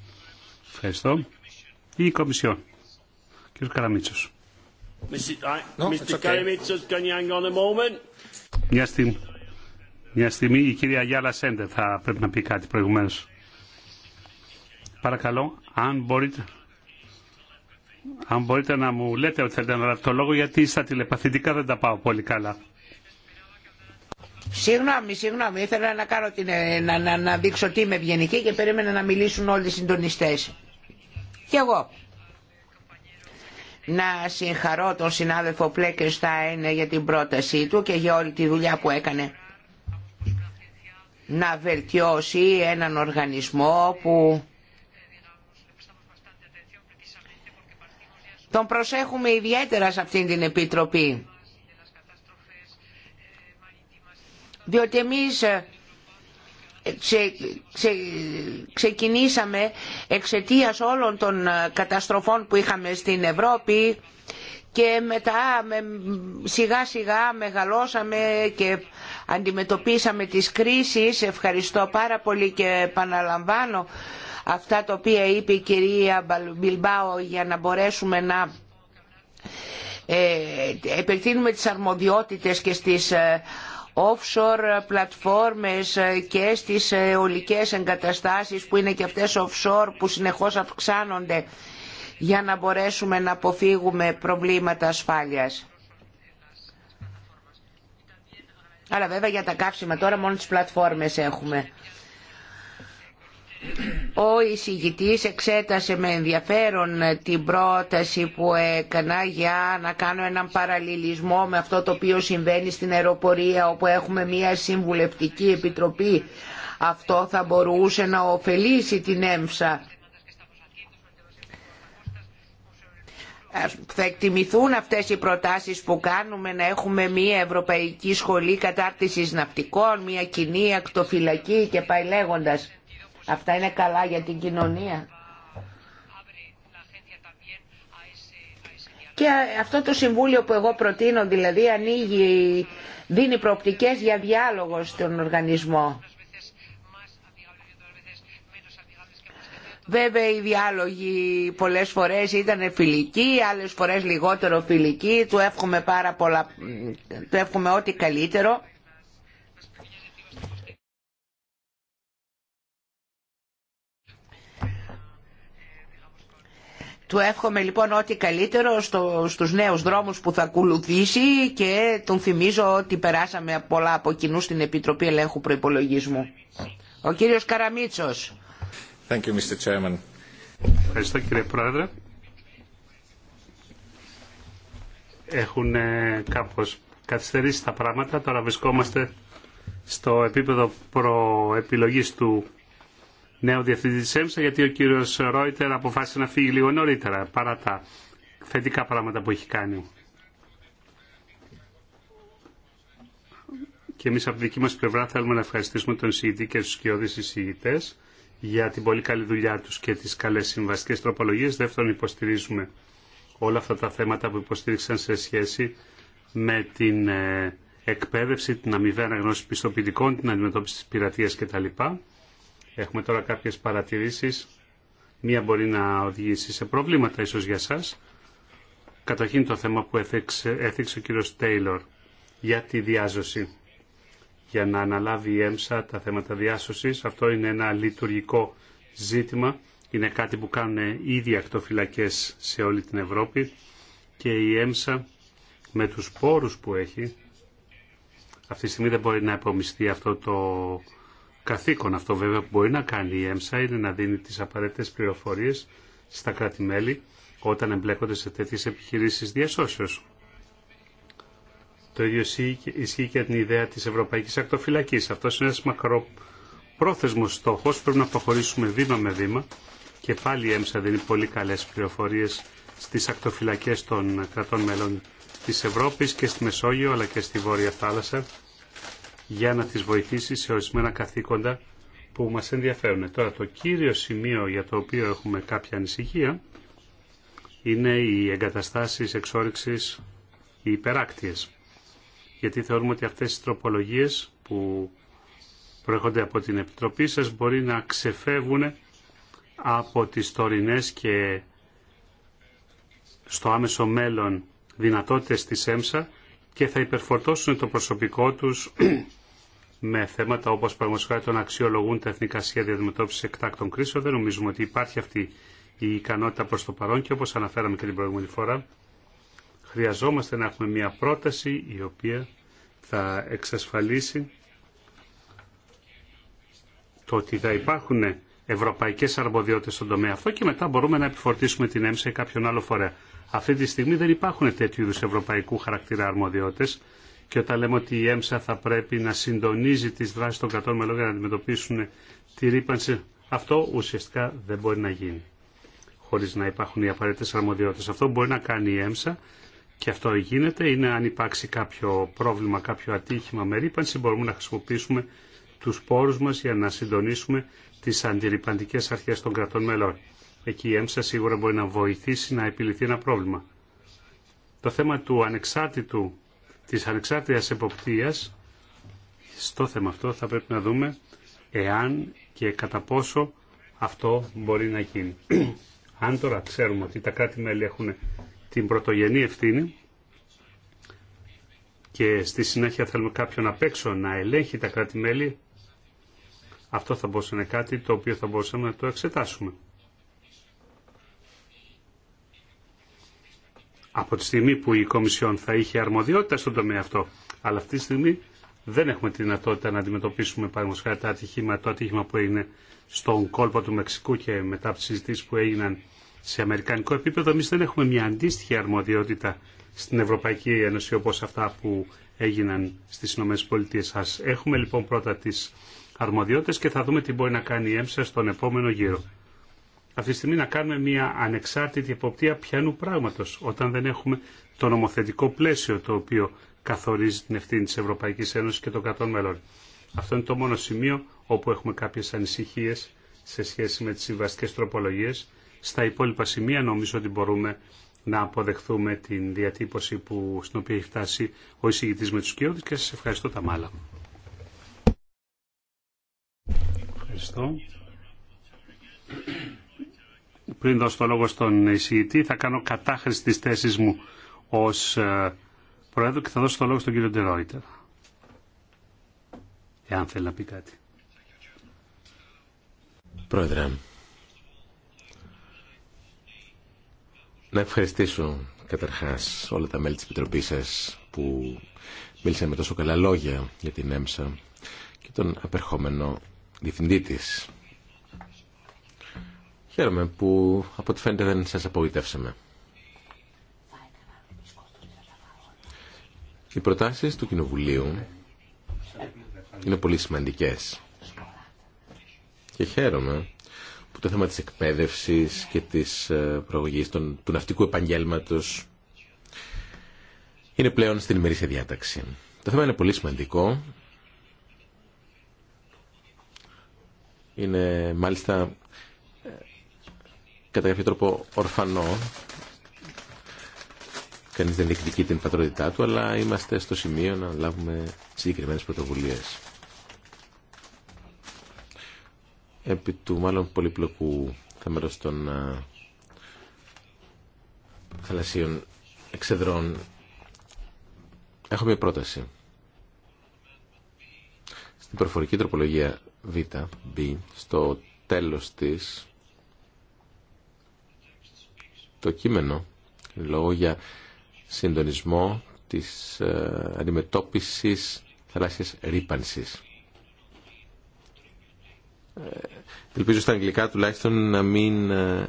Ευχαριστώ. Η Κομισιόν. Κύριο Καραμίτσο. Uh, Μια στιγμή. η κυρία Γιάλα Σέντερ θα πρέπει να πει κάτι προηγουμένως. Παρακαλώ, αν μπορείτε, αν μπορείτε να μου λέτε ότι θέλετε να το λόγο, γιατί στα τηλεπαθητικά δεν τα πάω πολύ καλά. Συγγνώμη, συγγνώμη, ήθελα να, κάνω την, ε, να, να, να δείξω τι είμαι ευγενική και περίμενα να μιλήσουν όλοι οι συντονιστές. Και εγώ. Να συγχαρώ τον συνάδελφο Στάιν για την πρότασή του και για όλη τη δουλειά που έκανε. Να βελτιώσει έναν οργανισμό που Τον προσέχουμε ιδιαίτερα σε αυτήν την Επιτροπή. Διότι εμείς ε, ξεκινήσαμε εξαιτίας όλων των ε, καταστροφών που είχαμε στην Ευρώπη και μετά σιγά σιγά μεγαλώσαμε και αντιμετωπίσαμε τις κρίσεις. Ευχαριστώ πάρα πολύ και επαναλαμβάνω αυτά τα οποία είπε η κυρία Μπιλμπάο για να μπορέσουμε να ε, επεκτείνουμε τις αρμοδιότητες και στις ε, offshore πλατφόρμες ε, και στις ε, ολικές εγκαταστάσεις που είναι και αυτές offshore που συνεχώς αυξάνονται για να μπορέσουμε να αποφύγουμε προβλήματα ασφάλειας. Αλλά βέβαια για τα κάψιμα τώρα μόνο τις πλατφόρμες έχουμε. Ο εισηγητής εξέτασε με ενδιαφέρον την πρόταση που έκανα για να κάνω έναν παραλληλισμό με αυτό το οποίο συμβαίνει στην αεροπορία όπου έχουμε μια συμβουλευτική επιτροπή. Αυτό θα μπορούσε να ωφελήσει την έμψα. θα εκτιμηθούν αυτές οι προτάσεις που κάνουμε να έχουμε μια ευρωπαϊκή σχολή κατάρτισης ναυτικών, μια κοινή ακτοφυλακή και πάει λέγοντας. Αυτά είναι καλά για την κοινωνία. Και αυτό το συμβούλιο που εγώ προτείνω, δηλαδή ανοίγει, δίνει προοπτικές για διάλογο στον οργανισμό. Βέβαια οι διάλογοι πολλές φορές ήταν φιλικοί, άλλες φορές λιγότερο φιλικοί. Του εύχομαι, πάρα πολλά, του εύχομαι ό,τι καλύτερο. Του εύχομαι λοιπόν ό,τι καλύτερο στο, στους νέους δρόμους που θα ακολουθήσει και τον θυμίζω ότι περάσαμε πολλά από κοινού στην Επιτροπή Ελέγχου Προϋπολογισμού. Ο κύριος Καραμίτσος. Thank you, Mr. Chairman. Ευχαριστώ κύριε Πρόεδρε. Έχουν ε, κάπως καθυστερήσει τα πράγματα. Τώρα βρισκόμαστε στο επίπεδο προεπιλογής του νέο διευθυντή τη ΕΜΣΑ γιατί ο κύριο Ρόιτερ αποφάσισε να φύγει λίγο νωρίτερα παρά τα θετικά πράγματα που έχει κάνει. Και εμείς από δική μα πλευρά θέλουμε να ευχαριστήσουμε τον συγητή και του κοιόδη εισηγητέ για την πολύ καλή δουλειά του και τι καλέ συμβαστικέ τροπολογίε. Δεύτερον, υποστηρίζουμε όλα αυτά τα θέματα που υποστήριξαν σε σχέση με την ε, εκπαίδευση, την αμοιβή αναγνώση πιστοποιητικών, την αντιμετώπιση της πειρατεία κτλ. Έχουμε τώρα κάποιες παρατηρήσεις. Μία μπορεί να οδηγήσει σε προβλήματα ίσως για σας. Καταρχήν το θέμα που έθιξε, ο κύριος Τέιλορ για τη διάζωση. Για να αναλάβει η ΕΜΣΑ τα θέματα διάσωσης. Αυτό είναι ένα λειτουργικό ζήτημα. Είναι κάτι που κάνουν ήδη ακτοφυλακές σε όλη την Ευρώπη και η ΕΜΣΑ με τους πόρους που έχει αυτή τη στιγμή δεν μπορεί να επομιστεί αυτό το καθήκον αυτό βέβαια που μπορεί να κάνει η ΕΜΣΑ είναι να δίνει τις απαραίτητες πληροφορίες στα κράτη-μέλη όταν εμπλέκονται σε τέτοιες επιχειρήσεις διασώσεως. Το ίδιο ισχύει και την ιδέα της Ευρωπαϊκής Ακτοφυλακής. Αυτό είναι ένας μακροπρόθεσμος στόχος, πρέπει να προχωρήσουμε βήμα με βήμα και πάλι η ΕΜΣΑ δίνει πολύ καλές πληροφορίες στις ακτοφυλακές των κρατών μέλων της Ευρώπης και στη Μεσόγειο αλλά και στη Βόρεια Θάλασσα για να τις βοηθήσει σε ορισμένα καθήκοντα που μας ενδιαφέρουν. Τώρα το κύριο σημείο για το οποίο έχουμε κάποια ανησυχία είναι οι εγκαταστάσεις εξόριξης οι υπεράκτιες. Γιατί θεωρούμε ότι αυτές οι τροπολογίες που προέρχονται από την Επιτροπή σας μπορεί να ξεφεύγουν από τις τωρινές και στο άμεσο μέλλον δυνατότητες της ΕΜΣΑ και θα υπερφορτώσουν το προσωπικό τους με θέματα όπως πραγματικά τον αξιολογούν τα εθνικά σχέδια αντιμετώπιση εκτάκτων κρίσεων. Δεν νομίζουμε ότι υπάρχει αυτή η ικανότητα προς το παρόν και όπως αναφέραμε και την προηγούμενη φορά χρειαζόμαστε να έχουμε μια πρόταση η οποία θα εξασφαλίσει το ότι θα υπάρχουν ευρωπαϊκές αρμοδιότητες στον τομέα αυτό και μετά μπορούμε να επιφορτήσουμε την έμψη κάποιον άλλο φορέα. Αυτή τη στιγμή δεν υπάρχουν τέτοιου είδου ευρωπαϊκού χαρακτήρα αρμοδιότητες και όταν λέμε ότι η ΕΜΣΑ θα πρέπει να συντονίζει τι δράσει των κρατών μελών για να αντιμετωπίσουν τη ρήπανση, αυτό ουσιαστικά δεν μπορεί να γίνει χωρί να υπάρχουν οι απαραίτητε αρμοδιότητε. Αυτό μπορεί να κάνει η ΕΜΣΑ και αυτό γίνεται, είναι αν υπάρξει κάποιο πρόβλημα, κάποιο ατύχημα με ρήπανση, μπορούμε να χρησιμοποιήσουμε του πόρου μα για να συντονίσουμε τι αντιρρυπαντικέ αρχέ των κρατών μελών. Εκεί η ΕΜΣΑ σίγουρα μπορεί να βοηθήσει να επιληθεί ένα πρόβλημα. Το θέμα του ανεξάρτητου, της ανεξάρτητας εποπτείας, στο θέμα αυτό θα πρέπει να δούμε εάν και κατά πόσο αυτό μπορεί να γίνει. Αν τώρα ξέρουμε ότι τα κράτη-μέλη έχουν την πρωτογενή ευθύνη και στη συνέχεια θέλουμε κάποιον απ' έξω να ελέγχει τα κράτη-μέλη, αυτό θα μπορούσε να είναι κάτι το οποίο θα μπορούσαμε να το εξετάσουμε. από τη στιγμή που η Κομισιόν θα είχε αρμοδιότητα στον τομέα αυτό. Αλλά αυτή τη στιγμή δεν έχουμε τη δυνατότητα να αντιμετωπίσουμε παραδείγματο τα το ατύχημα που έγινε στον κόλπο του Μεξικού και μετά από τι συζητήσει που έγιναν σε αμερικανικό επίπεδο. Εμεί δεν έχουμε μια αντίστοιχη αρμοδιότητα στην Ευρωπαϊκή Ένωση όπω αυτά που έγιναν στι ΗΠΑ. Σας έχουμε λοιπόν πρώτα τι αρμοδιότητε και θα δούμε τι μπορεί να κάνει η ΕΜΣΑ στον επόμενο γύρο αυτή τη στιγμή να κάνουμε μια ανεξάρτητη εποπτεία πιανού πράγματος όταν δεν έχουμε το νομοθετικό πλαίσιο το οποίο καθορίζει την ευθύνη της Ευρωπαϊκής Ένωσης και των κρατών μελών. Αυτό είναι το μόνο σημείο όπου έχουμε κάποιες ανησυχίες σε σχέση με τις συμβαστικές τροπολογίες. Στα υπόλοιπα σημεία νομίζω ότι μπορούμε να αποδεχθούμε την διατύπωση που, στην οποία έχει φτάσει ο εισηγητής με τους κοιόδους και σας ευχαριστώ τα μάλα. Πριν δώσω το λόγο στον εισηγητή, θα κάνω κατάχρηση της θέσης μου ως ε, Πρόεδρο και θα δώσω το λόγο στον κύριο Ντερόιτερ. Εάν θέλει να πει κάτι. Πρόεδρε, να ευχαριστήσω καταρχάς όλα τα μέλη της Επιτροπής σας που μίλησαν με τόσο καλά λόγια για την ΕΜΣΑ και τον απερχόμενο διευθυντή της. Χαίρομαι που από ό,τι φαίνεται δεν σας απογοητεύσαμε. Οι προτάσεις του Κοινοβουλίου είναι πολύ σημαντικές. Και χαίρομαι που το θέμα της εκπαίδευσης και της ε, των του ναυτικού επαγγέλματος είναι πλέον στην ημερήσια διάταξη. Το θέμα είναι πολύ σημαντικό. Είναι μάλιστα κατά κάποιο τρόπο ορφανό. Κανείς δεν διεκδικεί την πατρότητά του, αλλά είμαστε στο σημείο να λάβουμε συγκεκριμένε πρωτοβουλίες. Επί του μάλλον πολύπλοκου θέμερος των θαλασσίων εξεδρών έχω μια πρόταση. Στην προφορική τροπολογία Β, στο τέλος της το κείμενο λόγω για συντονισμό της ε, αντιμετώπισης θαλάσσιας ρήπανσης. Ε, ελπίζω στα αγγλικά τουλάχιστον να μην ε,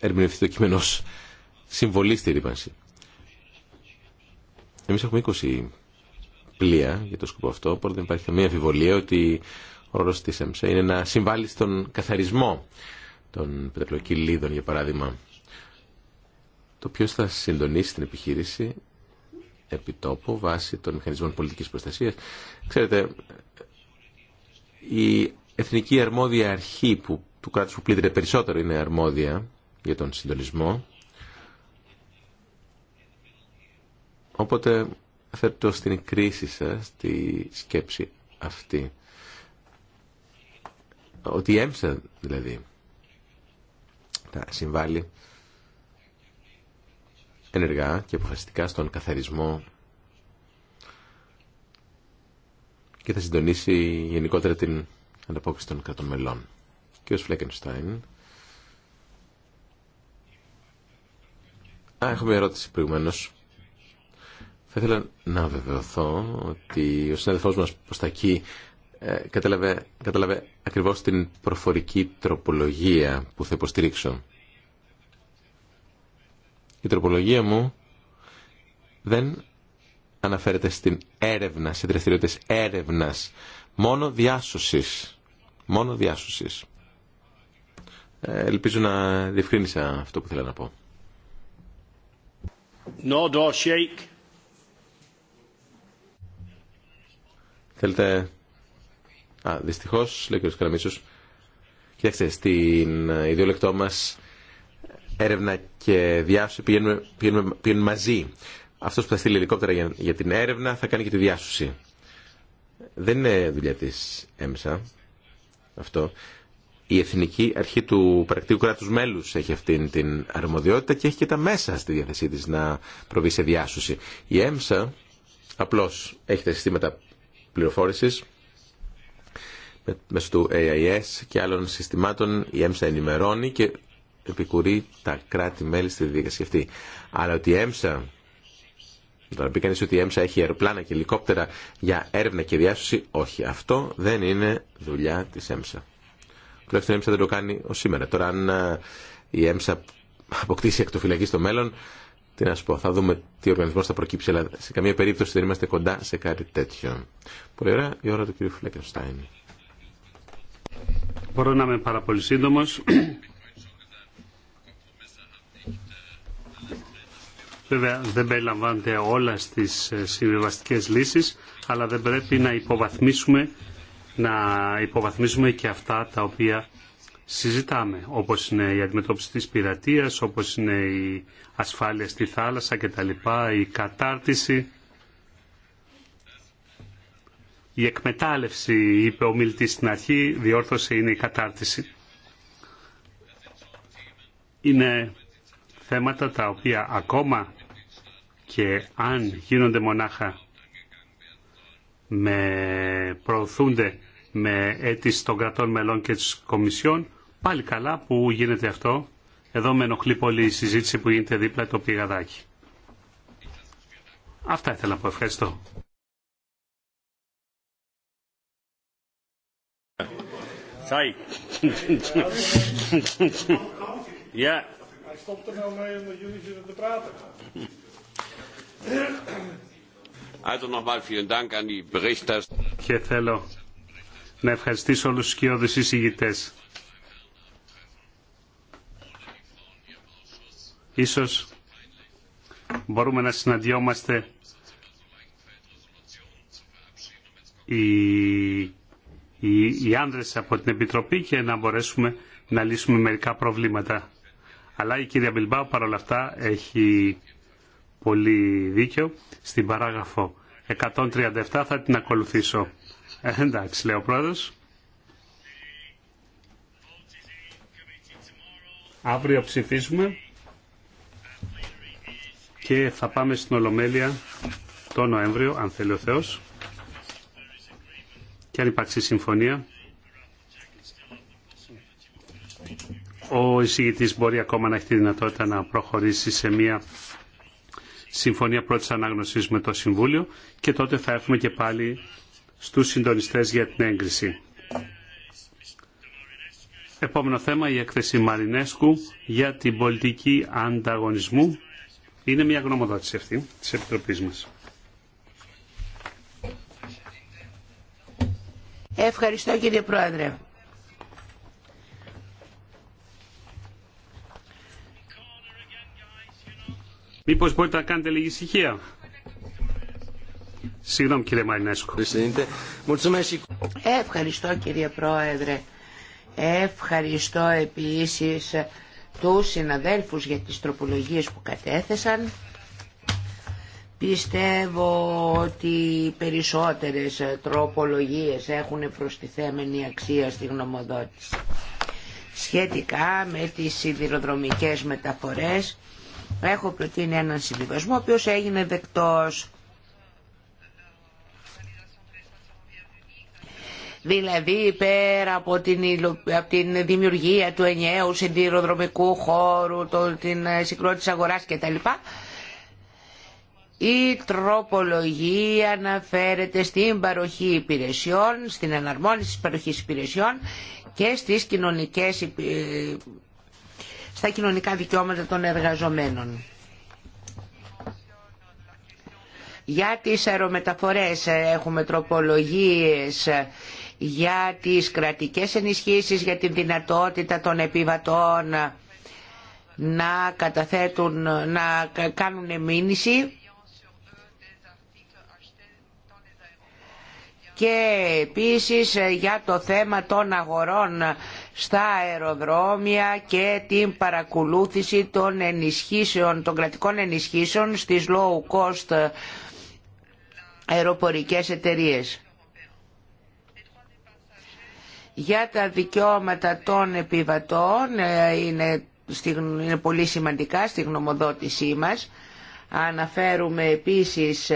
ερμηνευτεί το κείμενο ως συμβολή στη ρήπανση. Εμείς έχουμε 20 πλοία για το σκοπό αυτό, οπότε δεν υπάρχει καμία αμφιβολία ότι ο ρόλος της ΕΜΣΑ είναι να συμβάλλει στον καθαρισμό των πετρελοκυλίδων για παράδειγμα το ποιος θα συντονίσει την επιχείρηση επιτόπου βάσει των μηχανισμών πολιτικής προστασίας. Ξέρετε, η εθνική αρμόδια αρχή που, του κράτους που πλήττεται περισσότερο είναι αρμόδια για τον συντονισμό. Οπότε θέτω στην κρίση σας τη σκέψη αυτή. Ότι έμψα δηλαδή θα συμβάλλει ενεργά και αποφασιστικά στον καθαρισμό και θα συντονίσει γενικότερα την ανταπόκριση των κρατών μελών. Και ως Φλέκενστάιν. Α, έχω μια ερώτηση προηγουμένως. Θα ήθελα να βεβαιωθώ ότι ο συνάδελφός μας προς τα εκεί ε, κατάλαβε, κατάλαβε ακριβώς την προφορική τροπολογία που θα υποστηρίξω. Η τροπολογία μου δεν αναφέρεται στην έρευνα, σε δραστηριότητες έρευνας, μόνο διάσωσης. Μόνο διάσωσης. Ε, ελπίζω να διευκρίνησα αυτό που θέλω να πω. Θέλετε Α, δυστυχώς, λέει ο κ. Καραμίσο, κοιτάξτε, στην ε, ιδιολεκτό μα έρευνα και διάσωση πηγαίνουμε, πηγαίνουμε, πηγαίνουμε μαζί. Αυτό που θα στείλει ελικόπτερα για, για την έρευνα θα κάνει και τη διάσωση. Δεν είναι δουλειά τη Έμσα αυτό. Η Εθνική Αρχή του Πρακτικού κράτου Μέλους έχει αυτή την αρμοδιότητα και έχει και τα μέσα στη διάθεσή τη να προβεί σε διάσωση. Η ΕΜΣΑ απλώ έχει τα συστήματα πληροφόρηση μέσω του AIS και άλλων συστημάτων η ΕΜΣΑ ενημερώνει και επικουρεί τα κράτη-μέλη στη διαδικασία αυτή. Αλλά ότι η ΕΜΣΑ, τώρα πει ότι η ΕΜΣΑ έχει αεροπλάνα και ελικόπτερα για έρευνα και διάσωση, όχι. Αυτό δεν είναι δουλειά της ΕΜΣΑ. Τουλάχιστον η ΕΜΣΑ δεν το κάνει ως σήμερα. Τώρα αν ε, η ΕΜΣΑ αποκτήσει εκτοφυλακή στο μέλλον, τι να σου πω, θα δούμε τι οργανισμό θα προκύψει, αλλά σε καμία περίπτωση δεν είμαστε κοντά σε κάτι τέτοιο. Πολύ ωραία, η ώρα του κ. Φλέκενστάιν. Μπορώ να είμαι πάρα πολύ σύντομο. Βέβαια δεν περιλαμβάνεται όλα στις ε, συμβιβαστικές λύσεις, αλλά δεν πρέπει να υποβαθμίσουμε, να υποβαθμίσουμε και αυτά τα οποία συζητάμε, όπως είναι η αντιμετώπιση της πειρατείας, όπως είναι η ασφάλεια στη θάλασσα κτλ, η κατάρτιση η εκμετάλλευση, είπε ο μιλητής στην αρχή, διόρθωση είναι η κατάρτιση. Είναι θέματα τα οποία ακόμα και αν γίνονται μονάχα με προωθούνται με αίτηση των κρατών μελών και της Κομισιόν, πάλι καλά που γίνεται αυτό. Εδώ με ενοχλεί πολύ η συζήτηση που γίνεται δίπλα το πηγαδάκι. Αυτά ήθελα να πω. Ευχαριστώ. Sorry. ja. Hij stopt er nou mee omdat jullie zitten te praten. Also nogmaals, vielen dank aan die berichters. Και θέλω να ευχαριστήσω όλους τους σκιώδους εισηγητές. Ίσως μπορούμε να συναντιόμαστε η οι, οι άνδρες από την Επιτροπή και να μπορέσουμε να λύσουμε μερικά προβλήματα. Αλλά η κυρία Μπιλμπάου παρόλα αυτά έχει πολύ δίκιο στην παράγραφο 137 θα την ακολουθήσω. Ε, εντάξει, λέει ο πρόεδρος. Αύριο ψηφίζουμε και θα πάμε στην Ολομέλεια το Νοέμβριο, αν θέλει ο Θεός και αν υπάρξει συμφωνία ο εισηγητής μπορεί ακόμα να έχει τη δυνατότητα να προχωρήσει σε μια συμφωνία πρώτης ανάγνωσης με το Συμβούλιο και τότε θα έρθουμε και πάλι στους συντονιστές για την έγκριση. Επόμενο θέμα, η έκθεση Μαρινέσκου για την πολιτική ανταγωνισμού. Είναι μια γνωμοδότηση αυτή της Επιτροπής μας. Ευχαριστώ κύριε Πρόεδρε. Μήπως μπορείτε να κάνετε λίγη ησυχία. Συγγνώμη κύριε Μαρινέσκο. Ευχαριστώ κύριε Πρόεδρε. Ευχαριστώ επίσης τους συναδέλφους για τις τροπολογίες που κατέθεσαν. Πιστεύω ότι οι περισσότερες τροπολογίες έχουν προστιθέμενη αξία στη γνωμοδότηση. Σχετικά με τις σιδηροδρομικές μεταφορές έχω προτείνει έναν συμβιβασμό ο οποίος έγινε δεκτός. Δηλαδή πέρα από την, δημιουργία του ενιαίου σιδηροδρομικού χώρου, το, την ε, συγκρότηση αγοράς κτλ. Η τροπολογία αναφέρεται στην παροχή υπηρεσιών, στην εναρμόνιση της παροχής υπηρεσιών και στις κοινωνικές, στα κοινωνικά δικαιώματα των εργαζομένων. Για τις αερομεταφορές έχουμε τροπολογίες για τις κρατικές ενισχύσεις, για την δυνατότητα των επιβατών να καταθέτουν, να κάνουν μήνυση και επίσης ε, για το θέμα των αγορών στα αεροδρόμια και την παρακολούθηση των, ενισχύσεων, των κρατικών ενισχύσεων στις low cost αεροπορικές εταιρείες. Για τα δικαιώματα των επιβατών ε, είναι, είναι πολύ σημαντικά στη γνωμοδότησή μας. Αναφέρουμε επίσης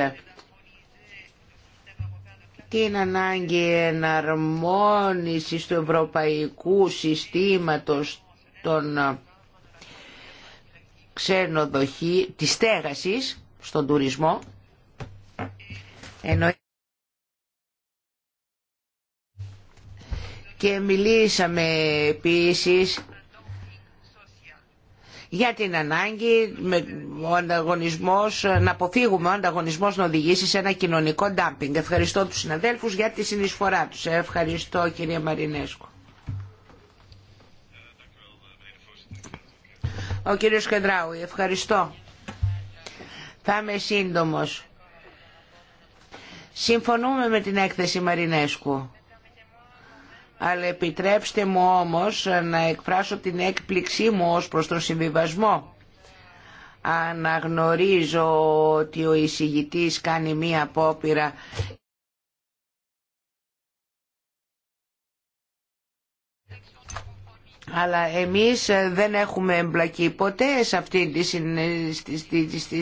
την ανάγκη εναρμόνισης του ευρωπαϊκού συστήματος των ε, ξενοδοχή, της στέγασης στον τουρισμό, και μιλήσαμε επίσης για την ανάγκη ο ανταγωνισμός, να αποφύγουμε ο ανταγωνισμός να οδηγήσει σε ένα κοινωνικό ντάμπινγκ. Ευχαριστώ τους συναδέλφους για τη συνεισφορά τους. Ευχαριστώ κυρία Μαρινέσκο. Ο κύριος Κεντράου; ευχαριστώ. Θα είμαι σύντομος. Συμφωνούμε με την έκθεση Μαρινέσκου αλλά επιτρέψτε μου όμως να εκφράσω την έκπληξή μου ως προς τον συμβιβασμό. Αναγνωρίζω ότι ο εισηγητής κάνει μία απόπειρα αλλά εμείς δεν έχουμε εμπλακεί ποτέ σε αυτή τη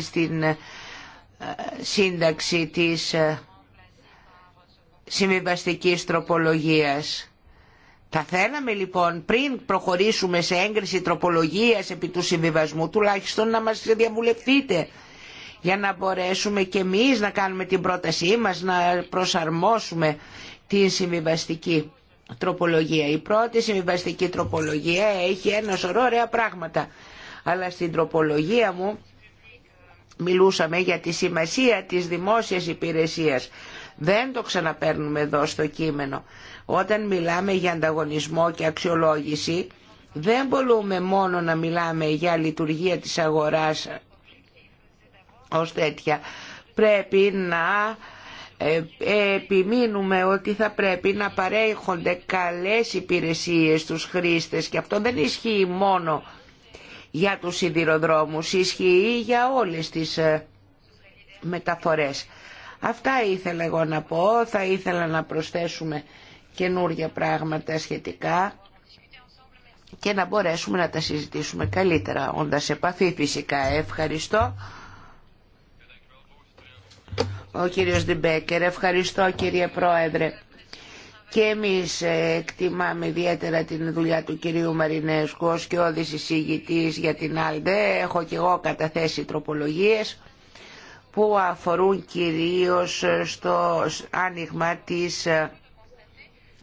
στην ε, σύνταξη της ε, συμβιβαστικής τροπολογίας. Θα θέλαμε λοιπόν πριν προχωρήσουμε σε έγκριση τροπολογίας επί του συμβιβασμού τουλάχιστον να μας διαβουλευτείτε για να μπορέσουμε και εμείς να κάνουμε την πρότασή μας να προσαρμόσουμε την συμβιβαστική τροπολογία. Η πρώτη συμβιβαστική τροπολογία έχει ένα σωρό ωραία πράγματα. Αλλά στην τροπολογία μου μιλούσαμε για τη σημασία της δημόσιας υπηρεσίας. Δεν το ξαναπαίρνουμε εδώ στο κείμενο. Όταν μιλάμε για ανταγωνισμό και αξιολόγηση, δεν μπορούμε μόνο να μιλάμε για λειτουργία της αγοράς ως τέτοια. Πρέπει να ε, επιμείνουμε ότι θα πρέπει να παρέχονται καλές υπηρεσίες στους χρήστες και αυτό δεν ισχύει μόνο για τους σιδηροδρόμους, ισχύει για όλες τις ε, μεταφορές. Αυτά ήθελα εγώ να πω, θα ήθελα να προσθέσουμε καινούργια πράγματα σχετικά και να μπορέσουμε να τα συζητήσουμε καλύτερα, όντας επαφή φυσικά. Ευχαριστώ. Ο κύριος Διμπέκερ, ευχαριστώ κύριε Πρόεδρε. Και εμείς ε, εκτιμάμε ιδιαίτερα την δουλειά του κυρίου Μαρινέσκου ως και όδης εισηγητής για την ΑΛΔΕ. Έχω και εγώ καταθέσει τροπολογίες που αφορούν κυρίως στο άνοιγμα της ε,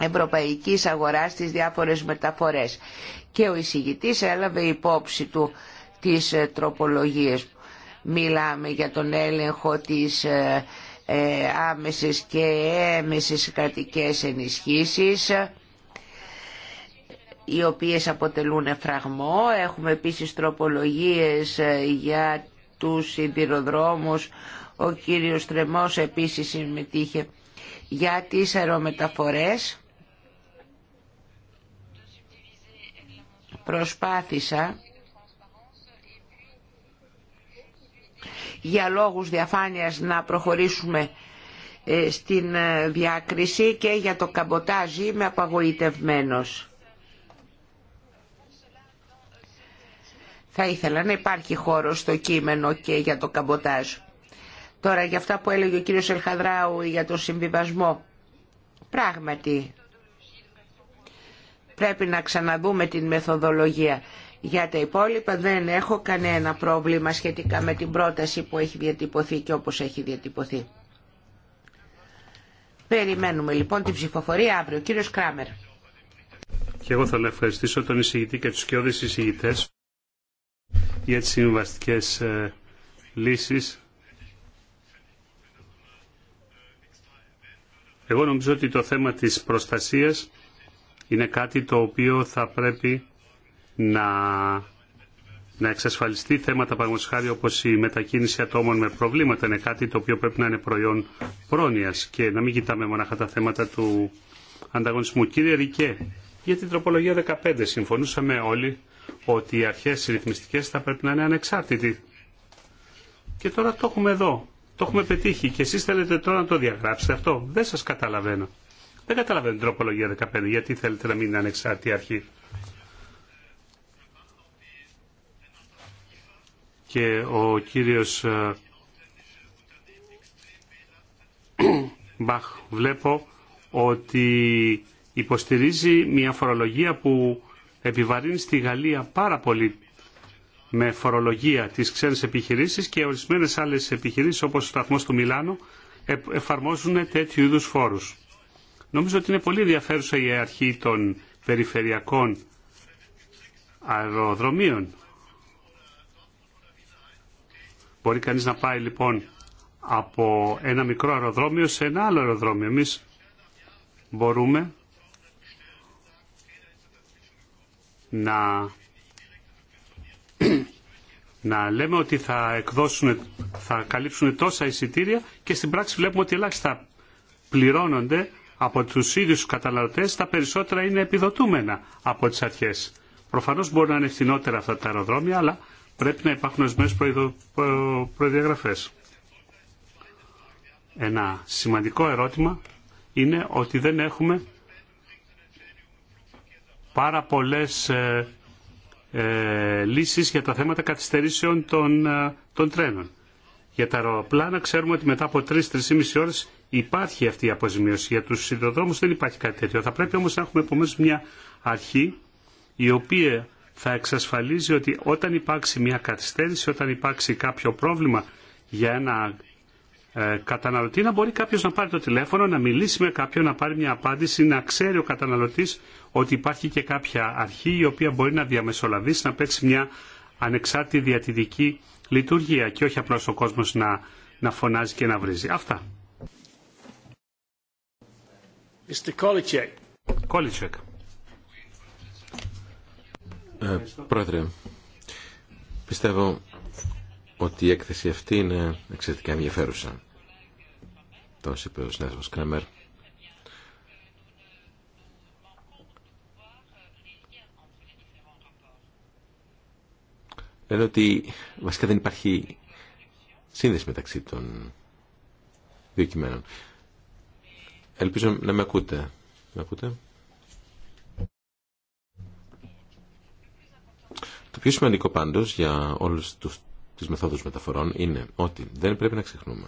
ευρωπαϊκής αγοράς στις διάφορες μεταφορές. Και ο εισηγητής έλαβε υπόψη του τις ε, τροπολογίες. Μιλάμε για τον έλεγχο της ε, ε, άμεσες και έμεσης κρατικές ενισχύσεις οι οποίες αποτελούν φραγμό. Έχουμε επίσης τροπολογίες για τους σιδηροδρόμους. Ο κύριος Τρεμός επίσης συμμετείχε για τις αερομεταφορές. προσπάθησα για λόγους διαφάνειας να προχωρήσουμε ε, στην ε, διάκριση και για το καμποτάζ είμαι απαγοητευμένος. Θα ήθελα να υπάρχει χώρο στο κείμενο και για το καμποτάζ. Τώρα για αυτά που έλεγε ο κύριος Ελχαδράου για το συμβιβασμό. Πράγματι, πρέπει να ξαναδούμε την μεθοδολογία. Για τα υπόλοιπα δεν έχω κανένα πρόβλημα σχετικά με την πρόταση που έχει διατυπωθεί και όπως έχει διατυπωθεί. Περιμένουμε λοιπόν την ψηφοφορία αύριο. Κύριος Κράμερ. Και εγώ θα ευχαριστήσω τον εισηγητή και τους κοιόδες εισηγητές για τις συμβαστικές ε, λύσεις. Εγώ νομίζω ότι το θέμα της προστασίας είναι κάτι το οποίο θα πρέπει να, να εξασφαλιστεί θέματα χάρη όπως η μετακίνηση ατόμων με προβλήματα είναι κάτι το οποίο πρέπει να είναι προϊόν πρόνοιας και να μην κοιτάμε μοναχα τα θέματα του ανταγωνισμού. Κύριε Ρικέ, για την τροπολογία 15 συμφωνούσαμε όλοι ότι οι αρχές ρυθμιστικές θα πρέπει να είναι ανεξάρτητοι. Και τώρα το έχουμε εδώ. Το έχουμε πετύχει και εσείς θέλετε τώρα να το διαγράψετε αυτό. Δεν σας καταλαβαίνω. Δεν καταλαβαίνω την τροπολογία 15. Γιατί θέλετε να μην είναι ανεξάρτητη αρχή. Και ο κύριος ε, Μπαχ βλέπω ότι υποστηρίζει μια φορολογία που επιβαρύνει στη Γαλλία πάρα πολύ με φορολογία τις ξένες επιχειρήσεις και ορισμένες άλλες επιχειρήσεις όπως ο σταθμός του Μιλάνου ε, εφαρμόζουν τέτοιου είδους φόρους. Νομίζω ότι είναι πολύ ενδιαφέρουσα η αρχή των περιφερειακών αεροδρομίων. Μπορεί κανείς να πάει λοιπόν από ένα μικρό αεροδρόμιο σε ένα άλλο αεροδρόμιο. Εμείς μπορούμε να, να λέμε ότι θα, εκδώσουν, θα καλύψουν τόσα εισιτήρια και στην πράξη βλέπουμε ότι ελάχιστα πληρώνονται από τους ίδιους τους καταναλωτές τα περισσότερα είναι επιδοτούμενα από τις αρχές. Προφανώς μπορούν να είναι φθηνότερα αυτά τα αεροδρόμια, αλλά πρέπει να υπάρχουν ορισμένε προδιαγραφές. Ένα σημαντικό ερώτημα είναι ότι δεν έχουμε πάρα πολλές ε, ε λύσεις για τα θέματα καθυστερήσεων ε, των, τρένων. Για τα αεροπλάνα ξέρουμε ότι μετά από 3-3,5 ώρες υπάρχει αυτή η αποζημίωση. Για του σιδηροδρόμου δεν υπάρχει κάτι τέτοιο. Θα πρέπει όμω να έχουμε επομένω μια αρχή η οποία θα εξασφαλίζει ότι όταν υπάρξει μια καθυστέρηση, όταν υπάρξει κάποιο πρόβλημα για ένα ε, καταναλωτή, να μπορεί κάποιο να πάρει το τηλέφωνο, να μιλήσει με κάποιον, να πάρει μια απάντηση, να ξέρει ο καταναλωτη ότι υπάρχει και κάποια αρχή η οποία μπορεί να διαμεσολαβήσει, να παίξει μια ανεξάρτητη διατηρητική λειτουργία και όχι απλω ο κοσμο να, να φωνάζει και να βρίζει. Αυτά. Ε, πρόεδρε, πιστεύω ότι η έκθεση αυτή είναι εξαιρετικά ενδιαφέρουσα. Το είπε ο συνάδελφος Κρέμερ. Λένε ότι βασικά δεν υπάρχει σύνδεση μεταξύ των δύο κειμένων. Ελπίζω να με ακούτε. Με ακούτε. Το πιο σημαντικό πάντως για όλους τους, τις μεθόδους μεταφορών είναι ότι δεν πρέπει να ξεχνούμε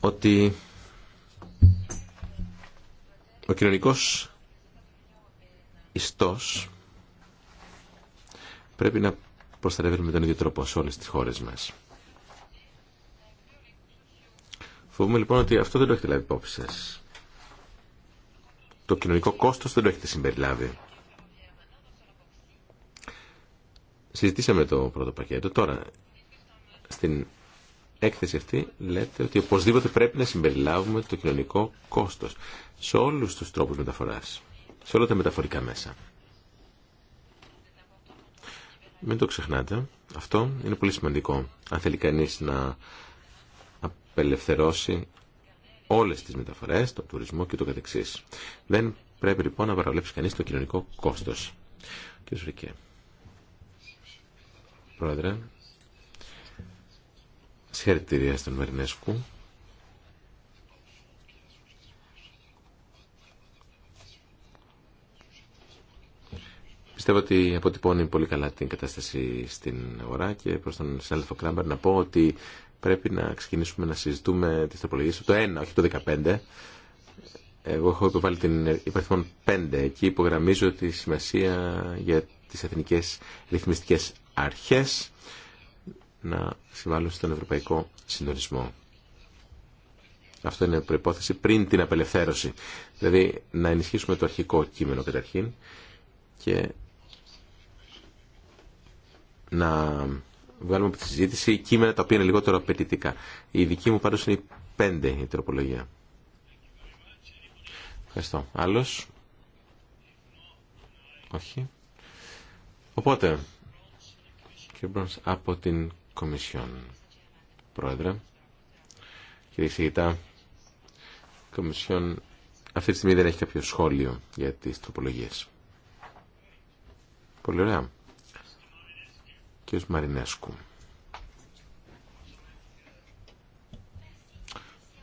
ότι ο κοινωνικός ιστός πρέπει να προστατεύεται με τον ίδιο τρόπο σε όλες τις χώρες μας. Πούμε λοιπόν ότι αυτό δεν το έχετε λάβει υπόψη σα. Το κοινωνικό κόστος δεν το έχετε συμπεριλάβει. Συζητήσαμε το πρώτο πακέτο. Τώρα, στην έκθεση αυτή λέτε ότι οπωσδήποτε πρέπει να συμπεριλάβουμε το κοινωνικό κόστος σε όλους τους τρόπους μεταφοράς, σε όλα τα μεταφορικά μέσα. Μην το ξεχνάτε. Αυτό είναι πολύ σημαντικό. Αν θέλει κανείς να απελευθερώσει όλες τις μεταφορές, τον τουρισμό και το κατεξής. Δεν πρέπει λοιπόν να παραβλέψει κανείς το κοινωνικό κόστος. Κύριε Σουρικέ. Πρόεδρε, συγχαρητήρια στον Μερνέσκου. Πιστεύω ότι αποτυπώνει πολύ καλά την κατάσταση στην αγορά και προς τον Σάλφο Κράμπερ να πω ότι πρέπει να ξεκινήσουμε να συζητούμε τι τροπολογίε. το 1, όχι το 15. Εγώ έχω υποβάλει την υπαριθμόν 5. Εκεί υπογραμμίζω τη σημασία για τις εθνικέ ρυθμιστικέ αρχές να συμβάλλουν στον ευρωπαϊκό συντονισμό. Αυτό είναι προπόθεση πριν την απελευθέρωση. Δηλαδή να ενισχύσουμε το αρχικό κείμενο καταρχήν και να βγάλουμε από τη συζήτηση κείμενα τα οποία είναι λιγότερο απαιτητικά. Η δική μου πάντως είναι η η τροπολογία. Ευχαριστώ. Άλλος. Όχι. Οπότε, κύριε Μπρόνς, από την Κομισιόν. Πρόεδρε, κύριε Σιγητά, η Κομισιόν αυτή τη στιγμή δεν έχει κάποιο σχόλιο για τις τροπολογίες. Πολύ ωραία. Κύριος Μαρινέσκου.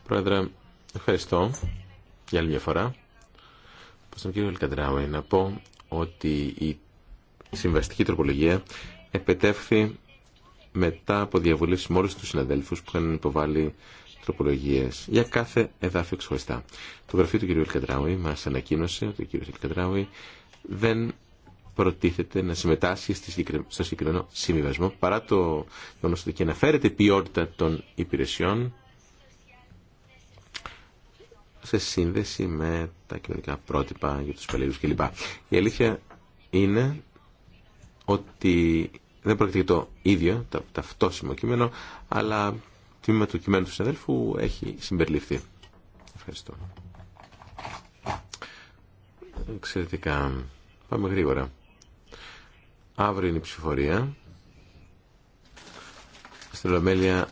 Πρόεδρε, ευχαριστώ για άλλη μια φορά. Πως τον κύριο Ελκαντράουε να πω ότι η συμβαστική τροπολογία επετεύχθη μετά από διαβούλευση με όλου του συναδέλφους που είχαν υποβάλει τροπολογίες για κάθε εδάφιο ξεχωριστά. Το γραφείο του κ. Ελκαντράουι μας ανακοίνωσε ότι ο κ. Ελκαντράουι δεν προτίθεται να συμμετάσχει στο συγκεκριμένο συμβιβασμό παρά το και ότι αναφέρεται ποιότητα των υπηρεσιών σε σύνδεση με τα κοινωνικά πρότυπα για τους υπαλλήλους κλπ. Η αλήθεια είναι ότι δεν πρόκειται για το ίδιο, το ταυτόσιμο κείμενο, αλλά το τμήμα του κειμένου του συναδέλφου έχει συμπεριληφθεί. Ευχαριστώ. Εξαιρετικά. Πάμε γρήγορα. Αύριο είναι η ψηφορία. Στην Ολομέλεια...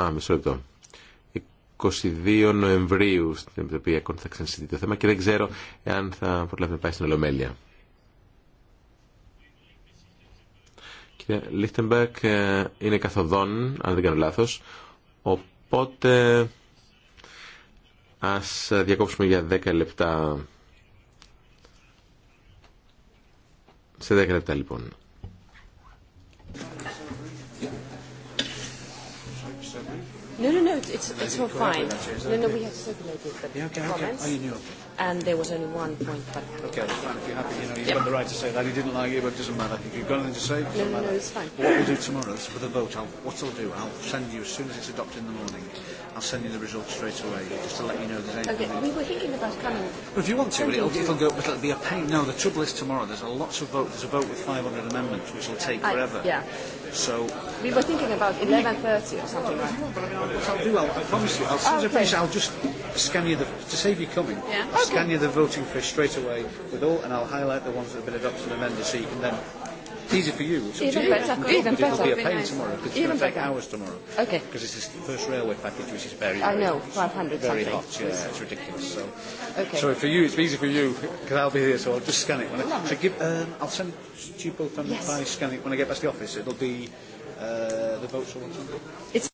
Α, μισό λεπτό. 22 Νοεμβρίου στην Επιτροπή θα το θέμα και δεν ξέρω εάν θα προλάβει να πάει στην Ολομέλεια. Κύριε Λίχτεμπερκ ε, είναι καθοδόν, αν δεν κάνω λάθος, οπότε ας διακόψουμε για 10 λεπτά Σε 10 λεπτά λοιπόν. No, no, no, it's, it's it's all fine. No, no, we have circulated the yeah, okay, comments. Okay. Oh, you knew. And there was only one point. But okay, that's fine. If you're happy, you know, you've yeah. got the right to say that. He didn't like you, but it doesn't matter. If you've got anything to say, it doesn't no, no, matter. No, it's fine. What we'll do tomorrow is for the vote, I'll, what I'll do, I'll send you as soon as it's adopted in the morning. I'll send you the results straight away, just to let you know there's anything. Okay, we were thinking about coming. if you want to, it'll, it'll go, but it'll be a pain. No, the trouble is tomorrow there's a lot of vote. There's a vote with 500 amendments, which will take forever. yeah. So. We were thinking about 11.30 or something, right? But I mean, I'll, do, I promise you, I'll, I'll just scan you the, to save you coming, yeah. I'll scan you the voting fish straight away with all, and I'll highlight the ones that have been adopted and amended so you can then It's easy for you. It's even better. Even better. It'll be a pain tomorrow because it's going to take hours tomorrow. Okay. Because it's the first railway package, which is very. I know, 500 Very hot. Yeah, it's ridiculous. So. Okay. So for you, it's easy for you because I'll be here, so I'll just scan it. When I, so give, um, I'll send you both on yes. by scan it when I get back to the office. It'll be uh, the votes or something.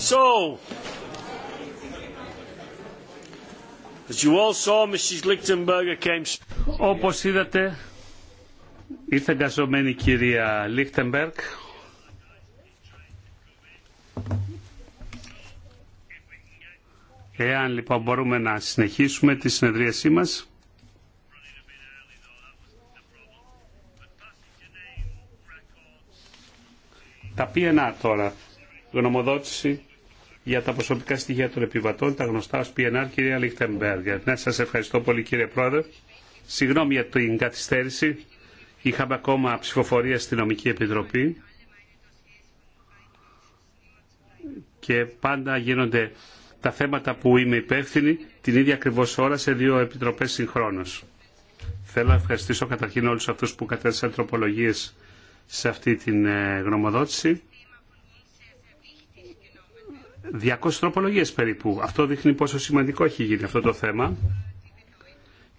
So, as you all saw, Όπως είδατε, ήρθε εγκαζομένη κυρία Λίχτεμπεργκ. Εάν λοιπόν μπορούμε να συνεχίσουμε τη συνεδρίασή μας. Τα PNR τώρα, γνωμοδότηση για τα προσωπικά στοιχεία των επιβατών, τα γνωστά ως PNR, κυρία Λιχτεμπέργερ. Να σας ευχαριστώ πολύ κύριε Πρόεδρε. Συγγνώμη για την καθυστέρηση. Είχαμε ακόμα ψηφοφορία στην Νομική Επιτροπή και πάντα γίνονται τα θέματα που είμαι υπεύθυνη την ίδια ακριβώ ώρα σε δύο επιτροπές συγχρόνως. Θέλω να ευχαριστήσω καταρχήν όλου αυτού που κατέθεσαν τροπολογίε σε αυτή την ε, γνωμοδότηση 200 τροπολογίε περίπου. Αυτό δείχνει πόσο σημαντικό έχει γίνει αυτό το θέμα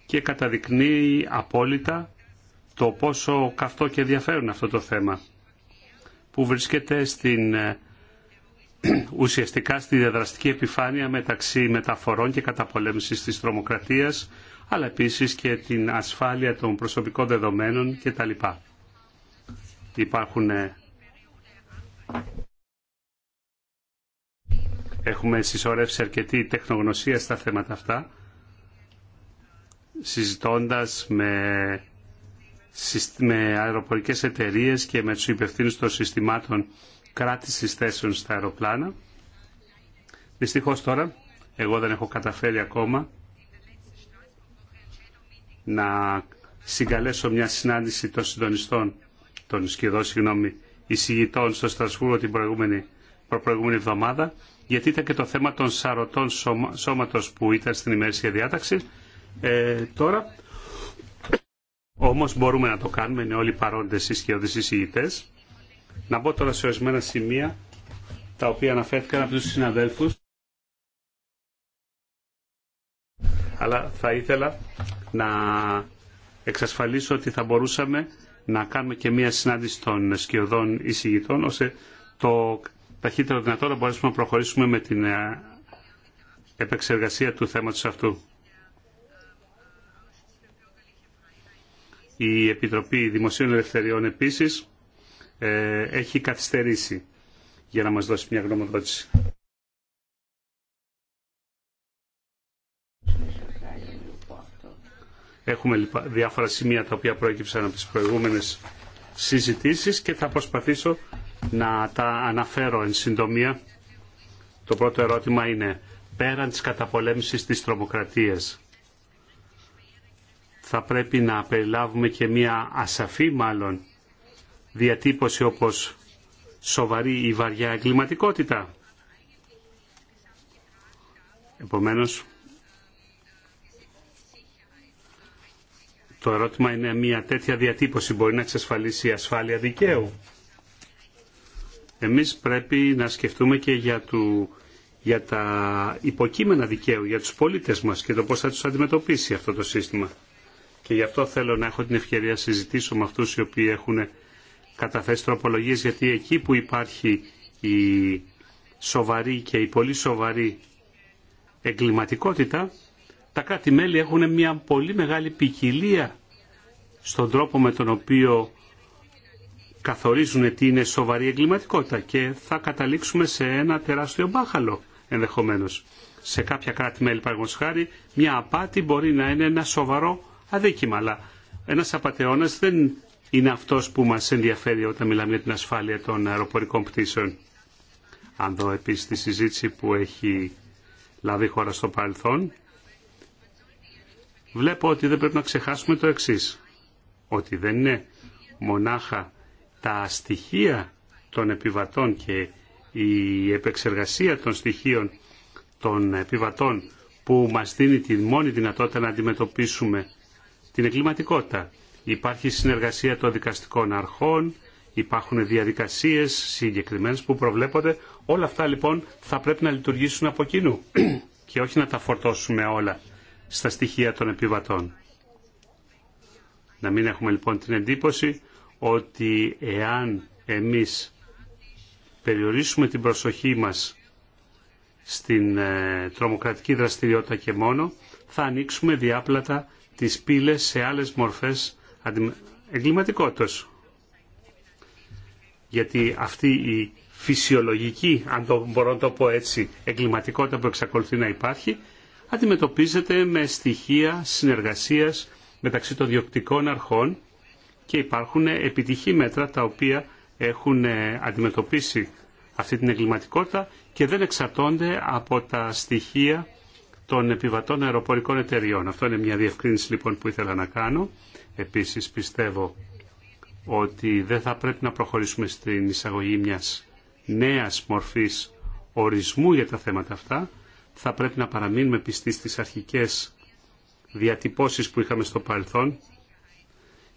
και καταδεικνύει απόλυτα το πόσο καυτό και ενδιαφέρον αυτό το θέμα που βρίσκεται στην, ε, ουσιαστικά στη διαδραστική επιφάνεια μεταξύ μεταφορών και καταπολέμησης της τρομοκρατίας αλλά επίσης και την ασφάλεια των προσωπικών δεδομένων κτλ. Έχουμε συσσωρεύσει αρκετή τεχνογνωσία στα θέματα αυτά, συζητώντας με, με αεροπορικές εταιρείες και με τους υπευθύνους των συστημάτων κράτησης θέσεων στα αεροπλάνα. Δυστυχώς τώρα, εγώ δεν έχω καταφέρει ακόμα να συγκαλέσω μια συνάντηση των συντονιστών, των σχεδόν συγγνώμη, εισηγητών στο Στρασβούργο την προηγούμενη, προηγούμενη εβδομάδα γιατί ήταν και το θέμα των σαρωτών σώματο σώματος που ήταν στην ημερήσια διάταξη ε, τώρα. Όμως μπορούμε να το κάνουμε, είναι όλοι παρόντες ισχυώδεις εισηγητές. Να μπω τώρα σε ορισμένα σημεία τα οποία αναφέρθηκαν από τους συναδέλφους. Αλλά θα ήθελα να εξασφαλίσω ότι θα μπορούσαμε να κάνουμε και μία συνάντηση των σκιωδών εισηγητών ώστε το ταχύτερο δυνατό να μπορέσουμε να προχωρήσουμε με την ε, επεξεργασία του θέματος αυτού. Η Επιτροπή Δημοσίων Ελευθεριών επίσης ε, έχει καθυστερήσει για να μας δώσει μια γνωμοδότηση. Έχουμε λοιπόν, διάφορα σημεία τα οποία προέκυψαν από τις προηγούμενες συζητήσεις και θα προσπαθήσω να τα αναφέρω εν συντομία. Το πρώτο ερώτημα είναι πέραν της καταπολέμησης της τρομοκρατίας. Θα πρέπει να περιλάβουμε και μία ασαφή μάλλον διατύπωση όπως σοβαρή ή βαριά εγκληματικότητα. Επομένως, το ερώτημα είναι μια τέτοια διατύπωση μπορεί να εξασφαλίσει η ασφάλεια δικαίου. Εμείς πρέπει να σκεφτούμε και για, του, για τα υποκείμενα δικαίου, για τους πολίτες μας και το πώς θα τους αντιμετωπίσει αυτό το σύστημα. Και γι' αυτό θέλω να έχω την ευκαιρία να συζητήσω με αυτούς οι οποίοι έχουν καταθέσει τροπολογίες, γιατί εκεί που υπάρχει η σοβαρή και η πολύ σοβαρή εγκληματικότητα, τα κράτη-μέλη έχουν μια πολύ μεγάλη ποικιλία στον τρόπο με τον οποίο καθορίζουν τι είναι σοβαρή εγκληματικότητα και θα καταλήξουμε σε ένα τεράστιο μπάχαλο ενδεχομένως. Σε κάποια κράτη-μέλη, παραδείγματο χάρη, μια απάτη μπορεί να είναι ένα σοβαρό αδίκημα, αλλά ένας απαταιώνα δεν είναι αυτός που μας ενδιαφέρει όταν μιλάμε για την ασφάλεια των αεροπορικών πτήσεων. Αν δω επίσης τη συζήτηση που έχει λάβει η χώρα στο παρελθόν, βλέπω ότι δεν πρέπει να ξεχάσουμε το εξή. ότι δεν είναι μονάχα τα στοιχεία των επιβατών και η επεξεργασία των στοιχείων των επιβατών που μας δίνει τη μόνη δυνατότητα να αντιμετωπίσουμε την εγκληματικότητα. Υπάρχει συνεργασία των δικαστικών αρχών, υπάρχουν διαδικασίες συγκεκριμένες που προβλέπονται. Όλα αυτά λοιπόν θα πρέπει να λειτουργήσουν από κοινού και όχι να τα φορτώσουμε όλα στα στοιχεία των επιβατών. Να μην έχουμε λοιπόν την εντύπωση ότι εάν εμείς περιορίσουμε την προσοχή μας στην ε, τρομοκρατική δραστηριότητα και μόνο, θα ανοίξουμε διάπλατα τις πύλες σε άλλες μορφές εγκληματικότητας. Γιατί αυτή η φυσιολογική, αν το μπορώ να το πω έτσι, εγκληματικότητα που εξακολουθεί να υπάρχει, αντιμετωπίζεται με στοιχεία συνεργασίας μεταξύ των διοκτικών αρχών και υπάρχουν επιτυχή μέτρα τα οποία έχουν ε, αντιμετωπίσει αυτή την εγκληματικότητα και δεν εξαρτώνται από τα στοιχεία των επιβατών αεροπορικών εταιριών. Αυτό είναι μια διευκρίνηση λοιπόν που ήθελα να κάνω. Επίσης πιστεύω ότι δεν θα πρέπει να προχωρήσουμε στην εισαγωγή μιας νέας μορφής ορισμού για τα θέματα αυτά. Θα πρέπει να παραμείνουμε πιστοί στις αρχικές διατυπώσεις που είχαμε στο παρελθόν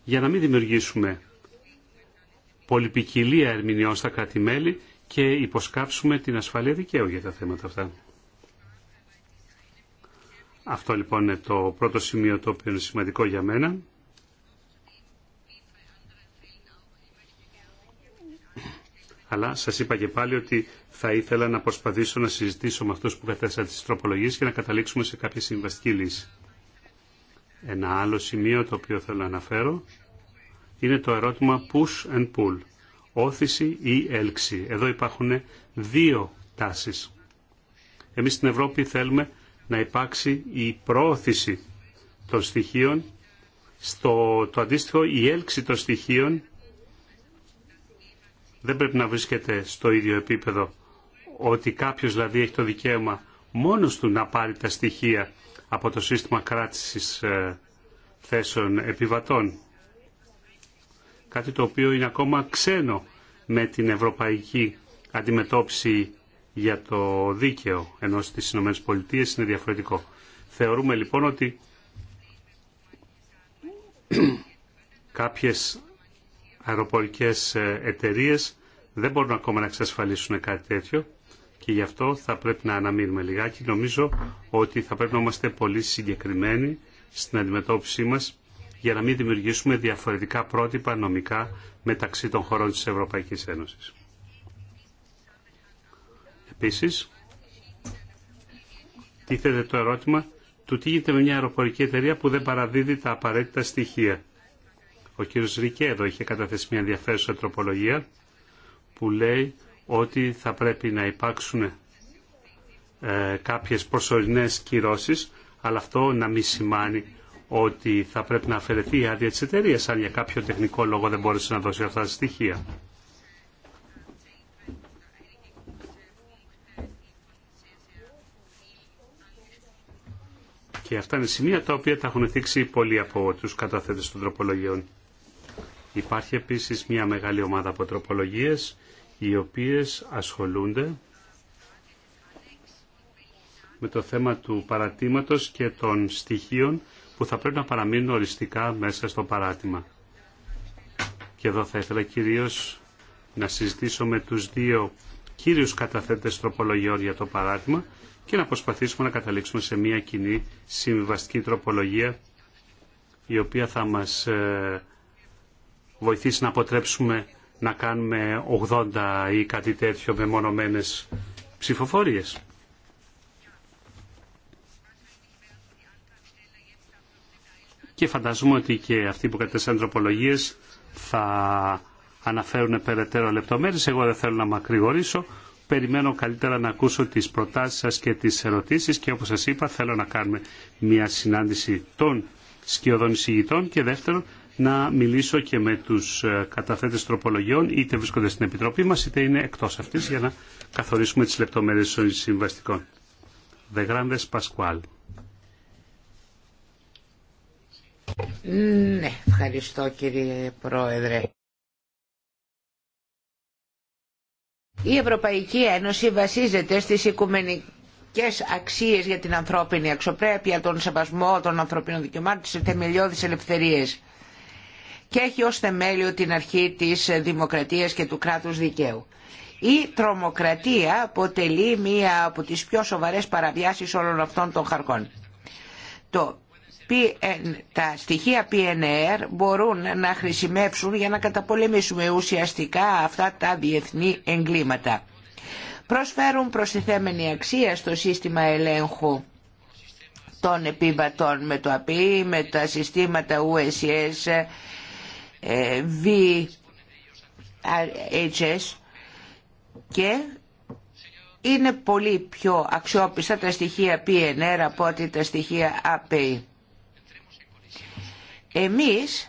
για να μην δημιουργήσουμε πολυπικιλία ερμηνεών στα κράτη-μέλη και υποσκάψουμε την ασφαλεία δικαίου για τα θέματα αυτά. Αυτό λοιπόν είναι το πρώτο σημείο το οποίο είναι σημαντικό για μένα. Αλλά σας είπα και πάλι ότι θα ήθελα να προσπαθήσω να συζητήσω με αυτούς που κατέστησαν τις τροπολογίες και να καταλήξουμε σε κάποια συμβαστική λύση. Ένα άλλο σημείο το οποίο θέλω να αναφέρω είναι το ερώτημα push and pull, όθηση ή έλξη. Εδώ υπάρχουν δύο τάσεις. Εμείς στην Ευρώπη θέλουμε να υπάρξει η προώθηση των στοιχείων, στο, το αντίστοιχο η έλξη των στοιχείων δεν πρέπει να βρίσκεται στο ίδιο επίπεδο ότι κάποιος δηλαδή έχει το δικαίωμα μόνος του να πάρει τα στοιχεία από το σύστημα κράτησης ε, θέσεων επιβατών. Κάτι το οποίο είναι ακόμα ξένο με την ευρωπαϊκή αντιμετώπιση για το δίκαιο, ενώ στις ΗΠΑ είναι διαφορετικό. Θεωρούμε λοιπόν ότι κάποιες αεροπορικές ε, εταιρείες δεν μπορούν ακόμα να εξασφαλίσουν κάτι τέτοιο και γι' αυτό θα πρέπει να αναμείνουμε λιγάκι. Νομίζω ότι θα πρέπει να είμαστε πολύ συγκεκριμένοι στην αντιμετώπιση μας για να μην δημιουργήσουμε διαφορετικά πρότυπα νομικά μεταξύ των χωρών της Ευρωπαϊκής Ένωσης. Επίσης, τίθεται το ερώτημα του τι γίνεται με μια αεροπορική εταιρεία που δεν παραδίδει τα απαραίτητα στοιχεία. Ο κύριος Ρικέ είχε καταθέσει μια ενδιαφέρουσα τροπολογία που λέει ότι θα πρέπει να υπάρξουν ε, κάποιες προσωρινές κυρώσεις, αλλά αυτό να μην σημάνει ότι θα πρέπει να αφαιρεθεί η άδεια της εταιρεία αν για κάποιο τεχνικό λόγο δεν μπορούσε να δώσει αυτά τα στοιχεία. Και αυτά είναι σημεία τα οποία τα έχουν θίξει πολλοί από τους καταθέτες των τροπολογιών. Υπάρχει επίσης μια μεγάλη ομάδα από τροπολογίες οι οποίες ασχολούνται με το θέμα του παρατήματος και των στοιχείων που θα πρέπει να παραμείνουν οριστικά μέσα στο παράτημα. Και εδώ θα ήθελα κυρίως να συζητήσω με τους δύο κύριους καταθέτες τροπολογιών για το παράτημα και να προσπαθήσουμε να καταλήξουμε σε μια κοινή συμβιβαστική τροπολογία η οποία θα μας ε, βοηθήσει να αποτρέψουμε να κάνουμε 80 ή κάτι τέτοιο με μονομένε ψηφοφορίες. Και φαντάζομαι ότι και αυτοί που κατέστησαν τροπολογίες θα αναφέρουν περαιτέρω λεπτομέρειες. Εγώ δεν θέλω να μακρηγορήσω. Περιμένω καλύτερα να ακούσω τις προτάσεις σας και τις ερωτήσεις και όπως σας είπα θέλω να κάνουμε μια συνάντηση των σκιωδών εισηγητών και δεύτερον να μιλήσω και με τους ε, καταθέτες τροπολογιών, είτε βρίσκονται στην Επιτροπή μας, είτε είναι εκτός αυτής, για να καθορίσουμε τις λεπτομέρειες των συμβαστικών. δε Grandes Pascual. Ναι, ευχαριστώ κύριε Πρόεδρε. Η Ευρωπαϊκή Ένωση βασίζεται στις οικουμενικές αξίες για την ανθρώπινη αξιοπρέπεια, τον σεβασμό των ανθρωπίνων δικαιωμάτων, τις θεμελιώδεις ελευθερίες και έχει ως θεμέλιο την αρχή της δημοκρατίας και του κράτους δικαίου. Η τρομοκρατία αποτελεί μία από τις πιο σοβαρές παραβιάσεις όλων αυτών των χαρκών. Το τα στοιχεία PNR μπορούν να χρησιμεύσουν για να καταπολεμήσουμε ουσιαστικά αυτά τα διεθνή εγκλήματα. Προσφέρουν προστιθέμενη αξία στο σύστημα ελέγχου των επιβατών με το ΑΠΗ, με τα συστήματα USS VHS και είναι πολύ πιο αξιόπιστα τα στοιχεία PNR από ότι τα στοιχεία API. Εμείς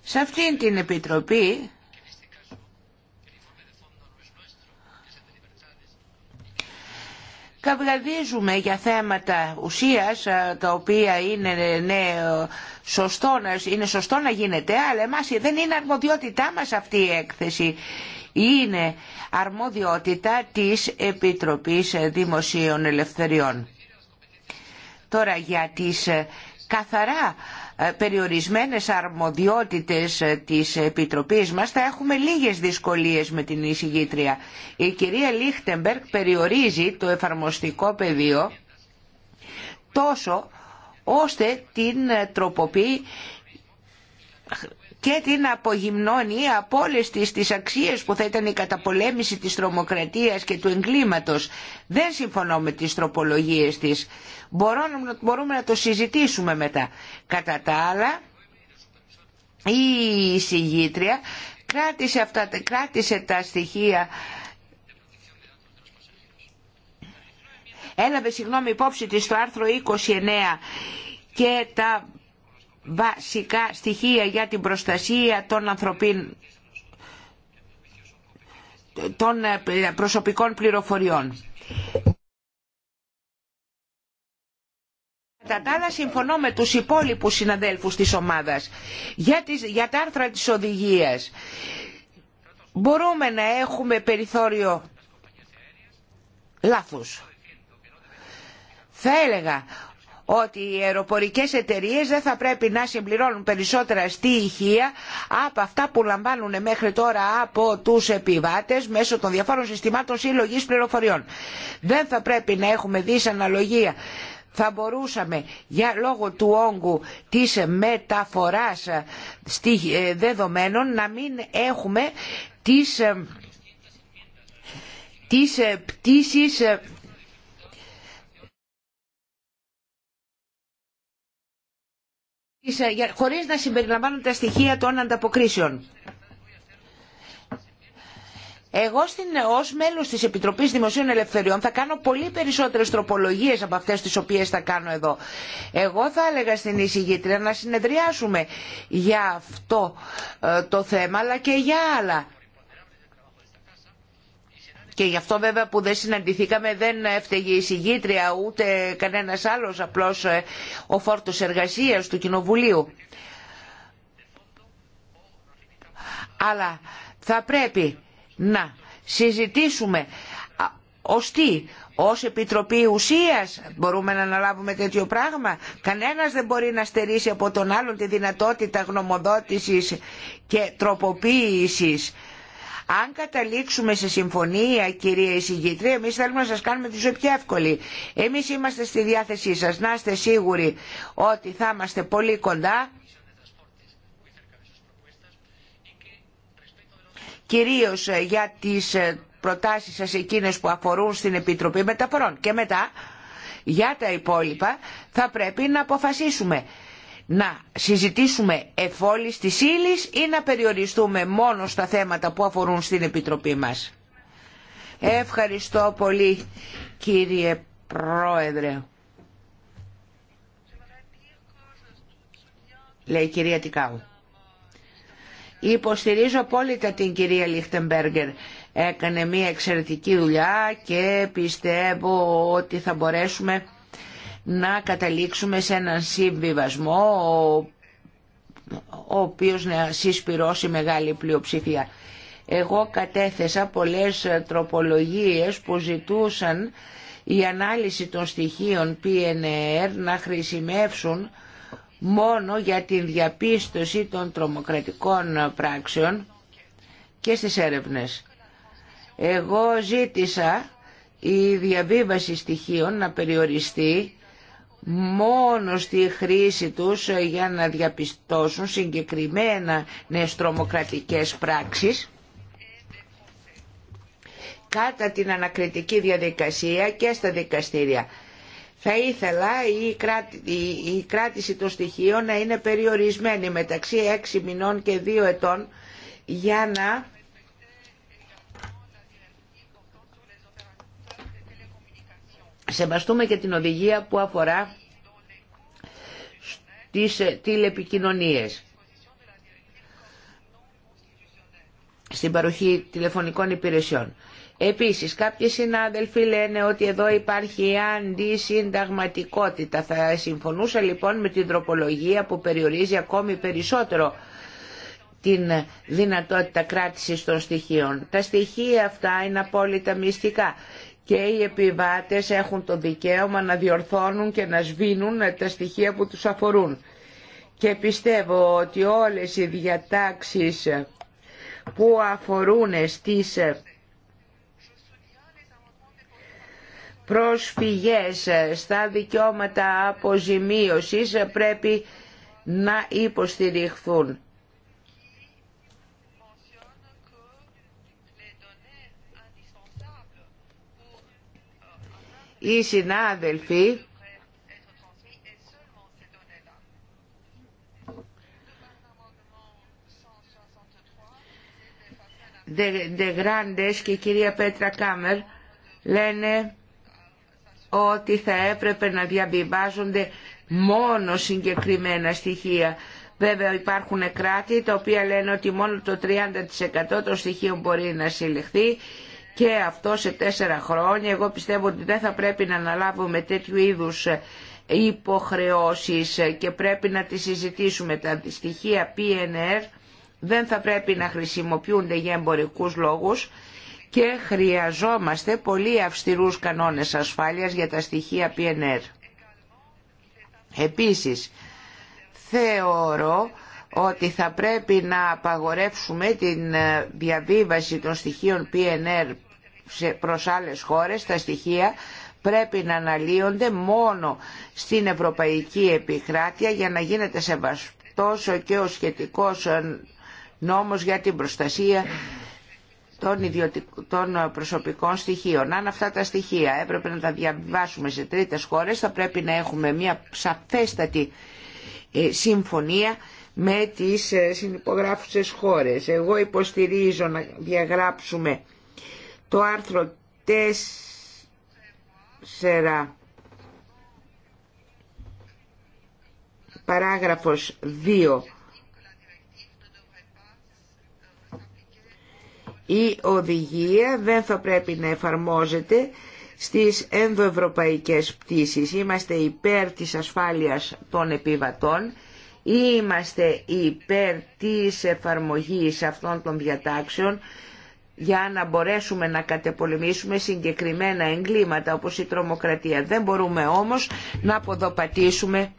σε αυτήν την Επιτροπή καυγαδίζουμε για θέματα ουσίας ε, τα οποία είναι, ναι, σωστό, είναι σωστό να γίνεται αλλά εμάς δεν είναι αρμοδιότητά μας αυτή η έκθεση είναι αρμοδιότητα της Επιτροπής Δημοσίων Ελευθεριών. Τώρα για τις ε, καθαρά ε, περιορισμένες αρμοδιότητες ε, της Επιτροπής μας θα έχουμε λίγες δυσκολίες με την εισηγήτρια. Η κυρία Λίχτεμπερκ περιορίζει το εφαρμοστικό πεδίο τόσο ώστε την ε, τροποποιεί και την απογυμνώνει από όλε τι τις αξίες που θα ήταν η καταπολέμηση της τρομοκρατίας και του εγκλήματος. Δεν συμφωνώ με τις τροπολογίες της. μπορούμε να το συζητήσουμε μετά. Κατά τα άλλα, η συγγήτρια κράτησε, αυτά, κράτησε τα στοιχεία έλαβε συγγνώμη υπόψη της το άρθρο 29 και τα βασικά στοιχεία για την προστασία των ανθρωπίν των ε, ε, προσωπικών πληροφοριών. Κατά τα άλλα συμφωνώ με τους υπόλοιπους συναδέλφους της ομάδας για, τις, για τα άρθρα της οδηγίας. Μπορούμε να έχουμε περιθώριο λάθους. Θα έλεγα ότι οι αεροπορικές εταιρείες δεν θα πρέπει να συμπληρώνουν περισσότερα στοιχεία από αυτά που λαμβάνουν μέχρι τώρα από τους επιβάτες μέσω των διαφόρων συστημάτων συλλογής πληροφοριών. Δεν θα πρέπει να έχουμε δυσαναλογία. Θα μπορούσαμε για λόγω του όγκου της μεταφοράς ε, ε, δεδομένων να μην έχουμε τις, ε, τις πτήσεις Ε, χωρίς να συμπεριλαμβάνουν τα στοιχεία των ανταποκρίσεων. Εγώ στην, ως μέλος της Επιτροπής Δημοσίων Ελευθεριών θα κάνω πολύ περισσότερες τροπολογίες από αυτές τις οποίες θα κάνω εδώ. Εγώ θα έλεγα στην εισηγήτρια να συνεδριάσουμε για αυτό ε, το θέμα αλλά και για άλλα και γι' αυτό βέβαια που δεν συναντηθήκαμε δεν έφταιγε η συγγήτρια ούτε κανένας άλλος απλώς ε, ο φόρτος εργασίας του Κοινοβουλίου. Αλλά θα πρέπει να συζητήσουμε τι, ως Επιτροπή Ουσίας μπορούμε να αναλάβουμε τέτοιο πράγμα. Κανένας δεν μπορεί να στερήσει από τον άλλον τη δυνατότητα γνωμοδότησης και τροποποίησης αν καταλήξουμε σε συμφωνία, κυρία εισηγήτρια, εμείς θέλουμε να σας κάνουμε τη ζωή πιο εύκολη. Εμείς είμαστε στη διάθεσή σας. Να είστε σίγουροι ότι θα είμαστε πολύ κοντά. Κυρίως ε, για τις ε, προτάσεις σας εκείνες που αφορούν στην Επιτροπή Μεταφορών. Και μετά, για τα υπόλοιπα, θα πρέπει να αποφασίσουμε να συζητήσουμε εφόλης της ύλη ή να περιοριστούμε μόνο στα θέματα που αφορούν στην Επιτροπή μας. Ευχαριστώ πολύ κύριε Πρόεδρε. Λέει η κυρία Τικάου. Υποστηρίζω απόλυτα την κυρία Λίχτεμπέργκερ. Έκανε μια εξαιρετική δουλειά και πιστεύω ότι θα μπορέσουμε να καταλήξουμε σε έναν συμβιβασμό ο οποίος να συσπυρώσει μεγάλη πλειοψηφία. Εγώ κατέθεσα πολλές τροπολογίες που ζητούσαν η ανάλυση των στοιχείων PNR να χρησιμεύσουν μόνο για την διαπίστωση των τρομοκρατικών πράξεων και στις έρευνες. Εγώ ζήτησα η διαβίβαση στοιχείων να περιοριστεί μόνο στη χρήση τους για να διαπιστώσουν συγκεκριμένα τρομοκρατικές πράξεις κατά την ανακριτική διαδικασία και στα δικαστήρια. Θα ήθελα η κράτηση των στοιχείων να είναι περιορισμένη μεταξύ 6 μηνών και 2 ετών για να σεβαστούμε και την οδηγία που αφορά στις ε, τηλεπικοινωνίες. στην παροχή τηλεφωνικών υπηρεσιών. Επίσης κάποιοι συνάδελφοι λένε ότι εδώ υπάρχει αντισυνταγματικότητα. Θα συμφωνούσα λοιπόν με την τροπολογία που περιορίζει ακόμη περισσότερο την δυνατότητα κράτησης των στοιχείων. Τα στοιχεία αυτά είναι απόλυτα μυστικά και οι επιβάτες έχουν το δικαίωμα να διορθώνουν και να σβήνουν τα στοιχεία που τους αφορούν. Και πιστεύω ότι όλες οι διατάξεις που αφορούν στις προσφυγές στα δικαιώματα αποζημίωσης πρέπει να υποστηριχθούν. οι συνάδελφοι γράντε και η κυρία Πέτρα Κάμερ λένε ότι θα έπρεπε να διαβιβάζονται μόνο συγκεκριμένα στοιχεία. Βέβαια υπάρχουν κράτη τα οποία λένε ότι μόνο το 30% των στοιχείων μπορεί να συλλεχθεί και αυτό σε τέσσερα χρόνια. Εγώ πιστεύω ότι δεν θα πρέπει να αναλάβουμε τέτοιου είδους υποχρεώσεις και πρέπει να τις συζητήσουμε. Τα στοιχεία PNR δεν θα πρέπει να χρησιμοποιούνται για εμπορικούς λόγους και χρειαζόμαστε πολύ αυστηρούς κανόνες ασφάλειας για τα στοιχεία PNR. Επίσης, θεωρώ ότι θα πρέπει να απαγορεύσουμε την ε, διαβίβαση των στοιχείων PNR προς άλλες χώρες τα στοιχεία πρέπει να αναλύονται μόνο στην Ευρωπαϊκή Επικράτεια για να γίνεται σεβαστός και ο σχετικός νόμος για την προστασία των, των προσωπικών στοιχείων. Αν αυτά τα στοιχεία έπρεπε να τα διαβάσουμε σε τρίτες χώρες θα πρέπει να έχουμε μια σαφέστατη ε, συμφωνία με τις ε, συνυπογράφουσες χώρες. Εγώ υποστηρίζω να διαγράψουμε το άρθρο 4 παράγραφος 2 Η οδηγία δεν θα πρέπει να εφαρμόζεται στις ενδοευρωπαϊκές πτήσεις. Είμαστε υπέρ της ασφάλειας των επιβατών, είμαστε υπέρ της εφαρμογής αυτών των διατάξεων για να μπορέσουμε να κατεπολεμήσουμε συγκεκριμένα εγκλήματα όπως η τρομοκρατία. Δεν μπορούμε όμως να αποδοπατήσουμε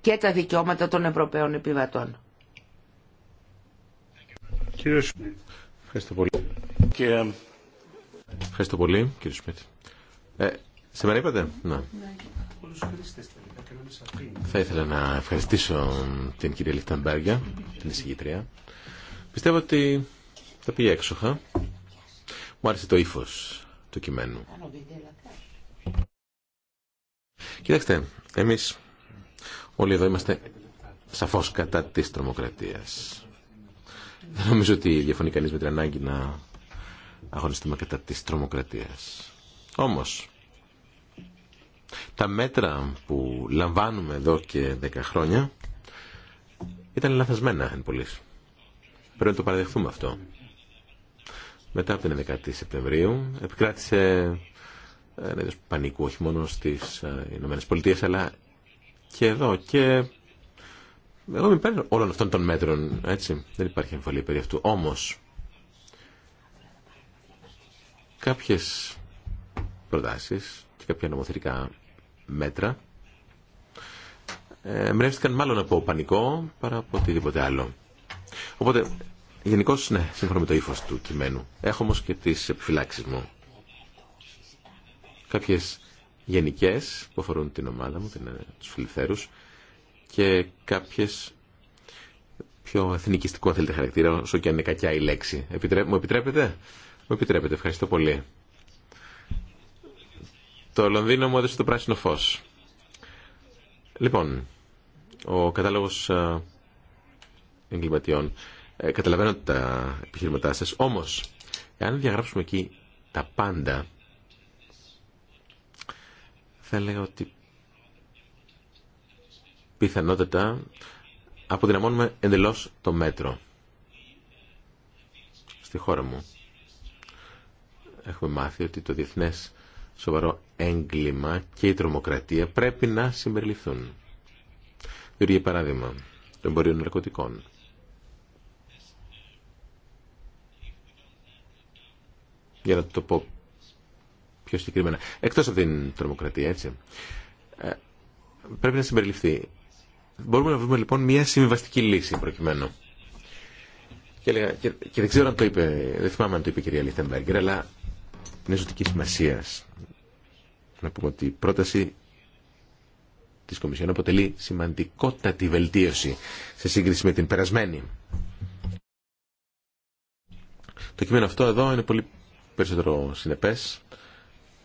και τα δικαιώματα των Ευρωπαίων επιβατών. Κύριε Ευχαριστώ πολύ. Και... Ε, Ευχαριστώ πολύ, κύριε Ε, σε μένα είπατε, ναι. Θα ήθελα να ευχαριστήσω την κυρία Λιχτανμπέργια, την εισηγήτρια. Πιστεύω ότι πήγε έξοχα. Μου άρεσε το ύφο του κειμένου. Κοιτάξτε, εμείς όλοι εδώ είμαστε σαφώ κατά της τρομοκρατίας. Δεν νομίζω ότι διαφωνεί κανεί με την ανάγκη να αγωνιστούμε κατά της τρομοκρατίας. Όμως, τα μέτρα που λαμβάνουμε εδώ και 10 χρόνια ήταν λάθασμένα εν πολύ. Πρέπει να το παραδεχθούμε αυτό. Μετά από την 11η Σεπτεμβρίου επικράτησε ε, ένα είδος πανικού όχι μόνο στις ε, Ηνωμένες Πολιτείες αλλά και εδώ και εγώ είμαι υπέρ όλων αυτών των μέτρων, έτσι. Δεν υπάρχει εμφαλή περί αυτού. Όμως, κάποιες προτάσεις και κάποια νομοθετικά μέτρα ε, εμπνεύστηκαν μάλλον από πανικό παρά από οτιδήποτε άλλο. Οπότε Γενικώ, ναι, σύμφωνα με το ύφο του κειμένου. Έχω όμω και τι επιφυλάξει μου. Κάποιε γενικέ που αφορούν την ομάδα μου, ε, του φιλελευθέρου, και κάποιε πιο εθνικιστικού αν θέλετε χαρακτήρα, όσο και αν είναι κακιά η λέξη. Μου επιτρέπετε? Μου επιτρέπετε, ευχαριστώ πολύ. Το Λονδίνο μου έδωσε το πράσινο Φώ Λοιπόν, ο κατάλογο ε, εγκληματιών. Ε, καταλαβαίνω τα επιχειρηματά σα. όμως, εάν διαγράψουμε εκεί τα πάντα, θα λέω ότι πιθανότατα αποδυναμώνουμε εντελώς το μέτρο. Στη χώρα μου έχουμε μάθει ότι το διεθνές σοβαρό έγκλημα και η τρομοκρατία πρέπει να συμπεριληφθούν. Διότι, για παράδειγμα, το εμπορίο ναρκωτικών. για να το πω πιο συγκεκριμένα. Εκτός από την τρομοκρατία, έτσι. Ε, πρέπει να συμπεριληφθεί. Μπορούμε να βρούμε λοιπόν μια συμβιβαστική λύση προκειμένου. Και, και, δεν ξέρω αν το είπε, δεν θυμάμαι αν το είπε η κυρία Λίθενμπεργκερ, αλλά είναι ζωτική σημασία να πούμε ότι η πρόταση της Κομισιόν αποτελεί σημαντικότατη βελτίωση σε σύγκριση με την περασμένη. Το κείμενο αυτό εδώ είναι πολύ περισσότερο συνεπές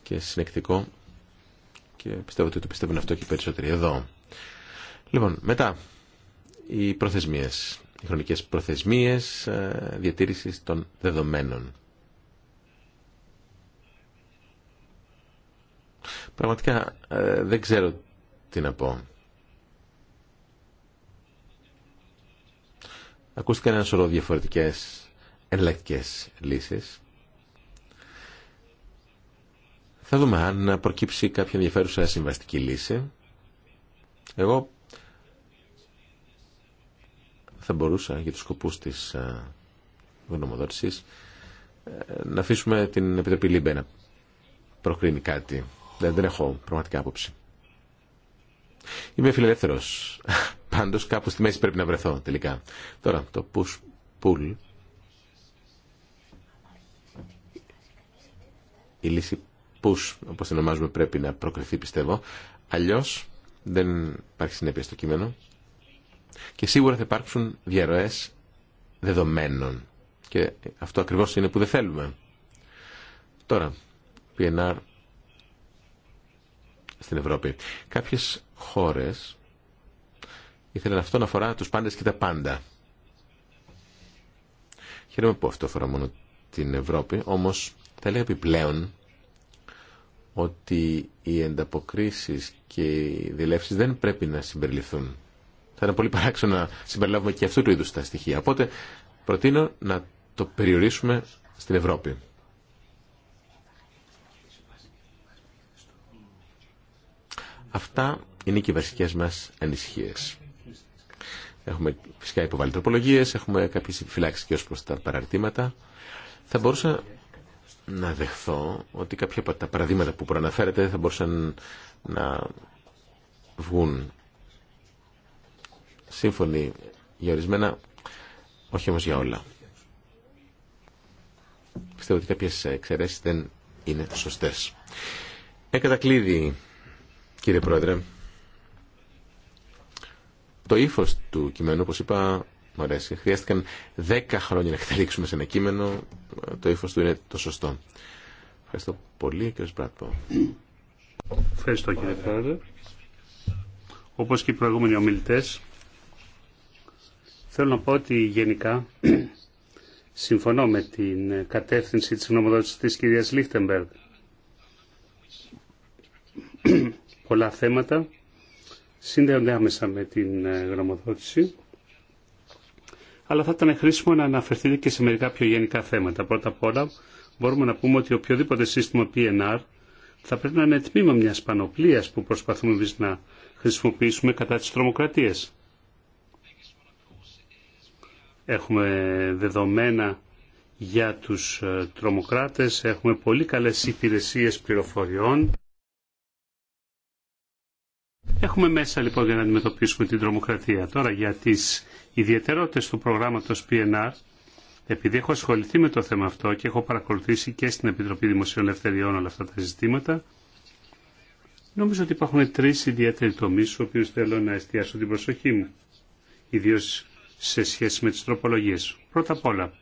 και συνεκτικό και πιστεύω ότι το πιστεύουν αυτό και οι περισσότεροι εδώ. Λοιπόν, μετά οι προθεσμίες, οι χρονικέ προθεσμίες ε, διατήρηση των δεδομένων. Πραγματικά ε, δεν ξέρω τι να πω. Ακούστηκαν ένα σωρό διαφορετικές ελλακτικέ λύσεις. Θα δούμε αν προκύψει κάποια ενδιαφέρουσα συμβαστική λύση. Εγώ θα μπορούσα για τους σκοπούς της ε, γνωμοδότησης ε, να αφήσουμε την Επιτροπή Λίμπε να προκρίνει κάτι. Δεν, δεν έχω πραγματικά άποψη. Είμαι φιλελεύθερος. Πάντως κάπου στη μέση πρέπει να βρεθώ τελικά. Τώρα το push pull η λύση Όπω όπως ονομάζουμε, πρέπει να προκριθεί, πιστεύω. Αλλιώ δεν υπάρχει συνέπεια στο κείμενο. Και σίγουρα θα υπάρξουν διαρροές δεδομένων. Και αυτό ακριβώ είναι που δεν θέλουμε. Τώρα, PNR στην Ευρώπη. Κάποιες χώρες ήθελαν αυτό να αφορά τους πάντες και τα πάντα. Χαίρομαι που αυτό αφορά μόνο την Ευρώπη, Όμω θα έλεγα επιπλέον ότι οι ενταποκρίσεις και οι διελεύσεις δεν πρέπει να συμπεριληφθούν. Θα είναι πολύ παράξενο να συμπεριλάβουμε και αυτού του είδους τα στοιχεία. Οπότε προτείνω να το περιορίσουμε στην Ευρώπη. Αυτά είναι και οι βασικές μας ανησυχίες. Έχουμε φυσικά υποβάλει τροπολογίες, έχουμε κάποιες επιφυλάξεις και ω προ τα παραρτήματα. Θα μπορούσα να δεχθώ ότι κάποια από τα παραδείγματα που προαναφέρετε θα μπορούσαν να βγουν σύμφωνοι για ορισμένα, όχι όμως για όλα. Πιστεύω ότι κάποιες εξαιρέσεις δεν είναι σωστές. Έκατα ε, κλείδι, κύριε Πρόεδρε. Το ύφος του κειμένου, όπως είπα, Χρειάστηκαν δέκα χρόνια να καταλήξουμε σε ένα κείμενο. Το ύφο του είναι το σωστό. Ευχαριστώ πολύ, κύριε Σπράτπο. Ευχαριστώ, κύριε Πρόεδρε. Όπως και οι προηγούμενοι ομιλητές, θέλω να πω ότι γενικά συμφωνώ με την κατεύθυνση της γνωμοδότησης της κυρίας Λίχτεμπεργκ. Πολλά θέματα συνδέονται άμεσα με την γνωμοδότηση αλλά θα ήταν χρήσιμο να αναφερθείτε και σε μερικά πιο γενικά θέματα. Πρώτα απ' όλα, μπορούμε να πούμε ότι οποιοδήποτε σύστημα PNR θα πρέπει να είναι τμήμα μια πανοπλία που προσπαθούμε να χρησιμοποιήσουμε κατά τι τρομοκρατίες. Έχουμε δεδομένα για τους ε, τρομοκράτες, έχουμε πολύ καλές υπηρεσίες πληροφοριών. Έχουμε μέσα λοιπόν για να αντιμετωπίσουμε την τρομοκρατία. Τώρα για τις ιδιαιτερότητε του προγράμματο PNR, επειδή έχω ασχοληθεί με το θέμα αυτό και έχω παρακολουθήσει και στην Επιτροπή Δημοσίων Ελευθεριών όλα αυτά τα ζητήματα, νομίζω ότι υπάρχουν τρει ιδιαίτεροι τομεί στου οποίου θέλω να εστιάσω την προσοχή μου, ιδίω σε σχέση με τι τροπολογίε. Πρώτα απ' όλα,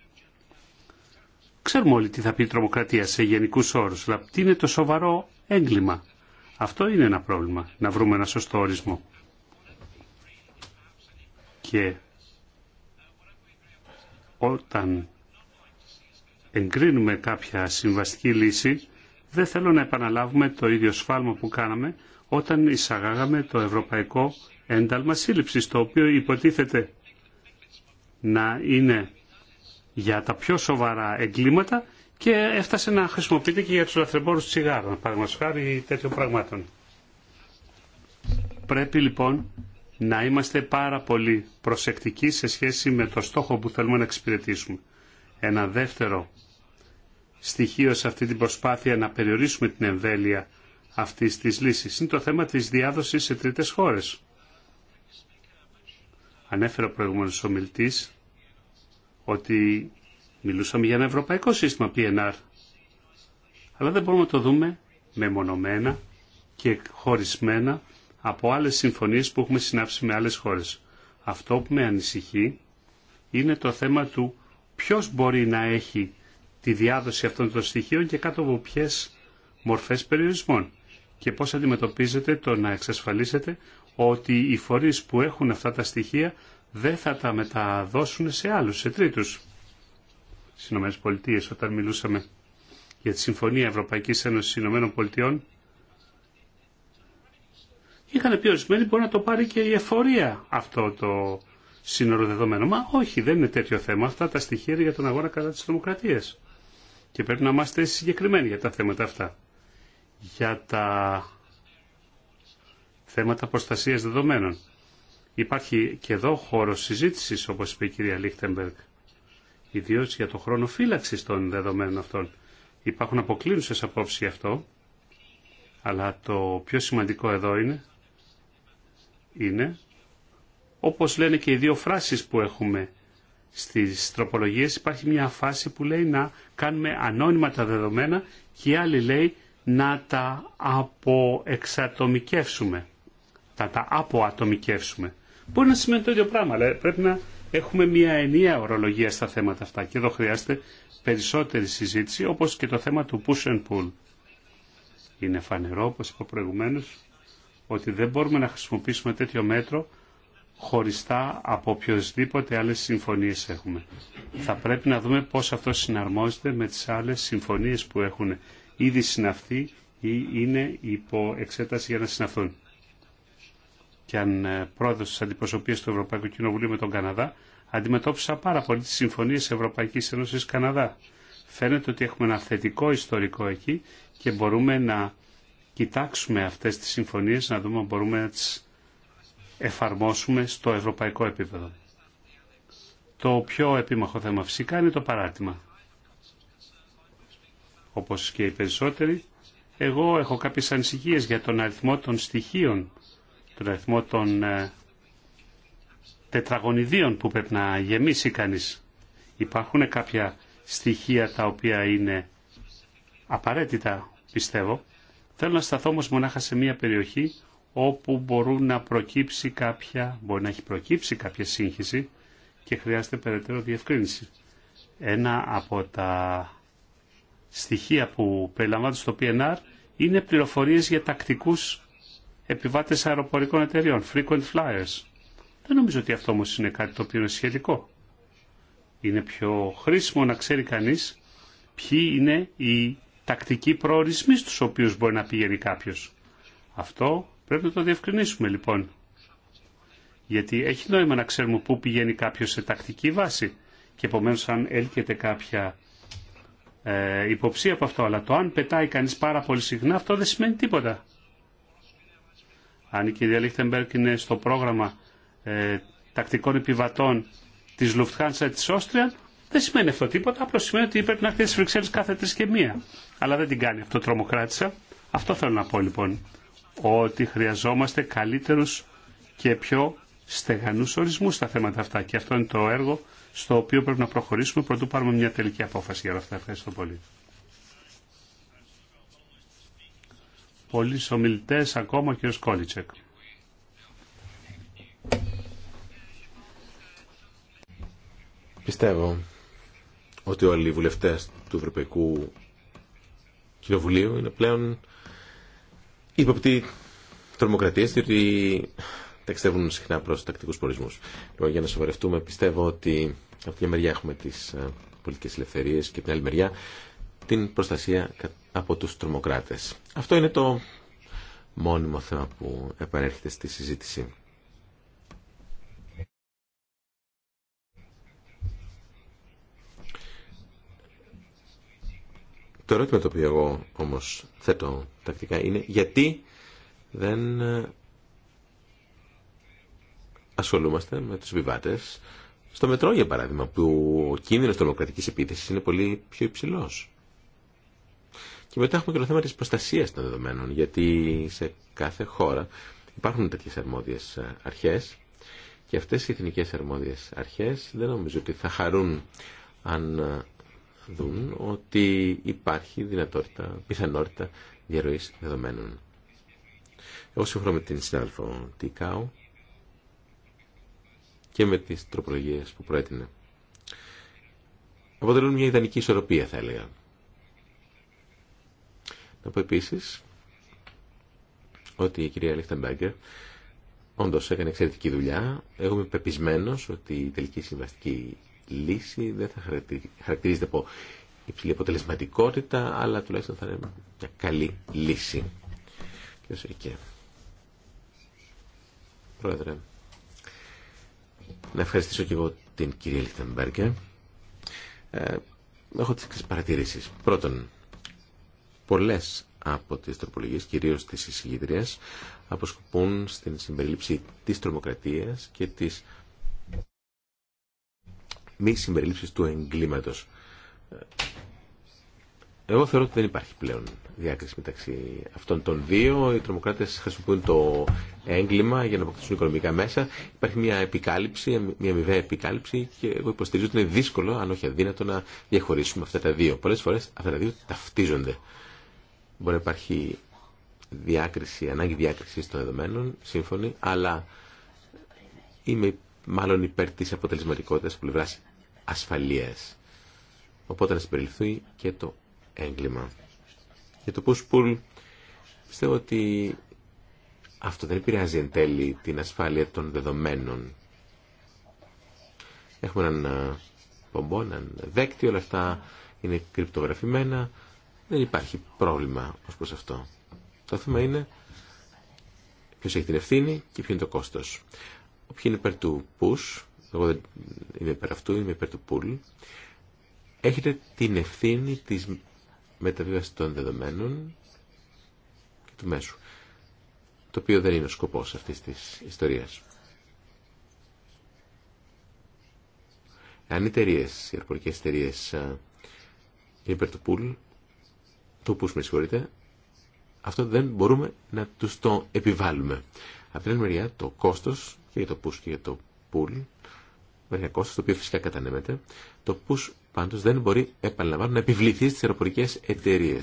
ξέρουμε όλοι τι θα πει η τρομοκρατία σε γενικού όρου, αλλά τι είναι το σοβαρό έγκλημα. Αυτό είναι ένα πρόβλημα, να βρούμε ένα σωστό ορισμό όταν εγκρίνουμε κάποια συμβαστική λύση, δεν θέλω να επαναλάβουμε το ίδιο σφάλμα που κάναμε όταν εισαγάγαμε το ευρωπαϊκό ένταλμα σύλληψης, το οποίο υποτίθεται να είναι για τα πιο σοβαρά εγκλήματα και έφτασε να χρησιμοποιείται και για τους λαθρεμπόρους τσιγάρων, παραδείγματος χάρη τέτοιων πραγμάτων. Πρέπει λοιπόν να είμαστε πάρα πολύ προσεκτικοί σε σχέση με το στόχο που θέλουμε να εξυπηρετήσουμε. Ένα δεύτερο στοιχείο σε αυτή την προσπάθεια να περιορίσουμε την εμβέλεια αυτή της λύση είναι το θέμα της διάδοσης σε τρίτες χώρες. Ανέφερε ο προηγούμενο ομιλητή ότι μιλούσαμε για ένα ευρωπαϊκό σύστημα PNR αλλά δεν μπορούμε να το δούμε μεμονωμένα και χωρισμένα από άλλες συμφωνίες που έχουμε συνάψει με άλλες χώρες. Αυτό που με ανησυχεί είναι το θέμα του ποιος μπορεί να έχει τη διάδοση αυτών των στοιχείων και κάτω από ποιε μορφές περιορισμών και πώς αντιμετωπίζετε το να εξασφαλίσετε ότι οι φορείς που έχουν αυτά τα στοιχεία δεν θα τα μεταδώσουν σε άλλους, σε τρίτους. Στις ΗΠΑ όταν μιλούσαμε για τη Συμφωνία Ευρωπαϊκής Ένωσης Ηνωμένων Είχαν πει ορισμένοι μπορεί να το πάρει και η εφορία αυτό το σύνορο δεδομένο. Μα όχι, δεν είναι τέτοιο θέμα. Αυτά τα στοιχεία για τον αγώνα κατά τη τρομοκρατία. Και πρέπει να είμαστε συγκεκριμένοι για τα θέματα αυτά. Για τα θέματα προστασία δεδομένων. Υπάρχει και εδώ χώρο συζήτηση, όπω είπε η κυρία Λίχτεμπεργκ, ιδίω για το χρόνο φύλαξη των δεδομένων αυτών. Υπάρχουν αποκλίνουσε απόψει γι' αυτό, αλλά το πιο σημαντικό εδώ είναι είναι, όπως λένε και οι δύο φράσεις που έχουμε στις τροπολογίες, υπάρχει μια φάση που λέει να κάνουμε ανώνυμα τα δεδομένα και η άλλη λέει να τα αποεξατομικεύσουμε, να τα αποατομικεύσουμε. Μπορεί να σημαίνει το ίδιο πράγμα, αλλά πρέπει να έχουμε μια ενιαία ορολογία στα θέματα αυτά και εδώ χρειάζεται περισσότερη συζήτηση, όπως και το θέμα του push and pull. Είναι φανερό, όπως είπα προηγουμένως, ότι δεν μπορούμε να χρησιμοποιήσουμε τέτοιο μέτρο χωριστά από οποιοσδήποτε άλλες συμφωνίες έχουμε. Θα πρέπει να δούμε πώς αυτό συναρμόζεται με τις άλλες συμφωνίες που έχουν ήδη συναυθεί ή είναι υπό εξέταση για να συναυθούν. Και αν ε, πρόεδρος της αντιπροσωπείας του Ευρωπαϊκού Κοινοβουλίου με τον Καναδά, αντιμετώπισα πάρα πολύ τις συμφωνίες Ευρωπαϊκής Ένωσης Καναδά. Φαίνεται ότι έχουμε ένα θετικό ιστορικό εκεί και μπορούμε να κοιτάξουμε αυτές τις συμφωνίες, να δούμε αν μπορούμε να τις εφαρμόσουμε στο ευρωπαϊκό επίπεδο. Το πιο επίμαχο θέμα φυσικά είναι το παράτημα. Όπως και οι περισσότεροι, εγώ έχω κάποιες ανησυχίες για τον αριθμό των στοιχείων, τον αριθμό των ε, τετραγωνιδίων που πρέπει να γεμίσει κανείς. Υπάρχουν κάποια στοιχεία τα οποία είναι απαραίτητα, πιστεύω, Θέλω να σταθώ όμως μονάχα σε μία περιοχή όπου μπορούν να προκύψει κάποια, μπορεί να έχει προκύψει κάποια σύγχυση και χρειάζεται περαιτέρω διευκρίνηση. Ένα από τα στοιχεία που περιλαμβάνονται στο PNR είναι πληροφορίες για τακτικούς επιβάτες αεροπορικών εταιριών, frequent flyers. Δεν νομίζω ότι αυτό όμως είναι κάτι το οποίο είναι σχετικό. Είναι πιο χρήσιμο να ξέρει κανείς ποιοι είναι οι τακτικοί προορισμοί στους οποίους μπορεί να πηγαίνει κάποιος. Αυτό πρέπει να το διευκρινίσουμε λοιπόν. Γιατί έχει νόημα να ξέρουμε πού πηγαίνει κάποιος σε τακτική βάση και επομένω αν έλκεται κάποια ε, υποψία από αυτό. Αλλά το αν πετάει κανείς πάρα πολύ συχνά αυτό δεν σημαίνει τίποτα. Αν η κυρία Λίχτεμπερκ είναι στο πρόγραμμα ε, τακτικών επιβατών της Λουφτχάνσα της Όστρια, δεν σημαίνει αυτό τίποτα, απλώ σημαίνει ότι πρέπει να έρθει στι Βρυξέλλε κάθε τρει και μία. Αλλά δεν την κάνει αυτό, τρομοκράτησα. Αυτό θέλω να πω λοιπόν. Ότι χρειαζόμαστε καλύτερου και πιο στεγανού ορισμού στα θέματα αυτά. Και αυτό είναι το έργο στο οποίο πρέπει να προχωρήσουμε πρωτού πάρουμε μια τελική απόφαση για όλα αυτά. Ευχαριστώ πολύ. Πολλοί ομιλητέ ακόμα, ο κ. Κόλιτσεκ. Πιστεύω ότι όλοι οι βουλευτέ του Ευρωπαϊκού Κοινοβουλίου είναι πλέον υποπτή τρομοκρατίας, διότι ταξιδεύουν συχνά προς τακτικού προορισμούς. Λοιπόν, για να σοβαρευτούμε, πιστεύω ότι από τη μια μεριά έχουμε τις ε, πολιτικές ελευθερίε και από την άλλη μεριά την προστασία από τους τρομοκράτες. Αυτό είναι το μόνιμο θέμα που επανέρχεται στη συζήτηση. Το ερώτημα το οποίο εγώ όμως θέτω τακτικά είναι γιατί δεν ασχολούμαστε με τους βιβάτες στο μετρό για παράδειγμα που ο κίνδυνος τρομοκρατικής επίθεσης είναι πολύ πιο υψηλός. Και μετά έχουμε και το θέμα της προστασίας των δεδομένων γιατί σε κάθε χώρα υπάρχουν τέτοιες αρμόδιες ε, αρχές και αυτές οι εθνικές αρμόδιες αρχές δεν νομίζω ότι θα χαρούν αν ε, δουν ότι υπάρχει δυνατότητα, πιθανότητα διαρροή δεδομένων. Εγώ συμφωνώ με την συνάδελφο Τικάου και με τις τροπολογίες που προέτεινε. Αποτελούν μια ιδανική ισορροπία, θα έλεγα. Να πω επίσης ότι η κυρία Λίχτεμπέγκερ όντως έκανε εξαιρετική δουλειά. Εγώ είμαι πεπισμένος ότι η τελική συμβαστική λύση δεν θα χαρακτηρίζεται από υψηλή αποτελεσματικότητα, αλλά τουλάχιστον θα είναι μια καλή λύση. Και Πρόεδρε, να ευχαριστήσω και εγώ την κυρία Λιχτενμπέργκερ. Ε, έχω τις παρατηρήσεις. Πρώτον, πολλές από τις τροπολογίες, κυρίως της εισηγήτριας, αποσκοπούν στην συμπερίληψη της τρομοκρατίας και της μη συμπεριλήψεις του εγκλήματος. Εγώ θεωρώ ότι δεν υπάρχει πλέον διάκριση μεταξύ αυτών των δύο. Οι τρομοκράτε χρησιμοποιούν το έγκλημα για να αποκτήσουν οικονομικά μέσα. Υπάρχει μια επικάλυψη, μια μηδέα επικάλυψη και εγώ υποστηρίζω ότι είναι δύσκολο, αν όχι αδύνατο, να διαχωρίσουμε αυτά τα δύο. Πολλέ φορέ αυτά τα δύο ταυτίζονται. Μπορεί να υπάρχει διάκριση, ανάγκη διάκριση των δεδομένων, σύμφωνοι, αλλά είμαι μάλλον υπέρ της αποτελεσματικότητας πλευράς ασφαλείας. Οπότε να συμπεριληφθεί και το έγκλημα. Για το push pull πιστεύω ότι αυτό δεν επηρεάζει εν τέλει την ασφάλεια των δεδομένων. Έχουμε έναν ε, πομπό, έναν δέκτη, όλα αυτά είναι κρυπτογραφημένα. Δεν υπάρχει πρόβλημα ως προς αυτό. Το θέμα είναι ποιος έχει την ευθύνη και ποιο είναι το κόστος. Όποιοι είναι υπέρ του push, εγώ δεν είμαι υπέρ αυτού, είμαι υπέρ του pull, έχετε την ευθύνη της μεταβίβασης των δεδομένων και του μέσου, το οποίο δεν είναι ο σκοπός αυτής της ιστορίας. Αν οι εταιρείε, οι αεροπορικέ εταιρείε είναι υπέρ του PULL, του push με συγχωρείτε, αυτό δεν μπορούμε να του το επιβάλλουμε. Από την άλλη μεριά, το κόστος και για το push και για το pull, ένα κόστος το οποίο φυσικά κατανέμεται. Το push πάντως δεν μπορεί, επαναλαμβάνω, να επιβληθεί στις αεροπορικές εταιρείε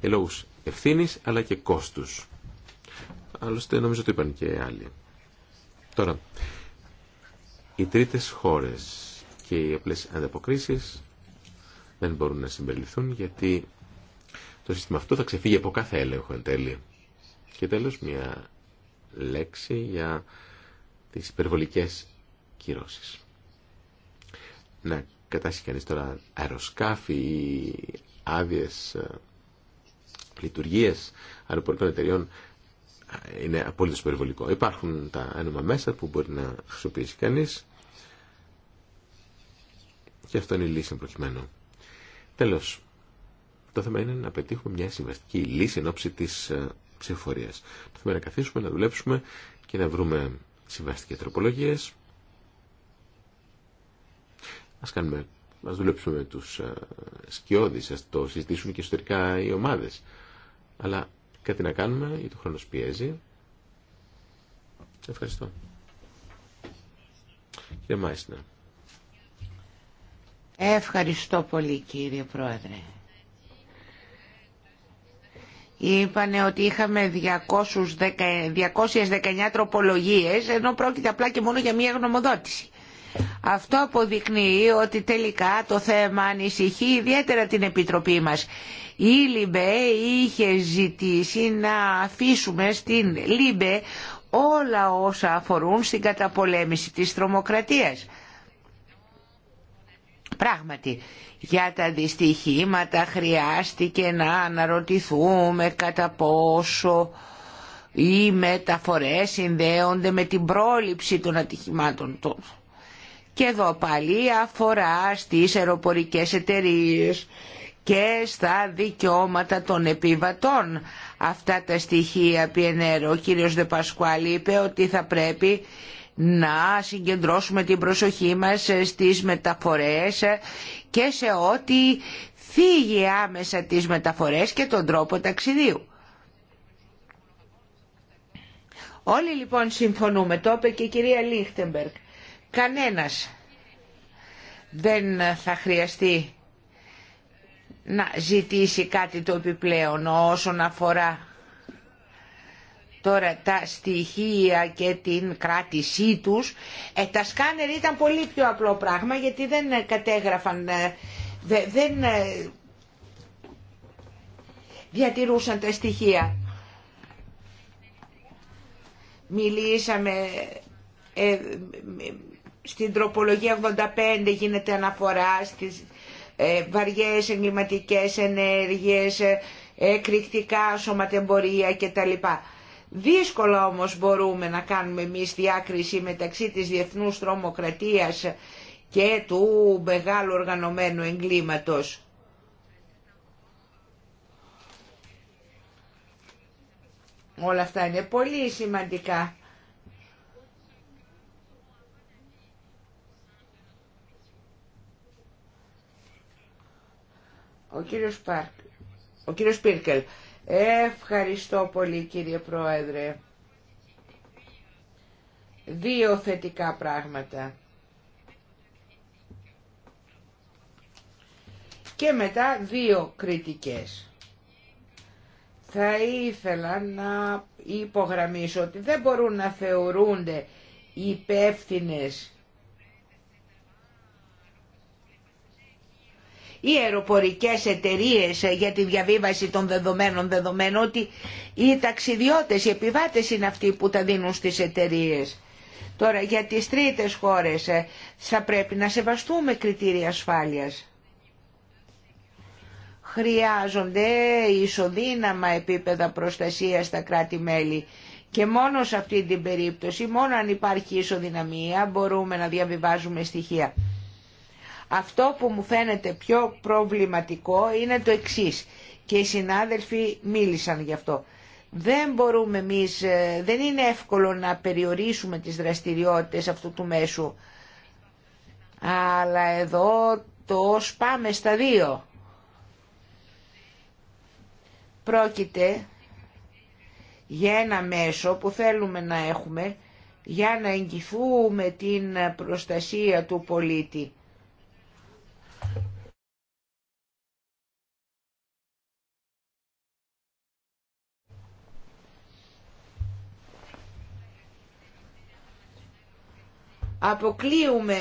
για λόγους ευθύνης αλλά και κόστους. Άλλωστε νομίζω το είπαν και άλλοι. Τώρα, οι τρίτες χώρες και οι απλές ανταποκρίσεις δεν μπορούν να συμπεριληφθούν γιατί το σύστημα αυτό θα ξεφύγει από κάθε έλεγχο εν τέλει. Και τέλος μια λέξη για τις υπερβολικές κυρώσεις. Να κατάσχει κανείς τώρα αεροσκάφη ή άδειες ε, λειτουργίες αεροπορικών εταιριών ε, είναι απόλυτα υπερβολικό. Υπάρχουν τα άνομα μέσα που μπορεί να χρησιμοποιήσει κανείς και αυτό είναι η λύση προκειμένου. Τέλος, το θέμα είναι να πετύχουμε μια συμβαστική λύση εν ώψη της ε, ψηφοφορίας. Το θέμα είναι να καθίσουμε, να δουλέψουμε και να βρούμε συμβαστικές τροπολογίες. Ας, κάνουμε, ας δουλέψουμε με τους ε, σκιώδεις, ας το συζητήσουν και εσωτερικά οι ομάδες. Αλλά κάτι να κάνουμε, γιατί ο χρόνος πιέζει. Ευχαριστώ. Κύριε Ευχαριστώ πολύ κύριε Πρόεδρε είπανε ότι είχαμε 219 τροπολογίες ενώ πρόκειται απλά και μόνο για μία γνωμοδότηση. Αυτό αποδεικνύει ότι τελικά το θέμα ανησυχεί ιδιαίτερα την Επιτροπή μας. Η ΛΥΜΠΕ είχε ζητήσει να αφήσουμε στην ΛΥΜΠΕ όλα όσα αφορούν στην καταπολέμηση της τρομοκρατίας. Πράγματι, για τα δυστυχήματα χρειάστηκε να αναρωτηθούμε κατά πόσο οι μεταφορές συνδέονται με την πρόληψη των ατυχημάτων του. Και εδώ πάλι αφορά στις αεροπορικές εταιρείε και στα δικαιώματα των επιβατών. Αυτά τα στοιχεία πιενέρω. Ο κύριος Δεπασκουάλη είπε ότι θα πρέπει να συγκεντρώσουμε την προσοχή μας στις μεταφορές και σε ό,τι φύγει άμεσα τις μεταφορές και τον τρόπο ταξιδίου. Όλοι λοιπόν συμφωνούμε, το είπε και η κυρία Λίχτεμπεργκ. Κανένας δεν θα χρειαστεί να ζητήσει κάτι το επιπλέον όσον αφορά Τώρα τα στοιχεία και την κράτησή τους, ε, τα σκάνερ ήταν πολύ πιο απλό πράγμα γιατί δεν ε, κατέγραφαν, ε, δεν ε, διατηρούσαν τα στοιχεία. Μιλήσαμε στην τροπολογία 85 γίνεται αναφορά στις ε, βαριές εγκληματικές ενέργειες, εκρηκτικά σωματεμπορία κτλ. Δύσκολα όμως μπορούμε να κάνουμε εμεί διάκριση μεταξύ της διεθνούς τρομοκρατίας και του μεγάλου οργανωμένου εγκλήματος. Όλα αυτά είναι πολύ σημαντικά. Ο κύριος, Πάρκ, ο κύριος Πίρκελ, Ευχαριστώ πολύ κύριε Πρόεδρε. Δύο θετικά πράγματα. Και μετά δύο κριτικές. Θα ήθελα να υπογραμμίσω ότι δεν μπορούν να θεωρούνται υπεύθυνε οι αεροπορικές εταιρείες για τη διαβίβαση των δεδομένων δεδομένου ότι οι ταξιδιώτες, οι επιβάτες είναι αυτοί που τα δίνουν στις εταιρείες. Τώρα για τις τρίτες χώρες ε, θα πρέπει να σεβαστούμε κριτήρια ασφάλειας. Χρειάζονται ισοδύναμα επίπεδα προστασίας στα κράτη-μέλη και μόνο σε αυτή την περίπτωση, μόνο αν υπάρχει ισοδυναμία μπορούμε να διαβιβάζουμε στοιχεία. Αυτό που μου φαίνεται πιο προβληματικό είναι το εξής και οι συνάδελφοι μίλησαν γι' αυτό. Δεν μπορούμε εμείς, ε, δεν είναι εύκολο να περιορίσουμε τις δραστηριότητες αυτού του μέσου. Αλλά εδώ το σπάμε στα δύο. Πρόκειται για ένα μέσο που θέλουμε να έχουμε για να εγγυθούμε την προστασία του πολίτη. αποκλείουμε,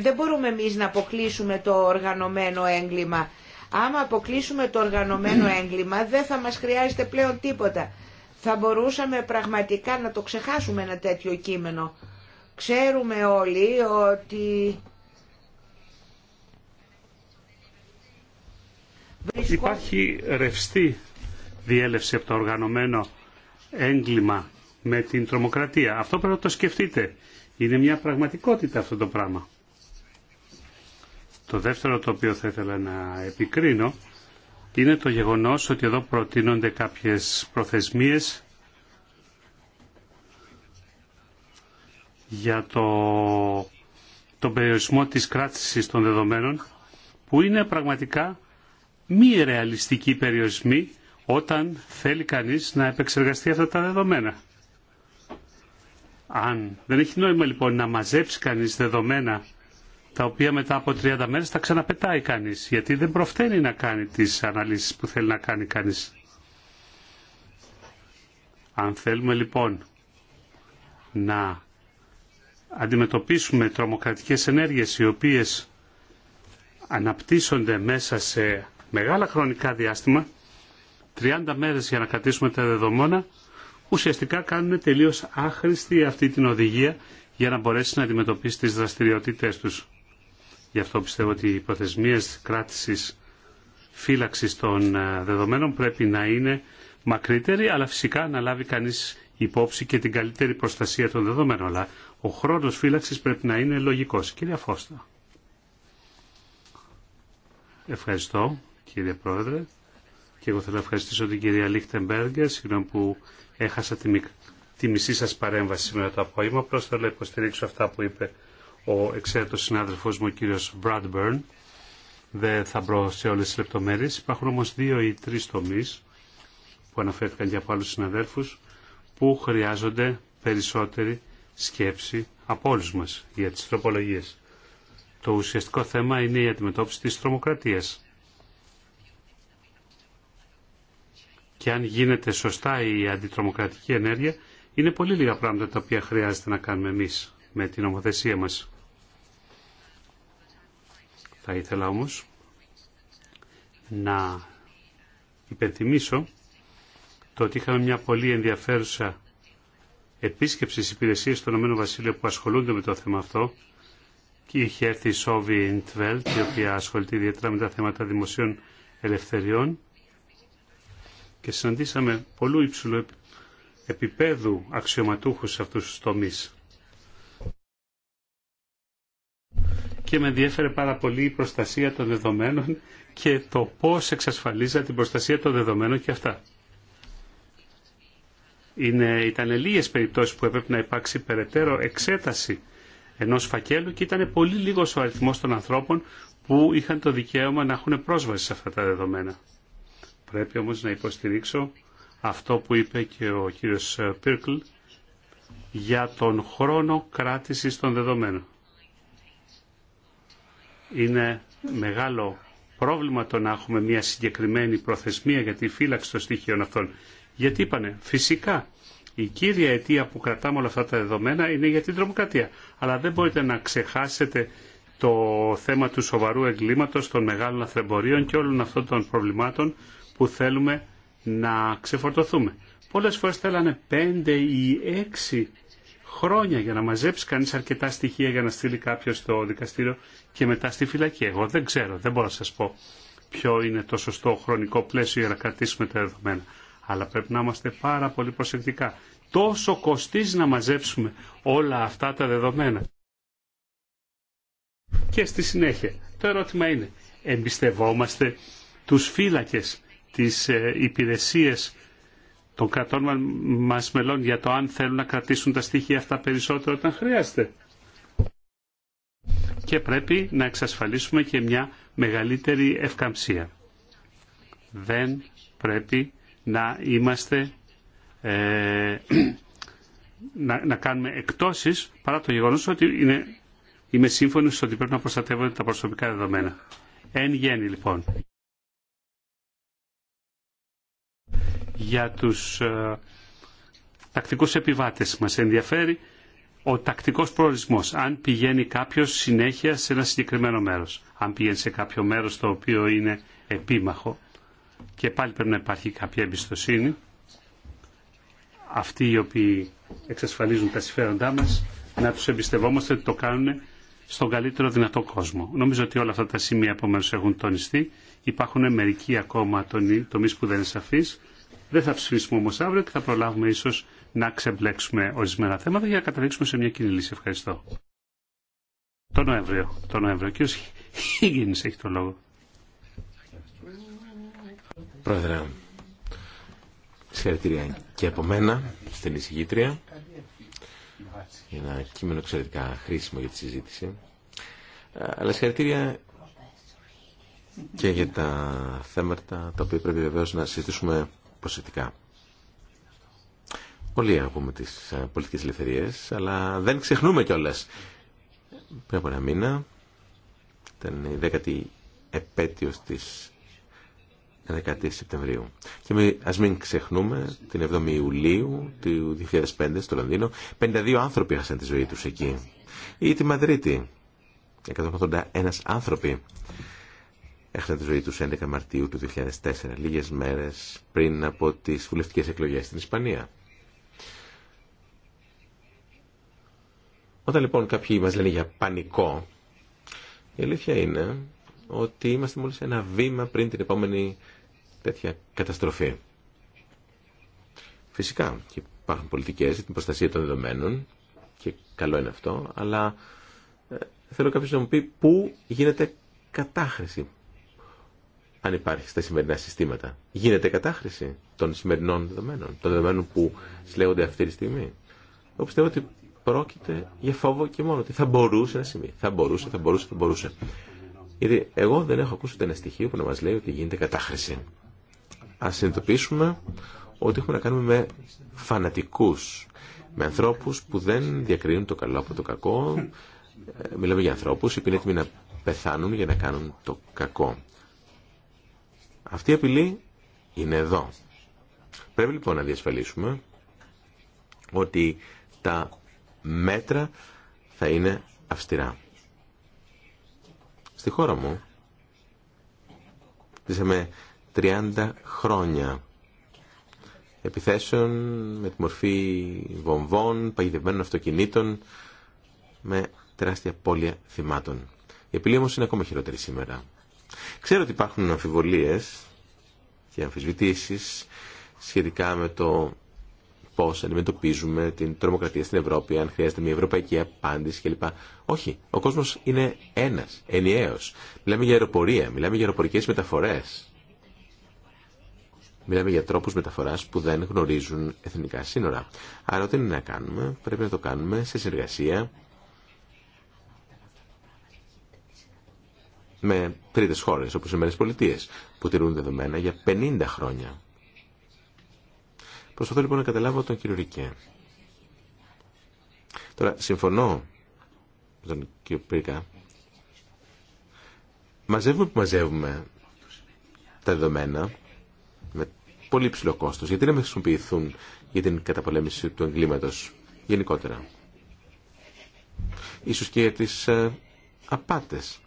δεν μπορούμε εμείς να αποκλείσουμε το οργανωμένο έγκλημα. Άμα αποκλείσουμε το οργανωμένο έγκλημα δεν θα μας χρειάζεται πλέον τίποτα. Θα μπορούσαμε πραγματικά να το ξεχάσουμε ένα τέτοιο κείμενο. Ξέρουμε όλοι ότι... Υπάρχει ρευστή διέλευση από το οργανωμένο έγκλημα με την τρομοκρατία. Αυτό πρέπει να το σκεφτείτε. Είναι μια πραγματικότητα αυτό το πράγμα. Το δεύτερο το οποίο θα ήθελα να επικρίνω είναι το γεγονός ότι εδώ προτείνονται κάποιες προθεσμίες για το, το περιορισμό της κράτησης των δεδομένων που είναι πραγματικά μη ρεαλιστική περιορισμή όταν θέλει κανείς να επεξεργαστεί αυτά τα δεδομένα. Αν δεν έχει νόημα λοιπόν να μαζέψει κανείς δεδομένα τα οποία μετά από 30 μέρες τα ξαναπετάει κανείς, γιατί δεν προφταίνει να κάνει τις αναλύσεις που θέλει να κάνει κανείς. Αν θέλουμε λοιπόν να αντιμετωπίσουμε τρομοκρατικές ενέργειες οι οποίες αναπτύσσονται μέσα σε μεγάλα χρονικά διάστημα, 30 μέρες για να κρατήσουμε τα δεδομένα, ουσιαστικά κάνουν τελείως άχρηστη αυτή την οδηγία για να μπορέσει να αντιμετωπίσει τις δραστηριότητές τους. Γι' αυτό πιστεύω ότι οι προθεσμίες κράτησης φύλαξης των ε, δεδομένων πρέπει να είναι μακρύτερη, αλλά φυσικά να λάβει κανείς υπόψη και την καλύτερη προστασία των δεδομένων. Αλλά ο χρόνος φύλαξης πρέπει να είναι λογικός. Κύριε Φώστα. Ευχαριστώ κύριε Πρόεδρε και εγώ θέλω να ευχαριστήσω την κυρία Λίχτεμπεργκερ, που έχασα τη, τη μισή σας παρέμβαση σήμερα το απόγευμα. Απλώ θέλω να υποστηρίξω αυτά που είπε ο εξαίρετος συνάδελφός μου, ο κύριος Bradburn. Δεν θα μπρω σε όλες τις λεπτομέρειες. Υπάρχουν όμως δύο ή τρεις τομείς που αναφέρθηκαν και από άλλους συναδέλφους που χρειάζονται περισσότερη σκέψη από όλους μας για τις τροπολογίες. Το ουσιαστικό θέμα είναι η αντιμετώπιση της τρομοκρατίας. και αν γίνεται σωστά η αντιτρομοκρατική ενέργεια, είναι πολύ λίγα πράγματα τα οποία χρειάζεται να κάνουμε εμείς με την ομοθεσία μας. Θα ήθελα όμως να υπενθυμίσω το ότι είχαμε μια πολύ ενδιαφέρουσα επίσκεψη στις υπηρεσίες του Ηνωμένου που ασχολούνται με το θέμα αυτό και είχε έρθει η Σόβι Ιντβέλτ, η οποία ασχολείται ιδιαίτερα με τα θέματα δημοσίων ελευθεριών και συναντήσαμε πολλού υψηλού επίπεδου αξιωματούχους σε αυτούς τους τομείς. Και με ενδιέφερε πάρα πολύ η προστασία των δεδομένων και το πώς εξασφαλίζα την προστασία των δεδομένων και αυτά. Είναι, ήταν λίγες περιπτώσεις που έπρεπε να υπάρξει περαιτέρω εξέταση ενός φακέλου και ήταν πολύ λίγος ο αριθμός των ανθρώπων που είχαν το δικαίωμα να έχουν πρόσβαση σε αυτά τα δεδομένα. Πρέπει όμως να υποστηρίξω αυτό που είπε και ο κύριος Πίρκλ για τον χρόνο κράτησης των δεδομένων. Είναι μεγάλο πρόβλημα το να έχουμε μια συγκεκριμένη προθεσμία για τη φύλαξη των στοιχείων αυτών. Γιατί είπανε, φυσικά, η κύρια αιτία που κρατάμε όλα αυτά τα δεδομένα είναι για την τρομοκρατία. Αλλά δεν μπορείτε να ξεχάσετε το θέμα του σοβαρού εγκλήματος, των μεγάλων αθρεμπορίων και όλων αυτών των προβλημάτων που θέλουμε να ξεφορτωθούμε. Πολλές φορές θέλανε 5 ή 6 χρόνια για να μαζέψει κανείς αρκετά στοιχεία για να στείλει κάποιος στο δικαστήριο και μετά στη φυλακή. Εγώ δεν ξέρω, δεν μπορώ να σας πω ποιο είναι το σωστό χρονικό πλαίσιο για να κρατήσουμε τα δεδομένα. Αλλά πρέπει να είμαστε πάρα πολύ προσεκτικά. Τόσο κοστίζει να μαζέψουμε όλα αυτά τα δεδομένα. Και στη συνέχεια, το ερώτημα είναι, εμπιστευόμαστε τους φύλακες τις ε, υπηρεσίες των κρατών μας μελών για το αν θέλουν να κρατήσουν τα στοιχεία αυτά περισσότερο όταν χρειάζεται. Και πρέπει να εξασφαλίσουμε και μια μεγαλύτερη ευκαμψία. Δεν πρέπει να είμαστε ε, να, κάνουμε εκτόσεις παρά το γεγονός ότι είναι, είμαι σύμφωνος ότι πρέπει να προστατεύονται τα προσωπικά δεδομένα. Εν γέννη λοιπόν. για τους ε, τακτικούς επιβάτες. Μας ενδιαφέρει ο τακτικός προορισμός. Αν πηγαίνει κάποιος συνέχεια σε ένα συγκεκριμένο μέρος. Αν πηγαίνει σε κάποιο μέρος το οποίο είναι επίμαχο. Και πάλι πρέπει να υπάρχει κάποια εμπιστοσύνη. Αυτοί οι οποίοι εξασφαλίζουν τα συμφέροντά μας, να τους εμπιστευόμαστε ότι το κάνουν στον καλύτερο δυνατό κόσμο. Νομίζω ότι όλα αυτά τα σημεία που έχουν τονιστεί. Υπάρχουν μερικοί ακόμα τομεί που δεν είναι σαφείς δεν θα ψηφίσουμε όμω αύριο και θα προλάβουμε ίσω να ξεμπλέξουμε ορισμένα θέματα για να καταλήξουμε σε μια κοινή λύση. Ευχαριστώ. Το Νοέμβριο. Το Νοέμβριο. Ο κύριος έχει το λόγο. Πρόεδρε, συγχαρητήρια και από μένα στην εισηγήτρια για ένα κείμενο εξαιρετικά χρήσιμο για τη συζήτηση. Ε, αλλά συγχαρητήρια και για τα θέματα τα οποία πρέπει βεβαίω να συζητήσουμε προσεκτικά. Πολύ έχουμε τις ε, πολιτικές ελευθερίες, αλλά δεν ξεχνούμε κιόλα. Πριν από ένα μήνα ήταν η δέκατη επέτειος της 11 Σεπτεμβρίου. Και α μην ξεχνούμε την 7η Ιουλίου του 2005 στο Λονδίνο, 52 άνθρωποι έχασαν τη ζωή τους εκεί. Ή τη Μαδρίτη, 181 άνθρωποι έχασαν τη ζωή του 11 Μαρτίου του 2004, λίγε μέρε πριν από τις βουλευτικέ εκλογές στην Ισπανία. Όταν λοιπόν κάποιοι μα λένε για πανικό, η αλήθεια είναι ότι είμαστε μόλις ένα βήμα πριν την επόμενη τέτοια καταστροφή. Φυσικά και υπάρχουν πολιτικές για την προστασία των δεδομένων και καλό είναι αυτό, αλλά ε, θέλω κάποιο να μου πει πού γίνεται κατάχρηση, αν υπάρχει στα σημερινά συστήματα. Γίνεται κατάχρηση των σημερινών δεδομένων, των δεδομένων που συλλέγονται αυτή τη στιγμή. Εγώ πιστεύω ότι πρόκειται για φόβο και μόνο ότι θα μπορούσε να συμβεί. Θα μπορούσε, θα μπορούσε, θα μπορούσε. Γιατί εγώ δεν έχω ακούσει ούτε ένα στοιχείο που να μα λέει ότι γίνεται κατάχρηση. Α συνειδητοποιήσουμε ότι έχουμε να κάνουμε με φανατικού. Με ανθρώπου που δεν διακρίνουν το καλό από το κακό. Ε, μιλάμε για ανθρώπου οι είναι έτοιμοι να πεθάνουν για να κάνουν το κακό. Αυτή η απειλή είναι εδώ. Πρέπει λοιπόν να διασφαλίσουμε ότι τα μέτρα θα είναι αυστηρά. Στη χώρα μου ζήσαμε 30 χρόνια επιθέσεων με τη μορφή βομβών, παγιδευμένων αυτοκινήτων, με τεράστια πόλια θυμάτων. Η απειλή όμως είναι ακόμα χειρότερη σήμερα. Ξέρω ότι υπάρχουν αμφιβολίες και αμφισβητήσεις σχετικά με το πώς αντιμετωπίζουμε την τρομοκρατία στην Ευρώπη, αν χρειάζεται μια ευρωπαϊκή απάντηση κλπ. Όχι, ο κόσμος είναι ένας, ενιαίος. Μιλάμε για αεροπορία, μιλάμε για αεροπορικές μεταφορές. Μιλάμε για τρόπους μεταφοράς που δεν γνωρίζουν εθνικά σύνορα. Άρα ό,τι είναι να κάνουμε, πρέπει να το κάνουμε σε συνεργασία με τρίτες χώρες όπως οι Μέρες Πολιτείες που τηρούν δεδομένα για 50 χρόνια. Προσπαθώ λοιπόν να καταλάβω τον κύριο Ρικέ. Τώρα συμφωνώ με τον κύριο Πρίκα. Μαζεύουμε που μαζεύουμε τα δεδομένα με πολύ ψηλό κόστος. Γιατί να με χρησιμοποιηθούν για την καταπολέμηση του εγκλήματος γενικότερα. Ίσως και για τις ε, απάτες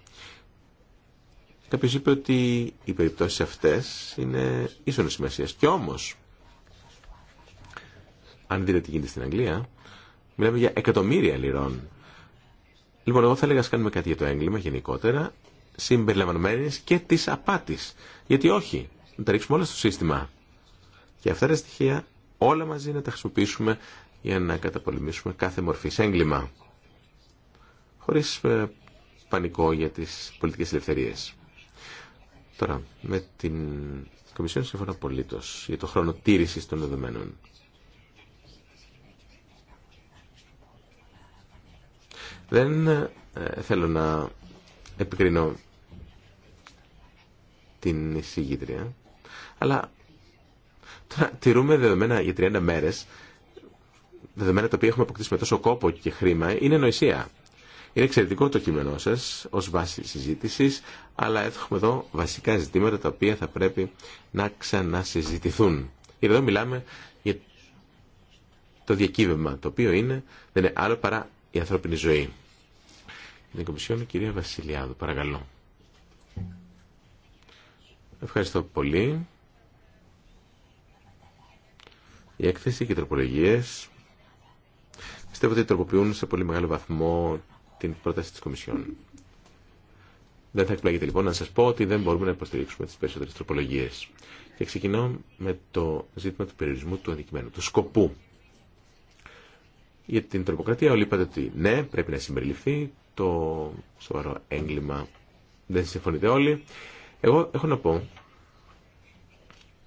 Κάποιος είπε ότι οι περιπτώσεις αυτές είναι ίσονος σημασία. Και όμως, αν δείτε τι γίνεται στην Αγγλία, μιλάμε για εκατομμύρια λιρών. Λοιπόν, εγώ θα έλεγα να κάνουμε κάτι για το έγκλημα γενικότερα, συμπεριλαμβανομένε και τη απάτη. Γιατί όχι, να τα ρίξουμε όλα στο σύστημα. Και αυτά τα στοιχεία όλα μαζί να τα χρησιμοποιήσουμε για να καταπολεμήσουμε κάθε μορφή σε έγκλημα. Χωρίς ε, πανικό για τις πολιτικές ελευθερίες. Τώρα, με την Κομισιόν Σύμφωνα απολύτω για το χρόνο τήρηση των δεδομένων. Δεν ε, θέλω να επικρίνω την εισηγήτρια, αλλά τώρα τηρούμε δεδομένα για 30 μέρες, δεδομένα τα οποία έχουμε αποκτήσει με τόσο κόπο και χρήμα, είναι νοησία. Είναι εξαιρετικό το κείμενό σα ως βάση συζήτησης, αλλά έχουμε εδώ βασικά ζητήματα τα οποία θα πρέπει να ξανασυζητηθούν. Γιατί εδώ μιλάμε για το διακύβευμα, το οποίο είναι, δεν είναι άλλο παρά η ανθρώπινη ζωή. Την Κομισιόν, κυρία Βασιλιάδου, παρακαλώ. Ευχαριστώ πολύ. Η έκθεση και οι τροπολογίες πιστεύω ότι τροποποιούν σε πολύ μεγάλο βαθμό την πρόταση της Κομισιόν. Δεν θα εκπλαγείτε λοιπόν να σας πω ότι δεν μπορούμε να υποστηρίξουμε τις περισσότερες τροπολογίες. Και ξεκινώ με το ζήτημα του περιορισμού του αντικειμένου, του σκοπού. Για την τροποκρατία όλοι είπατε ότι ναι, πρέπει να συμπεριληφθεί το σοβαρό έγκλημα. Δεν συμφωνείτε όλοι. Εγώ έχω να πω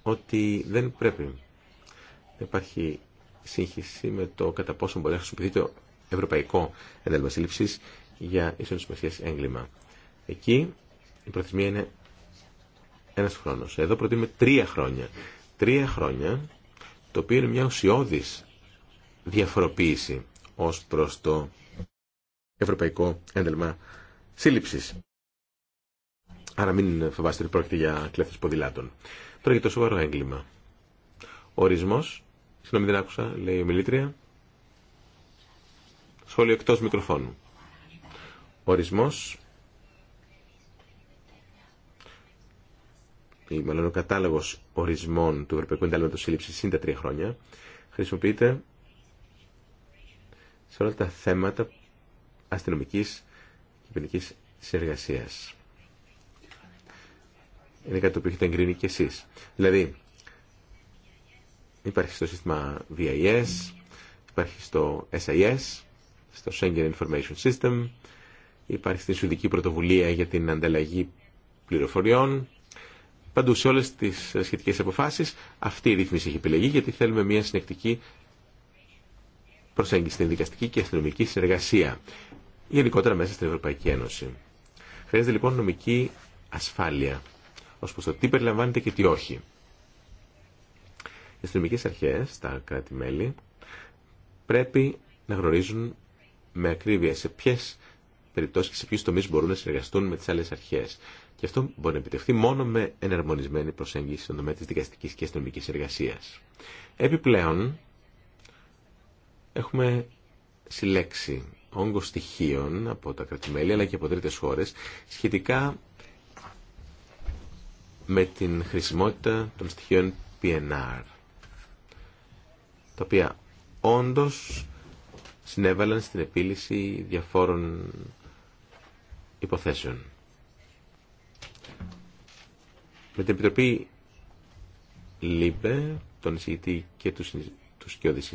ότι δεν πρέπει να υπάρχει σύγχυση με το κατά πόσο μπορεί να χρησιμοποιηθεί το Ευρωπαϊκό Εντάλμα Σύλληψη για ίσον σημασία έγκλημα. Εκεί η προθυμία είναι ένα χρόνο. Εδώ προτείνουμε τρία χρόνια. Τρία χρόνια, το οποίο είναι μια ουσιώδη διαφοροποίηση ω προ το Ευρωπαϊκό Ένταλμα Σύλληψη. Άρα μην φοβάστε ότι πρόκειται για κλέφτε ποδηλάτων. Τώρα για το σοβαρό έγκλημα. Ορισμό. Συγγνώμη δεν άκουσα, λέει η ομιλήτρια. Σχόλιο εκτό μικροφώνου. Ορισμός ή μάλλον ο κατάλογο ορισμών του Ευρωπαϊκού Εντάλματος Σύλληψη είναι τα τρία χρόνια χρησιμοποιείται σε όλα τα θέματα αστυνομική και ποινική συνεργασία. Είναι κάτι το οποίο έχετε εγκρίνει και εσείς. Δηλαδή, υπάρχει στο σύστημα VIS, υπάρχει στο SIS, στο Schengen Information System. Υπάρχει στην Σουδική Πρωτοβουλία για την ανταλλαγή πληροφοριών. Παντού σε όλες τις σχετικές αποφάσεις αυτή η ρύθμιση έχει επιλεγεί γιατί θέλουμε μια συνεκτική προσέγγιση στην δικαστική και αστυνομική συνεργασία γενικότερα μέσα στην Ευρωπαϊκή Ένωση. Χρειάζεται λοιπόν νομική ασφάλεια ως προς το τι περιλαμβάνεται και τι όχι. Οι αστυνομικέ αρχές, τα κράτη-μέλη, πρέπει να γνωρίζουν με ακρίβεια σε ποιε περιπτώσει και σε ποιου τομεί μπορούν να συνεργαστούν με τι άλλε αρχέ. Και αυτό μπορεί να επιτευχθεί μόνο με εναρμονισμένη προσέγγιση στον τομέα τη δικαστική και αστυνομική εργασία. Επιπλέον, έχουμε συλλέξει όγκο στοιχείων από τα κρατημέλη αλλά και από τρίτε χώρες σχετικά με την χρησιμότητα των στοιχείων PNR τα οποία όντως συνέβαλαν στην επίλυση διαφόρων υποθέσεων. Με την Επιτροπή ΛΥΜΠΕ, τον εισηγητή και τους, τους κοιόδης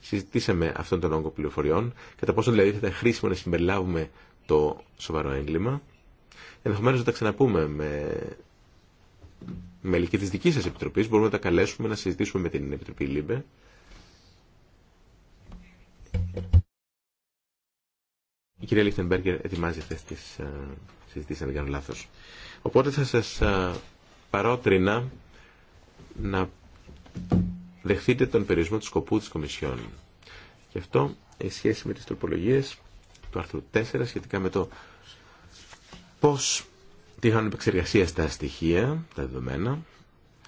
συζητήσαμε αυτόν τον όγκο πληροφοριών, κατά πόσο δηλαδή θα ήταν χρήσιμο να συμπεριλάβουμε το σοβαρό έγκλημα. Ενδεχομένως να τα ξαναπούμε με μέλη και της δικής σας Επιτροπής, μπορούμε να τα καλέσουμε να συζητήσουμε με την Επιτροπή ΛΥΜΠΕ, Η κυρία Λίχτενμπέργκερ ετοιμάζει στι τις ε, συζητήσεις, αν δεν κάνω λάθο. Οπότε θα σας ε, παρότρινα να δεχθείτε τον περιορισμό του σκοπού τη Κομισιόν. Και αυτό έχει σχέση με τι τροπολογίε του άρθρου 4 σχετικά με το πώ τύχανουν επεξεργασία στα στοιχεία, τα δεδομένα.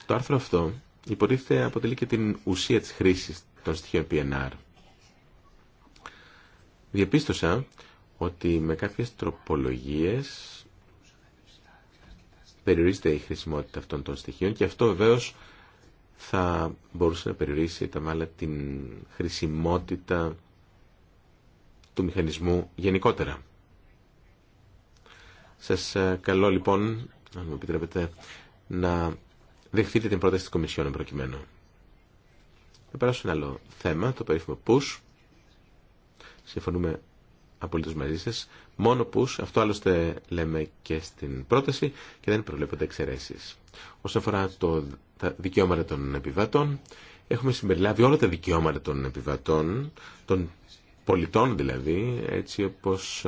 Το άρθρο αυτό υποτίθεται αποτελεί και την ουσία τη χρήση των στοιχείων PNR. Διεπίστωσα ότι με κάποιες τροπολογίες περιορίζεται η χρησιμότητα αυτών των στοιχείων και αυτό βεβαίως θα μπορούσε να περιορίσει τα μάλλα την χρησιμότητα του μηχανισμού γενικότερα. Σας καλώ λοιπόν, αν μου επιτρέπετε, να δεχτείτε την πρόταση της Κομισιόν προκειμένου. Θα περάσω ένα άλλο θέμα, το περίφημο push. Συμφωνούμε απολύτω μαζί σα, μόνο που, αυτό άλλωστε λέμε και στην πρόταση και δεν προβλέπονται εξαιρέσει. Όσον αφορά το, τα δικαιώματα των επιβατών, έχουμε συμπεριλάβει όλα τα δικαιώματα των επιβατών, των πολιτών δηλαδή, έτσι όπως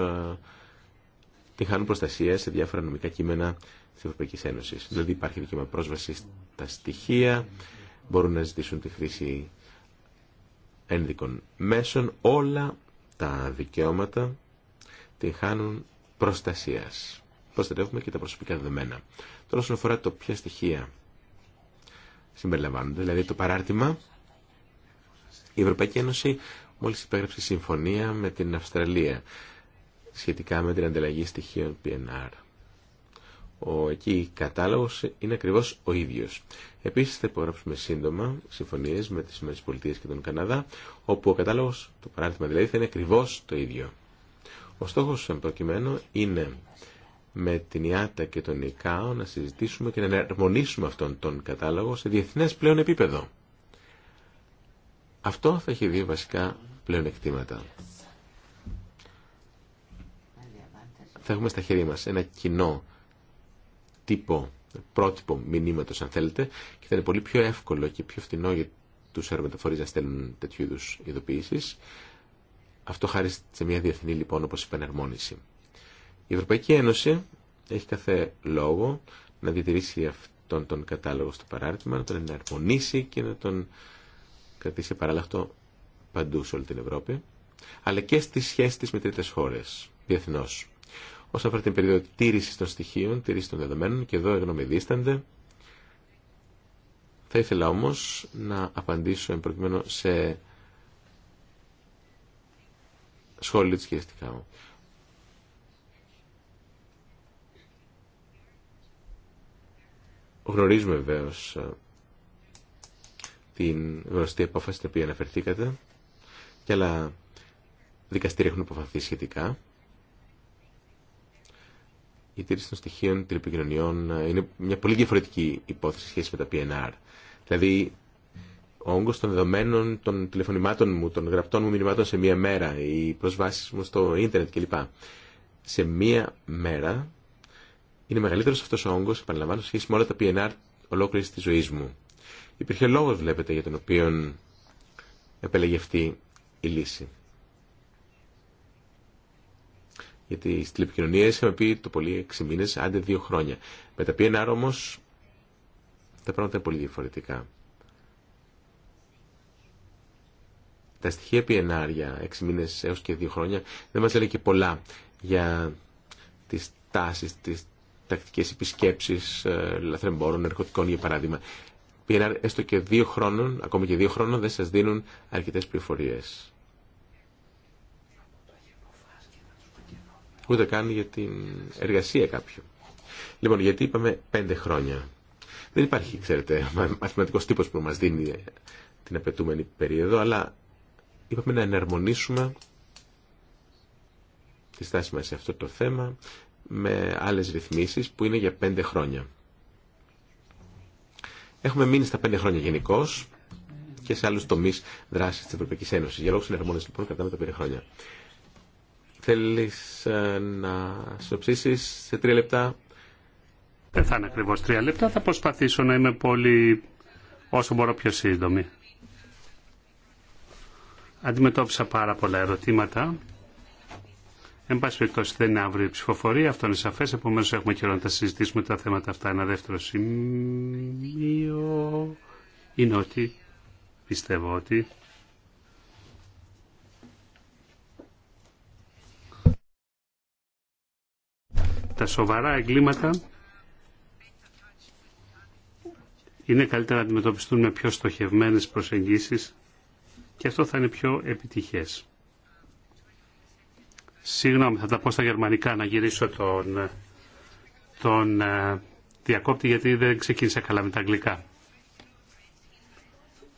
τη χάνουν προστασία σε διάφορα νομικά κείμενα τη Ευρωπαϊκή Ένωσης. Δηλαδή υπάρχει δικαίωμα πρόσβαση στα στοιχεία, μπορούν να ζητήσουν τη χρήση ένδικων μέσων, όλα τα δικαιώματα την χάνουν προστασίας. Προστατεύουμε και τα προσωπικά δεδομένα. Τώρα όσον αφορά το ποια στοιχεία συμπεριλαμβάνονται, δηλαδή το παράρτημα, η Ευρωπαϊκή Ένωση μόλις υπέγραψε συμφωνία με την Αυστραλία σχετικά με την ανταλλαγή στοιχείων PNR. Ο εκεί κατάλογος είναι ακριβώς ο ίδιος. Επίσης θα υπογράψουμε σύντομα συμφωνίες με τις ΗΠΑ και τον Καναδά, όπου ο κατάλογος, το παράδειγμα δηλαδή, θα είναι ακριβώς το ίδιο. Ο στόχος εν προκειμένου είναι με την ΙΑΤΑ και τον ΙΚΑΟ να συζητήσουμε και να εναρμονίσουμε αυτόν τον κατάλογο σε διεθνές πλέον επίπεδο. Αυτό θα έχει δύο βασικά πλέον Θα έχουμε στα χέρια μας ένα κοινό τύπο, πρότυπο μηνύματος αν θέλετε και θα είναι πολύ πιο εύκολο και πιο φθηνό για του αερομεταφορείς να στέλνουν τέτοιου είδου ειδοποιήσει. Αυτό χάρη σε μια διεθνή λοιπόν όπω είπα εναρμόνιση. Η Ευρωπαϊκή Ένωση έχει κάθε λόγο να διατηρήσει αυτόν τον κατάλογο στο παράρτημα, να τον εναρμονίσει και να τον κρατήσει παράλλαχτο παντού σε όλη την Ευρώπη, αλλά και στι σχέσει τη με τρίτε χώρε. Διεθνώ. Όσον αφορά την περίοδο τήρηση των στοιχείων, τήρηση των δεδομένων, και εδώ εγγνώμη δίστανται. Θα ήθελα όμω να απαντήσω εν σε σχόλια τη σχετικά μου. Γνωρίζουμε βεβαίω ε, την γνωστή απόφαση στην οποία αναφερθήκατε και άλλα δικαστήρια έχουν αποφανθεί σχετικά η τήρηση των στοιχείων επικοινωνιών, ε, είναι μια πολύ διαφορετική υπόθεση σχέση με τα PNR. Δηλαδή, ο όγκο των δεδομένων των τηλεφωνημάτων μου, των γραπτών μου μηνυμάτων σε μία μέρα, οι προσβάσει μου στο ίντερνετ κλπ. Σε μία μέρα είναι μεγαλύτερος αυτός ο όγκο επαναλαμβάνω, σχέση με όλα τα PNR ολόκληρη τη ζωή μου. Υπήρχε λόγο, βλέπετε, για τον οποίο επέλεγε αυτή η λύση. Γιατί στι τηλεπικοινωνίε είχαμε πει το πολύ 6 μήνε άντε 2 χρόνια. Με τα PNR όμω τα πράγματα είναι πολύ διαφορετικά. Τα στοιχεία PNR για 6 μήνε έω και 2 χρόνια δεν μα λένε και πολλά για τι τάσει, τι τακτικέ επισκέψει ε, λαθρεμπόρων, ναρκωτικών για παράδειγμα. PNR έστω και 2 χρόνων, ακόμη και 2 χρόνων δεν σας δίνουν αρκετέ πληροφορίε. ούτε καν για την εργασία κάποιου. Λοιπόν, γιατί είπαμε πέντε χρόνια. Δεν υπάρχει, ξέρετε, μαθηματικό τύπος που μας δίνει την απαιτούμενη περίοδο, αλλά είπαμε να εναρμονίσουμε τη στάση μας σε αυτό το θέμα με άλλες ρυθμίσεις που είναι για πέντε χρόνια. Έχουμε μείνει στα πέντε χρόνια γενικώ και σε άλλου τομεί δράση τη Ευρωπαϊκή Ένωση. Για λόγου συνεργασία, λοιπόν, κρατάμε τα πέντε χρόνια. Θέλεις ε, να συνοψίσεις σε τρία λεπτά. Δεν θα είναι ακριβώ τρία λεπτά. Θα προσπαθήσω να είμαι πολύ όσο μπορώ πιο σύντομη. Αντιμετώπισα πάρα πολλά ερωτήματα. Εν πάση περιπτώσει δεν είναι αύριο η ψηφοφορία, αυτό είναι σαφέ. Επομένω έχουμε καιρό να τα συζητήσουμε τα θέματα αυτά. Ένα δεύτερο σημείο είναι ότι πιστεύω ότι τα σοβαρά εγκλήματα είναι καλύτερα να αντιμετωπιστούν με πιο στοχευμένες προσεγγίσεις και αυτό θα είναι πιο επιτυχές. Συγγνώμη, θα τα πω στα γερμανικά να γυρίσω τον, τον ε, διακόπτη γιατί δεν ξεκίνησα καλά με τα αγγλικά.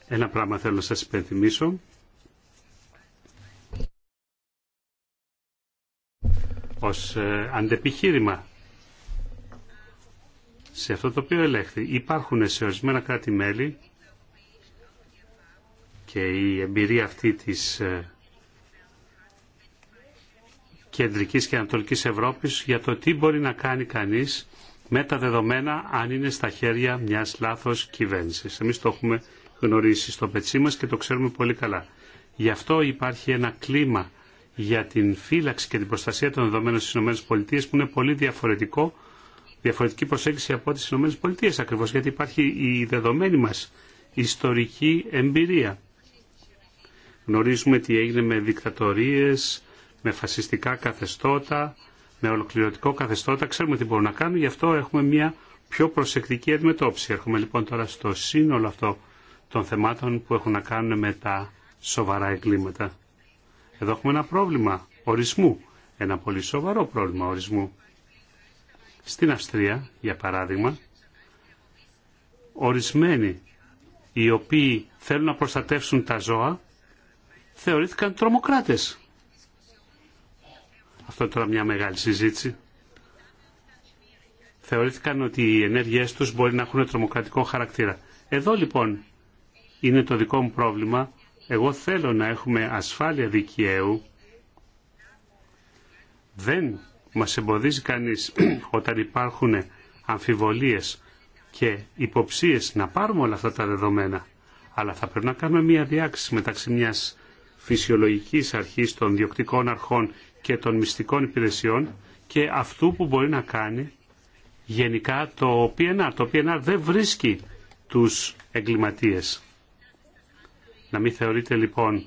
Ένα πράγμα θέλω να σας υπενθυμίσω. ως ε, αντεπιχείρημα σε αυτό το οποίο ελέγχθη. Υπάρχουν σε ορισμένα κράτη-μέλη και η εμπειρία αυτή της ε, κεντρικής και ανατολικής Ευρώπης για το τι μπορεί να κάνει κανείς με τα δεδομένα αν είναι στα χέρια μιας λάθος κυβέρνησης. Εμείς το έχουμε γνωρίσει στο πετσί μας και το ξέρουμε πολύ καλά. Γι' αυτό υπάρχει ένα κλίμα για την φύλαξη και την προστασία των δεδομένων στι ΗΠΑ που είναι πολύ διαφορετικό, διαφορετική προσέγγιση από τι ΗΠΑ ακριβώ γιατί υπάρχει η δεδομένη μα ιστορική εμπειρία. Γνωρίζουμε τι έγινε με δικτατορίες, με φασιστικά καθεστώτα, με ολοκληρωτικό καθεστώτα. Ξέρουμε τι μπορούν να κάνουν, γι' αυτό έχουμε μια πιο προσεκτική αντιμετώπιση. Έρχομαι λοιπόν τώρα στο σύνολο αυτό των θεμάτων που έχουν να κάνουν με τα σοβαρά εγκλήματα. Εδώ έχουμε ένα πρόβλημα ορισμού, ένα πολύ σοβαρό πρόβλημα ορισμού. Στην Αυστρία, για παράδειγμα, ορισμένοι οι οποίοι θέλουν να προστατεύσουν τα ζώα θεωρήθηκαν τρομοκράτες. Αυτό τώρα μια μεγάλη συζήτηση. Θεωρήθηκαν ότι οι ενέργειές τους μπορεί να έχουν τρομοκρατικό χαρακτήρα. Εδώ λοιπόν είναι το δικό μου πρόβλημα εγώ θέλω να έχουμε ασφάλεια δικαίου. Δεν μας εμποδίζει κανείς όταν υπάρχουν αμφιβολίες και υποψίες να πάρουμε όλα αυτά τα δεδομένα. Αλλά θα πρέπει να κάνουμε μια διάξηση μεταξύ μιας φυσιολογικής αρχής των διοκτικών αρχών και των μυστικών υπηρεσιών και αυτού που μπορεί να κάνει γενικά το PNR. Το PNR δεν βρίσκει τους εγκληματίες. Να μην θεωρείτε λοιπόν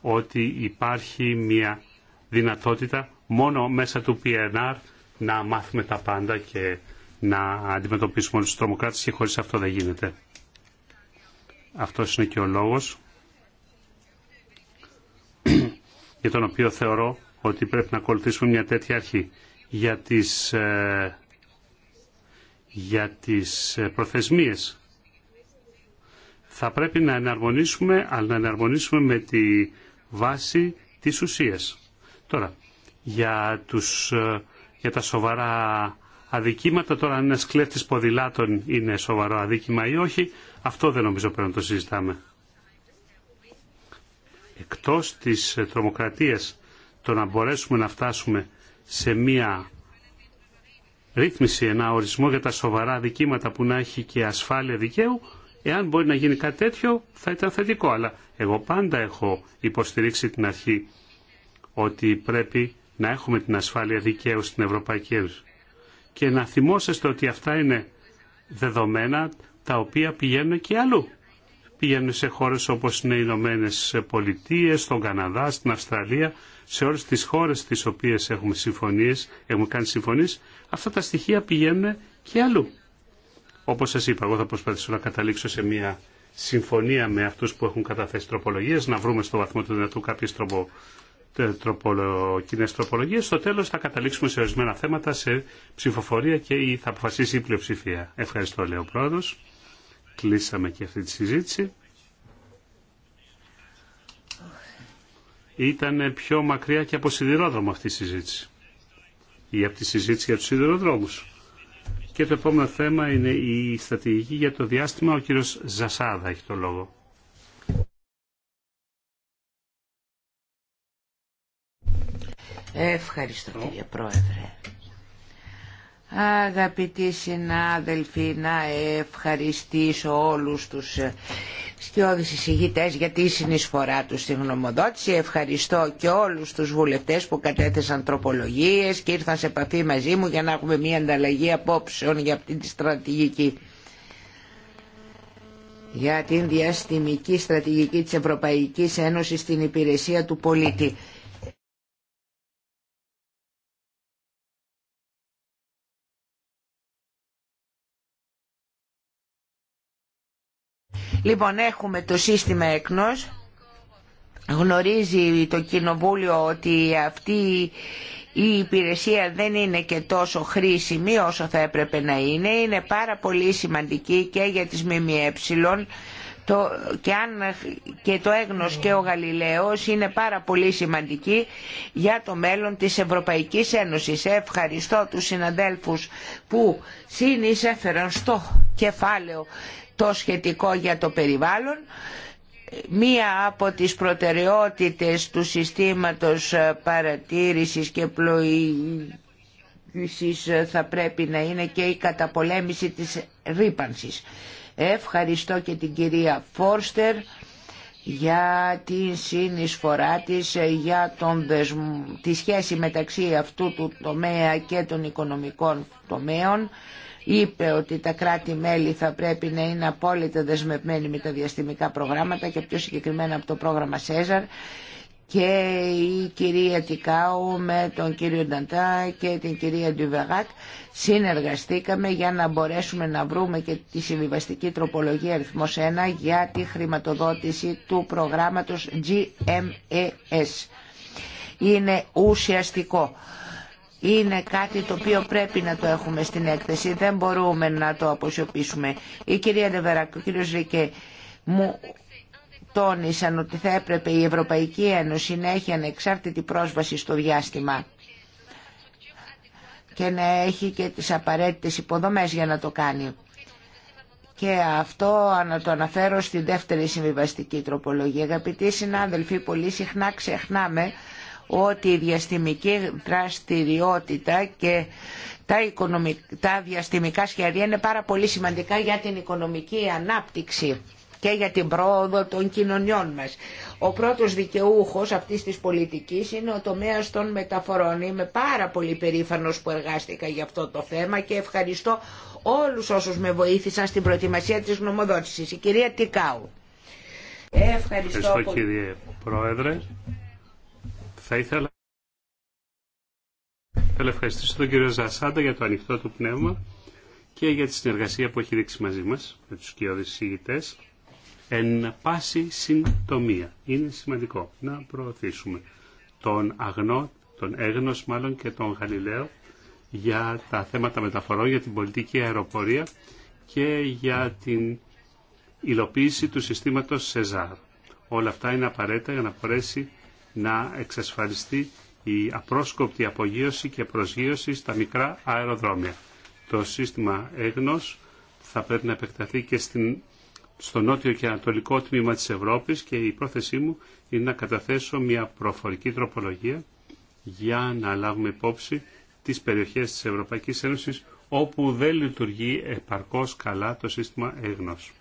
ότι υπάρχει μια δυνατότητα μόνο μέσα του PNR να μάθουμε τα πάντα και να αντιμετωπίσουμε όλους τους τρομοκράτες και χωρίς αυτό δεν γίνεται. Αυτός είναι και ο λόγος για τον οποίο θεωρώ ότι πρέπει να ακολουθήσουμε μια τέτοια αρχή για τις, ε, για τις ε, προθεσμίες θα πρέπει να εναρμονίσουμε, αλλά να εναρμονίσουμε με τη βάση της ουσίας. Τώρα, για, τους, ε, για τα σοβαρά αδικήματα, τώρα αν ένας κλέφτης ποδηλάτων είναι σοβαρό αδίκημα ή όχι, αυτό δεν νομίζω πρέπει να το συζητάμε. Εκτός της ε, τρομοκρατίας, το να μπορέσουμε να φτάσουμε σε μία ρύθμιση, ένα ορισμό για τα σοβαρά αδικήματα που να έχει και ασφάλεια δικαίου, Εάν μπορεί να γίνει κάτι τέτοιο θα ήταν θετικό, αλλά εγώ πάντα έχω υποστηρίξει την αρχή ότι πρέπει να έχουμε την ασφάλεια δικαίου στην Ευρωπαϊκή Ένωση. Και να θυμόσαστε ότι αυτά είναι δεδομένα τα οποία πηγαίνουν και αλλού. Πηγαίνουν σε χώρες όπως είναι οι Ηνωμένε Πολιτείε, στον Καναδά, στην Αυστραλία, σε όλες τις χώρες τις οποίες έχουμε συμφωνίες, έχουμε κάνει συμφωνίες, αυτά τα στοιχεία πηγαίνουν και αλλού. Όπως σας είπα, εγώ θα προσπαθήσω να καταλήξω σε μια συμφωνία με αυτούς που έχουν καταθέσει τροπολογίες, να βρούμε στο βαθμό του δυνατού κάποιες τροπο, τροπολο, κοινές τροπολογίες. Στο τέλος θα καταλήξουμε σε ορισμένα θέματα, σε ψηφοφορία και θα αποφασίσει η πλειοψηφία. Ευχαριστώ, λέει ο Πρόεδρος. Κλείσαμε και αυτή τη συζήτηση. Ήταν πιο μακριά και από σιδηρόδρομο αυτή η συζήτηση ή από τη συζήτηση για τους σιδηροδρόμους. Και το επόμενο θέμα είναι η στρατηγική για το διάστημα. Ο κύριος Ζασάδα έχει το λόγο. Ευχαριστώ κύριε Πρόεδρε. Αγαπητοί συνάδελφοι, να ευχαριστήσω όλους τους σκιώδεις εισηγητές για τη συνεισφορά τους στην γνωμοδότηση. Ευχαριστώ και όλους τους βουλευτές που κατέθεσαν τροπολογίες και ήρθαν σε επαφή μαζί μου για να έχουμε μια ανταλλαγή απόψεων για αυτή τη στρατηγική. Για την διαστημική στρατηγική της Ευρωπαϊκής Ένωσης στην υπηρεσία του πολίτη. Λοιπόν, έχουμε το σύστημα έκνος. Γνωρίζει το Κοινοβούλιο ότι αυτή η υπηρεσία δεν είναι και τόσο χρήσιμη όσο θα έπρεπε να είναι. Είναι πάρα πολύ σημαντική και για τις ΜΜΕ. Το, και, και το ΕΚΝΟΣ και ο Γαλιλαίος είναι πάρα πολύ σημαντική για το μέλλον της Ευρωπαϊκής Ένωσης. Ευχαριστώ τους συναδέλφους που συνεισέφεραν στο κεφάλαιο το σχετικό για το περιβάλλον. Μία από τις προτεραιότητες του συστήματος παρατήρησης και πλοήγησης θα πρέπει να είναι και η καταπολέμηση της ρήπανσης. Ευχαριστώ και την κυρία Φόρστερ για την συνεισφορά της, για τον τη σχέση μεταξύ αυτού του τομέα και των οικονομικών τομέων είπε ότι τα κράτη-μέλη θα πρέπει να είναι απόλυτα δεσμευμένοι με τα διαστημικά προγράμματα και πιο συγκεκριμένα από το πρόγραμμα ΣΕΖΑΡ και η κυρία Τικάου με τον κύριο Νταντά και την κυρία Ντουβεγάκ συνεργαστήκαμε για να μπορέσουμε να βρούμε και τη συμβιβαστική τροπολογία αριθμός 1 για τη χρηματοδότηση του προγράμματος GMES. Είναι ουσιαστικό είναι κάτι το οποίο πρέπει να το έχουμε στην έκθεση, δεν μπορούμε να το αποσιωπήσουμε. Η κυρία Δεβέρα, ο κύριος Ρίκε μου τόνισαν ότι θα έπρεπε η Ευρωπαϊκή Ένωση να έχει ανεξάρτητη πρόσβαση στο διάστημα και να έχει και τις απαραίτητες υποδομές για να το κάνει. Και αυτό να το αναφέρω στη δεύτερη συμβιβαστική τροπολογία. Αγαπητοί συνάδελφοι, πολύ συχνά ξεχνάμε ότι η διαστημική δραστηριότητα και τα, διαστημικά σχέδια είναι πάρα πολύ σημαντικά για την οικονομική ανάπτυξη και για την πρόοδο των κοινωνιών μας. Ο πρώτος δικαιούχος αυτής της πολιτικής είναι ο τομέας των μεταφορών. Είμαι πάρα πολύ περήφανος που εργάστηκα για αυτό το θέμα και ευχαριστώ όλους όσους με βοήθησαν στην προετοιμασία της γνωμοδότησης. Η κυρία Τικάου. Ευχαριστώ, Ευχαριστώ κύριε Πρόεδρε. Θα ήθελα να ευχαριστήσω τον κύριο Ζασάντα για το ανοιχτό του πνεύμα και για τη συνεργασία που έχει δείξει μαζί μας με τους κοιόδες συγητές εν πάση συντομία. Είναι σημαντικό να προωθήσουμε τον αγνό, τον έγνος μάλλον και τον Γαλιλαίο για τα θέματα μεταφορών, για την πολιτική αεροπορία και για την υλοποίηση του συστήματος ΣΕΖΑΡ. Όλα αυτά είναι απαραίτητα για να μπορέσει να εξασφαλιστεί η απρόσκοπτη απογείωση και προσγείωση στα μικρά αεροδρόμια. Το σύστημα έγνος θα πρέπει να επεκταθεί και στην, στο νότιο και ανατολικό τμήμα της Ευρώπης και η πρόθεσή μου είναι να καταθέσω μια προφορική τροπολογία για να λάβουμε υπόψη τις περιοχές της Ευρωπαϊκής Ένωσης όπου δεν λειτουργεί επαρκώς καλά το σύστημα έγνος.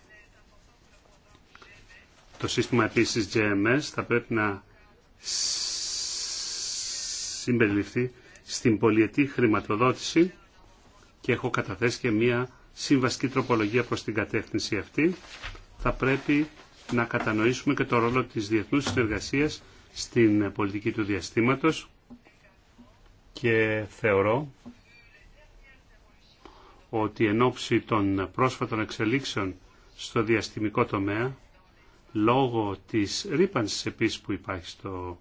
Το σύστημα επίσης GMS θα πρέπει να συμπεριληφθεί στην πολιετή χρηματοδότηση και έχω καταθέσει και μία συμβαστική τροπολογία προς την κατεύθυνση αυτή. Θα πρέπει να κατανοήσουμε και το ρόλο της διεθνούς συνεργασίας στην πολιτική του διαστήματος και θεωρώ ότι εν ώψη των πρόσφατων εξελίξεων στο διαστημικό τομέα λόγω της ρήπανσης επίσης που υπάρχει στο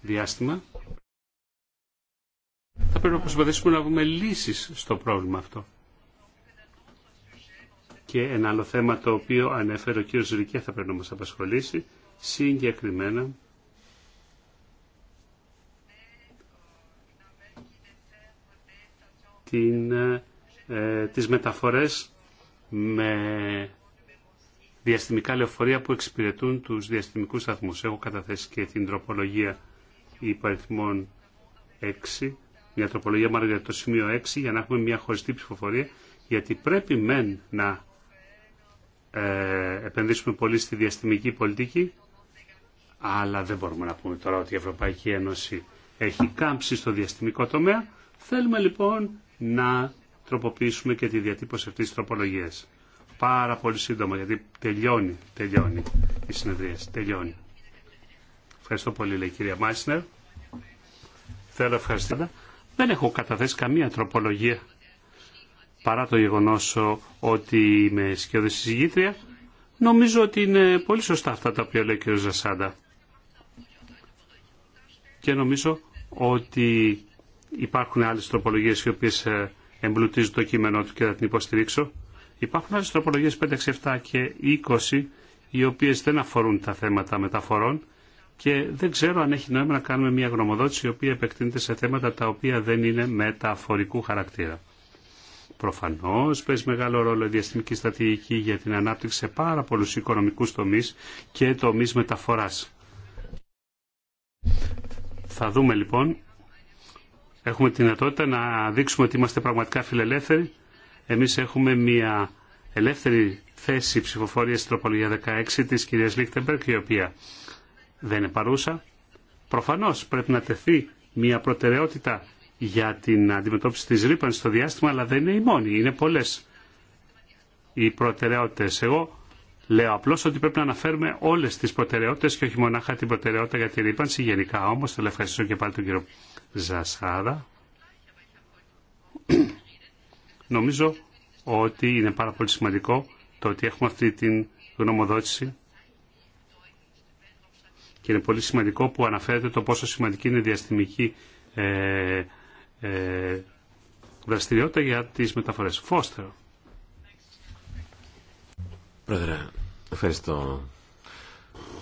διάστημα, θα πρέπει να προσπαθήσουμε να βρούμε λύσεις στο πρόβλημα αυτό. Και ένα άλλο θέμα το οποίο ανέφερε ο κύριος Ζουρικέ θα πρέπει να μας απασχολήσει, συγκεκριμένα την, ε, τις μεταφορές με διαστημικά λεωφορεία που εξυπηρετούν τους διαστημικού σταθμού. Έχω καταθέσει και την τροπολογία υπαριθμών 6, μια τροπολογία μάλλον για το σημείο 6, για να έχουμε μια χωριστή ψηφοφορία, γιατί πρέπει μεν να ε, επενδύσουμε πολύ στη διαστημική πολιτική, αλλά δεν μπορούμε να πούμε τώρα ότι η Ευρωπαϊκή Ένωση έχει κάμψει στο διαστημικό τομέα. Θέλουμε λοιπόν να τροποποιήσουμε και τη διατύπωση αυτής της τροπολογίας πάρα πολύ σύντομα γιατί τελειώνει, τελειώνει η συνεδρία. Τελειώνει. Ευχαριστώ πολύ, λέει η κυρία Μάισνερ. Θέλω ευχαριστώ. Δεν έχω καταθέσει καμία τροπολογία παρά το γεγονός ότι είμαι σκιώδη συζητήτρια. Νομίζω ότι είναι πολύ σωστά αυτά τα οποία λέει ο κ. Ζασάντα. Και νομίζω ότι υπάρχουν άλλες τροπολογίες οι οποίες ε, εμπλουτίζουν το κείμενό του και θα την υποστηρίξω. Υπάρχουν άλλε τροπολογίε 5, 6, 7 και 20 οι οποίε δεν αφορούν τα θέματα μεταφορών και δεν ξέρω αν έχει νόημα να κάνουμε μια γνωμοδότηση η οποία επεκτείνεται σε θέματα τα οποία δεν είναι μεταφορικού χαρακτήρα. Προφανώ παίζει μεγάλο ρόλο η διαστημική στρατηγική για την ανάπτυξη σε πάρα πολλού οικονομικού τομεί και τομεί μεταφορά. Θα δούμε λοιπόν. Έχουμε τη δυνατότητα να δείξουμε ότι είμαστε πραγματικά φιλελεύθεροι εμείς έχουμε μια ελεύθερη θέση ψηφοφορία στην τροπολογία 16 της κυρίας Λίχτεμπερκ, η οποία δεν είναι παρούσα. Προφανώς πρέπει να τεθεί μια προτεραιότητα για την αντιμετώπιση της ρήπανσης στο διάστημα, αλλά δεν είναι η μόνη. Είναι πολλές οι προτεραιότητες. Εγώ λέω απλώς ότι πρέπει να αναφέρουμε όλες τις προτεραιότητες και όχι μονάχα την προτεραιότητα για την ρήπανση. Γενικά όμως, θέλω ευχαριστήσω και πάλι τον κύριο Ζασάδα Νομίζω ότι είναι πάρα πολύ σημαντικό το ότι έχουμε αυτή την γνωμοδότηση και είναι πολύ σημαντικό που αναφέρεται το πόσο σημαντική είναι η διαστημική ε, ε, δραστηριότητα για τις μεταφορές. Φώστερο. Πρόεδρε, ευχαριστώ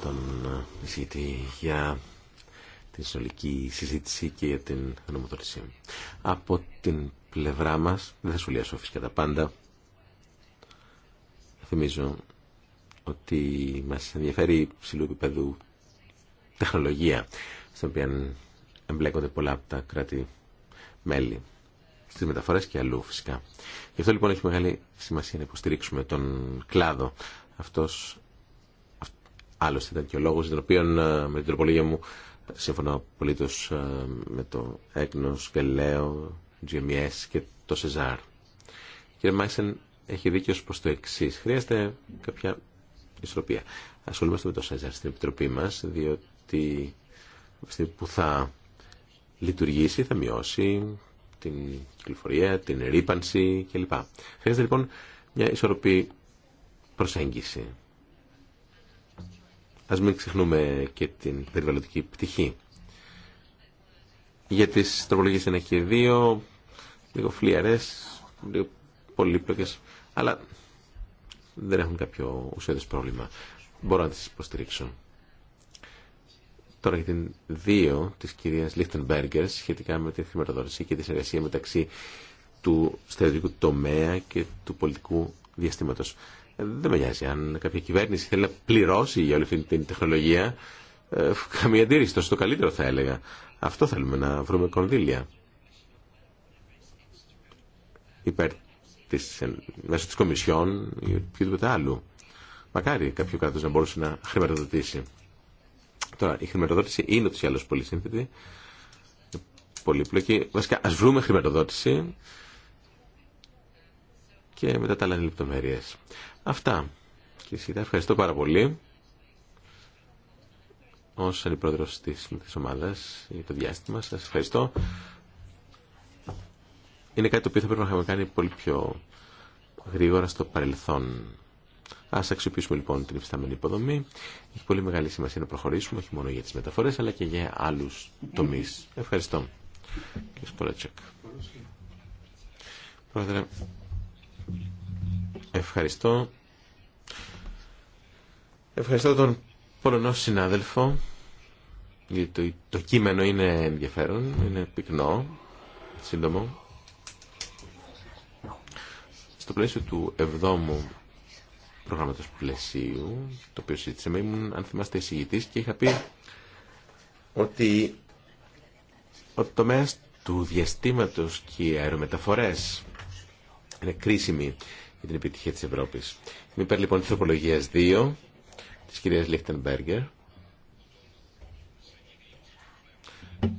τον εισηγητή για την συνολική συζήτηση και για την γνωμοδότηση. Από την πλευρά μας, δεν θα σχολιάσω φυσικά τα πάντα, θυμίζω ότι μας ενδιαφέρει ψηλού επίπεδου τεχνολογία, στην οποία εμπλέκονται πολλά από τα κράτη-μέλη, στις μεταφορές και αλλού φυσικά. Γι' αυτό λοιπόν έχει μεγάλη σημασία να υποστηρίξουμε τον κλάδο. Αυτός άλλωστε ήταν και ο λόγος, τον οποίο ε, με την τροπολογία μου, σύμφωνα απολύτως ε, με το και Λέω. GMS και το ΣΕΖΑΡ. Κύριε Μάισεν, έχει δίκιο προ το εξή. Χρειάζεται κάποια ισορροπία. Ασχολούμαστε με το ΣΕΖΑΡ στην Επιτροπή μα, διότι που θα λειτουργήσει, θα μειώσει την κυκλοφορία, την ρήπανση κλπ. Χρειάζεται λοιπόν μια ισορροπή προσέγγιση. Ας μην ξεχνούμε και την περιβαλλοντική πτυχή. Για τι τροπολογίε 1 και δύο, λίγο φλιαρέ, λίγο πολύπλοκε. αλλά δεν έχουν κάποιο ουσιαστικό πρόβλημα. Μπορώ να τι υποστηρίξω. Τώρα για την 2 τη κυρία Λίχτενμπέργκερ σχετικά με τη χρηματοδότηση και τη συνεργασία μεταξύ του στρατιωτικού τομέα και του πολιτικού διαστήματο. Ε, δεν με νοιάζει αν κάποια κυβέρνηση θέλει να πληρώσει για όλη αυτή την τεχνολογία ε, καμία αντίρρηση, τόσο το καλύτερο θα έλεγα. Αυτό θέλουμε να βρούμε κονδύλια. Υπέρ της, μέσω της Κομισιόν ή οποιοδήποτε άλλου. Μακάρι κάποιο κράτος να μπορούσε να χρηματοδοτήσει. Τώρα, η οτιδηποτε αλλου μακαρι είναι ούτως ή άλλως πολύ σύνθετη, πολύπλοκη. Βασικά, ας βρούμε χρηματοδότηση και μετά τα άλλα λεπτομέρειες. Αυτά. Και ευχαριστώ πάρα πολύ ως αντιπρόεδρος της, της ομάδας για το διάστημα. Σας ευχαριστώ. Είναι κάτι το οποίο θα πρέπει να είχαμε κάνει πολύ πιο γρήγορα στο παρελθόν. Α αξιοποιήσουμε λοιπόν την υφιστάμενη υποδομή. Έχει πολύ μεγάλη σημασία να προχωρήσουμε, όχι μόνο για τι μεταφορέ, αλλά και για άλλου τομεί. Ευχαριστώ. ευχαριστώ. Ευχαριστώ τον Πολωνό συνάδελφο, γιατί το, κείμενο είναι ενδιαφέρον, είναι πυκνό, σύντομο. Στο πλαίσιο του 7ου προγράμματο πλαισίου, το οποίο συζήτησαμε, ήμουν, αν θυμάστε, εισηγητή και είχα πει ότι ο τομέα του διαστήματο και οι αερομεταφορέ είναι κρίσιμη για την επιτυχία τη Ευρώπη. Μην υπέρ λοιπόν τη τροπολογία 2 της κυρίας Λίχτενμπέργκερ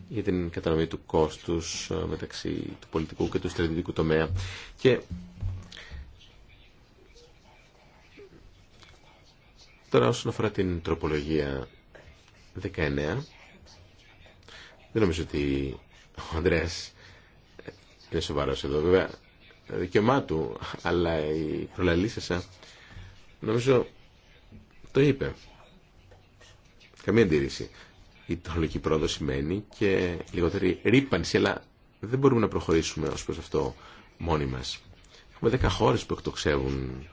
για την κατανομή του κόστους ε, μεταξύ του πολιτικού και του στρατιωτικού τομέα. Και τώρα όσον αφορά την τροπολογία 19, δεν νομίζω ότι ο Ανδρέας είναι σοβαρός εδώ. Βέβαια, δικαιωμά του, αλλά η προλαλήσασα ε, νομίζω το είπε. Καμία αντίρρηση. Η τεχνολογική πρόοδο σημαίνει και λιγότερη ρήπανση, αλλά δεν μπορούμε να προχωρήσουμε ω προς αυτό μόνοι μας. Έχουμε 10 χώρε που εκτοξεύουν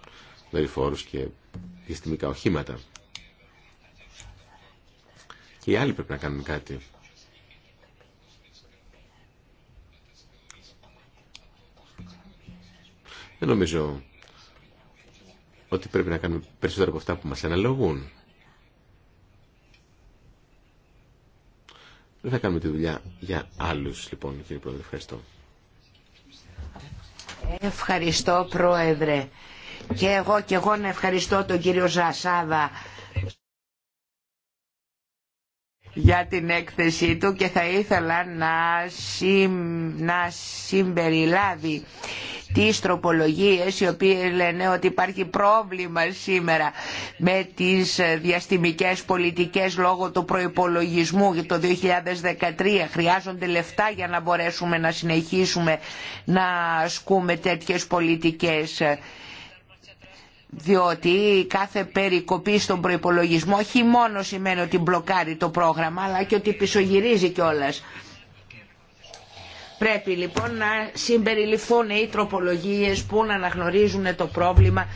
δορυφόρου και διαστημικά οχήματα. Και οι άλλοι πρέπει να κάνουν κάτι. Δεν νομίζω ότι πρέπει να κάνουμε περισσότερο από αυτά που μας αναλογούν. Δεν θα κάνουμε τη δουλειά για άλλους, λοιπόν, κύριε Πρόεδρε. Ευχαριστώ. Ευχαριστώ, Πρόεδρε. Και εγώ και εγώ να ευχαριστώ τον κύριο Ζασάδα για την έκθεσή του και θα ήθελα να συμπεριλάβει τις τροπολογίες οι οποίες λένε ότι υπάρχει πρόβλημα σήμερα με τις διαστημικές πολιτικές λόγω του προϋπολογισμού για το 2013 χρειάζονται λεφτά για να μπορέσουμε να συνεχίσουμε να ασκούμε τέτοιες πολιτικές διότι κάθε περικοπή στον προϋπολογισμό όχι μόνο σημαίνει ότι μπλοκάρει το πρόγραμμα αλλά και ότι πισωγυρίζει κιόλας Πρέπει λοιπόν να συμπεριληφθούν οι τροπολογίες που να αναγνωρίζουν το πρόβλημα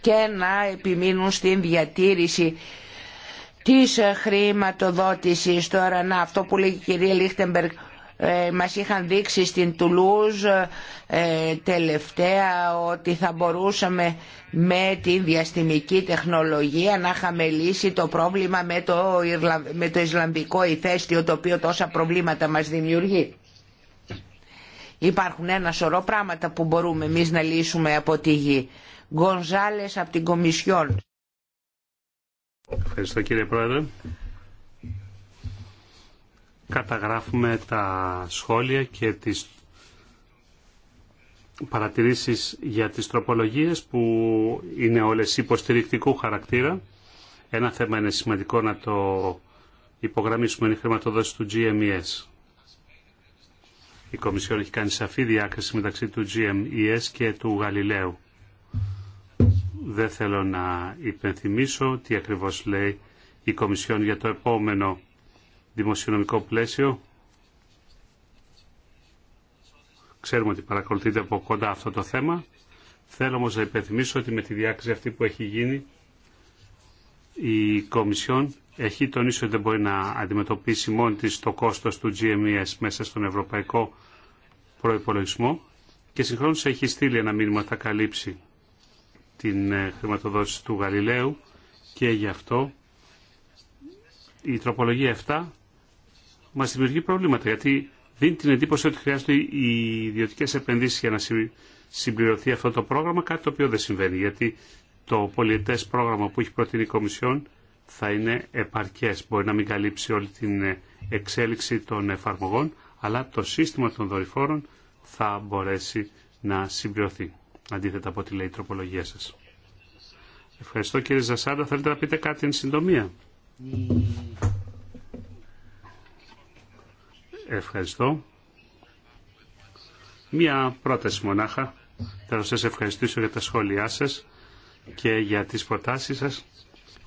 και να επιμείνουν στην διατήρηση της χρηματοδότησης. Τώρα να, αυτό που λέει η κυρία Λίχτεμπεργκ ε, μας είχαν δείξει στην Τουλούζ ε, τελευταία ότι θα μπορούσαμε με την διαστημική τεχνολογία να είχαμε λύσει το πρόβλημα με το, Ιρλα... Ισλανδικό ηθέστιο το οποίο τόσα προβλήματα μας δημιουργεί. Υπάρχουν ένα σωρό πράγματα που μπορούμε εμείς να λύσουμε από τη γη. Γκονζάλες από την Κομισιόν. Ευχαριστώ κύριε Πρόεδρε. Καταγράφουμε τα σχόλια και τις παρατηρήσεις για τις τροπολογίες που είναι όλες υποστηρικτικού χαρακτήρα. Ένα θέμα είναι σημαντικό να το υπογραμμίσουμε είναι η χρηματοδότηση του GMES. Η Κομισιόν έχει κάνει σαφή διάκριση μεταξύ του GMES και του Γαλιλαίου. Δεν θέλω να υπενθυμίσω τι ακριβώς λέει η Κομισιόν για το επόμενο δημοσιονομικό πλαίσιο. Ξέρουμε ότι παρακολουθείτε από κοντά αυτό το θέμα. Θέλω όμως να υπενθυμίσω ότι με τη διάκριση αυτή που έχει γίνει η Κομισιόν έχει τονίσει ότι δεν μπορεί να αντιμετωπίσει μόνη της το κόστος του GMES μέσα στον ευρωπαϊκό προϋπολογισμό και συγχρόνως έχει στείλει ένα μήνυμα ότι θα καλύψει την ε, χρηματοδότηση του Γαλιλαίου και γι' αυτό η τροπολογία 7 μας δημιουργεί προβλήματα γιατί δίνει την εντύπωση ότι χρειάζονται οι ιδιωτικές επενδύσεις για να συμπληρωθεί αυτό το πρόγραμμα, κάτι το οποίο δεν συμβαίνει γιατί το πολιετές πρόγραμμα που έχει προτείνει η Κομισιόν θα είναι επαρκές. Μπορεί να μην καλύψει όλη την εξέλιξη των εφαρμογών, αλλά το σύστημα των δορυφόρων θα μπορέσει να συμπληρωθεί, αντίθετα από ό,τι λέει η τροπολογία σας. Ευχαριστώ κύριε Ζασάντα. Θέλετε να πείτε κάτι εν συντομία. Ευχαριστώ. Μία πρόταση μονάχα. Θέλω να σας ευχαριστήσω για τα σχόλιά σας και για τις προτάσεις σας.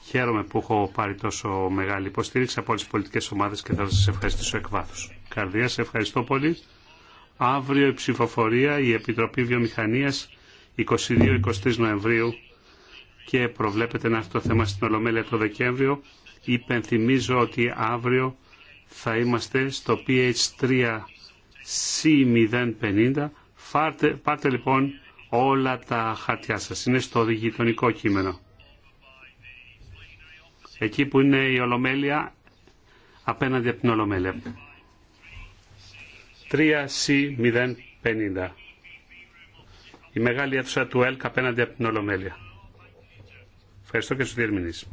Χαίρομαι που έχω πάρει τόσο μεγάλη υποστήριξη από όλες τις πολιτικές ομάδες και θα σας ευχαριστήσω εκ βάθους. Καρδία, σε ευχαριστώ πολύ. Αύριο η ψηφοφορία, η Επιτροπή Βιομηχανίας, 22-23 Νοεμβρίου και προβλέπεται να έρθει το θέμα στην Ολομέλεια το Δεκέμβριο. Υπενθυμίζω ότι αύριο θα είμαστε στο PH3 C050. Πάρτε, παρτε λοιπόν όλα τα χαρτιά σας. Είναι στο διγειτονικό κείμενο εκεί που είναι η Ολομέλεια απέναντι από την Ολομέλεια. 3C050. Η μεγάλη αίθουσα του ΕΛΚ απέναντι από την Ολομέλεια. Ευχαριστώ και στους διερμηνείς.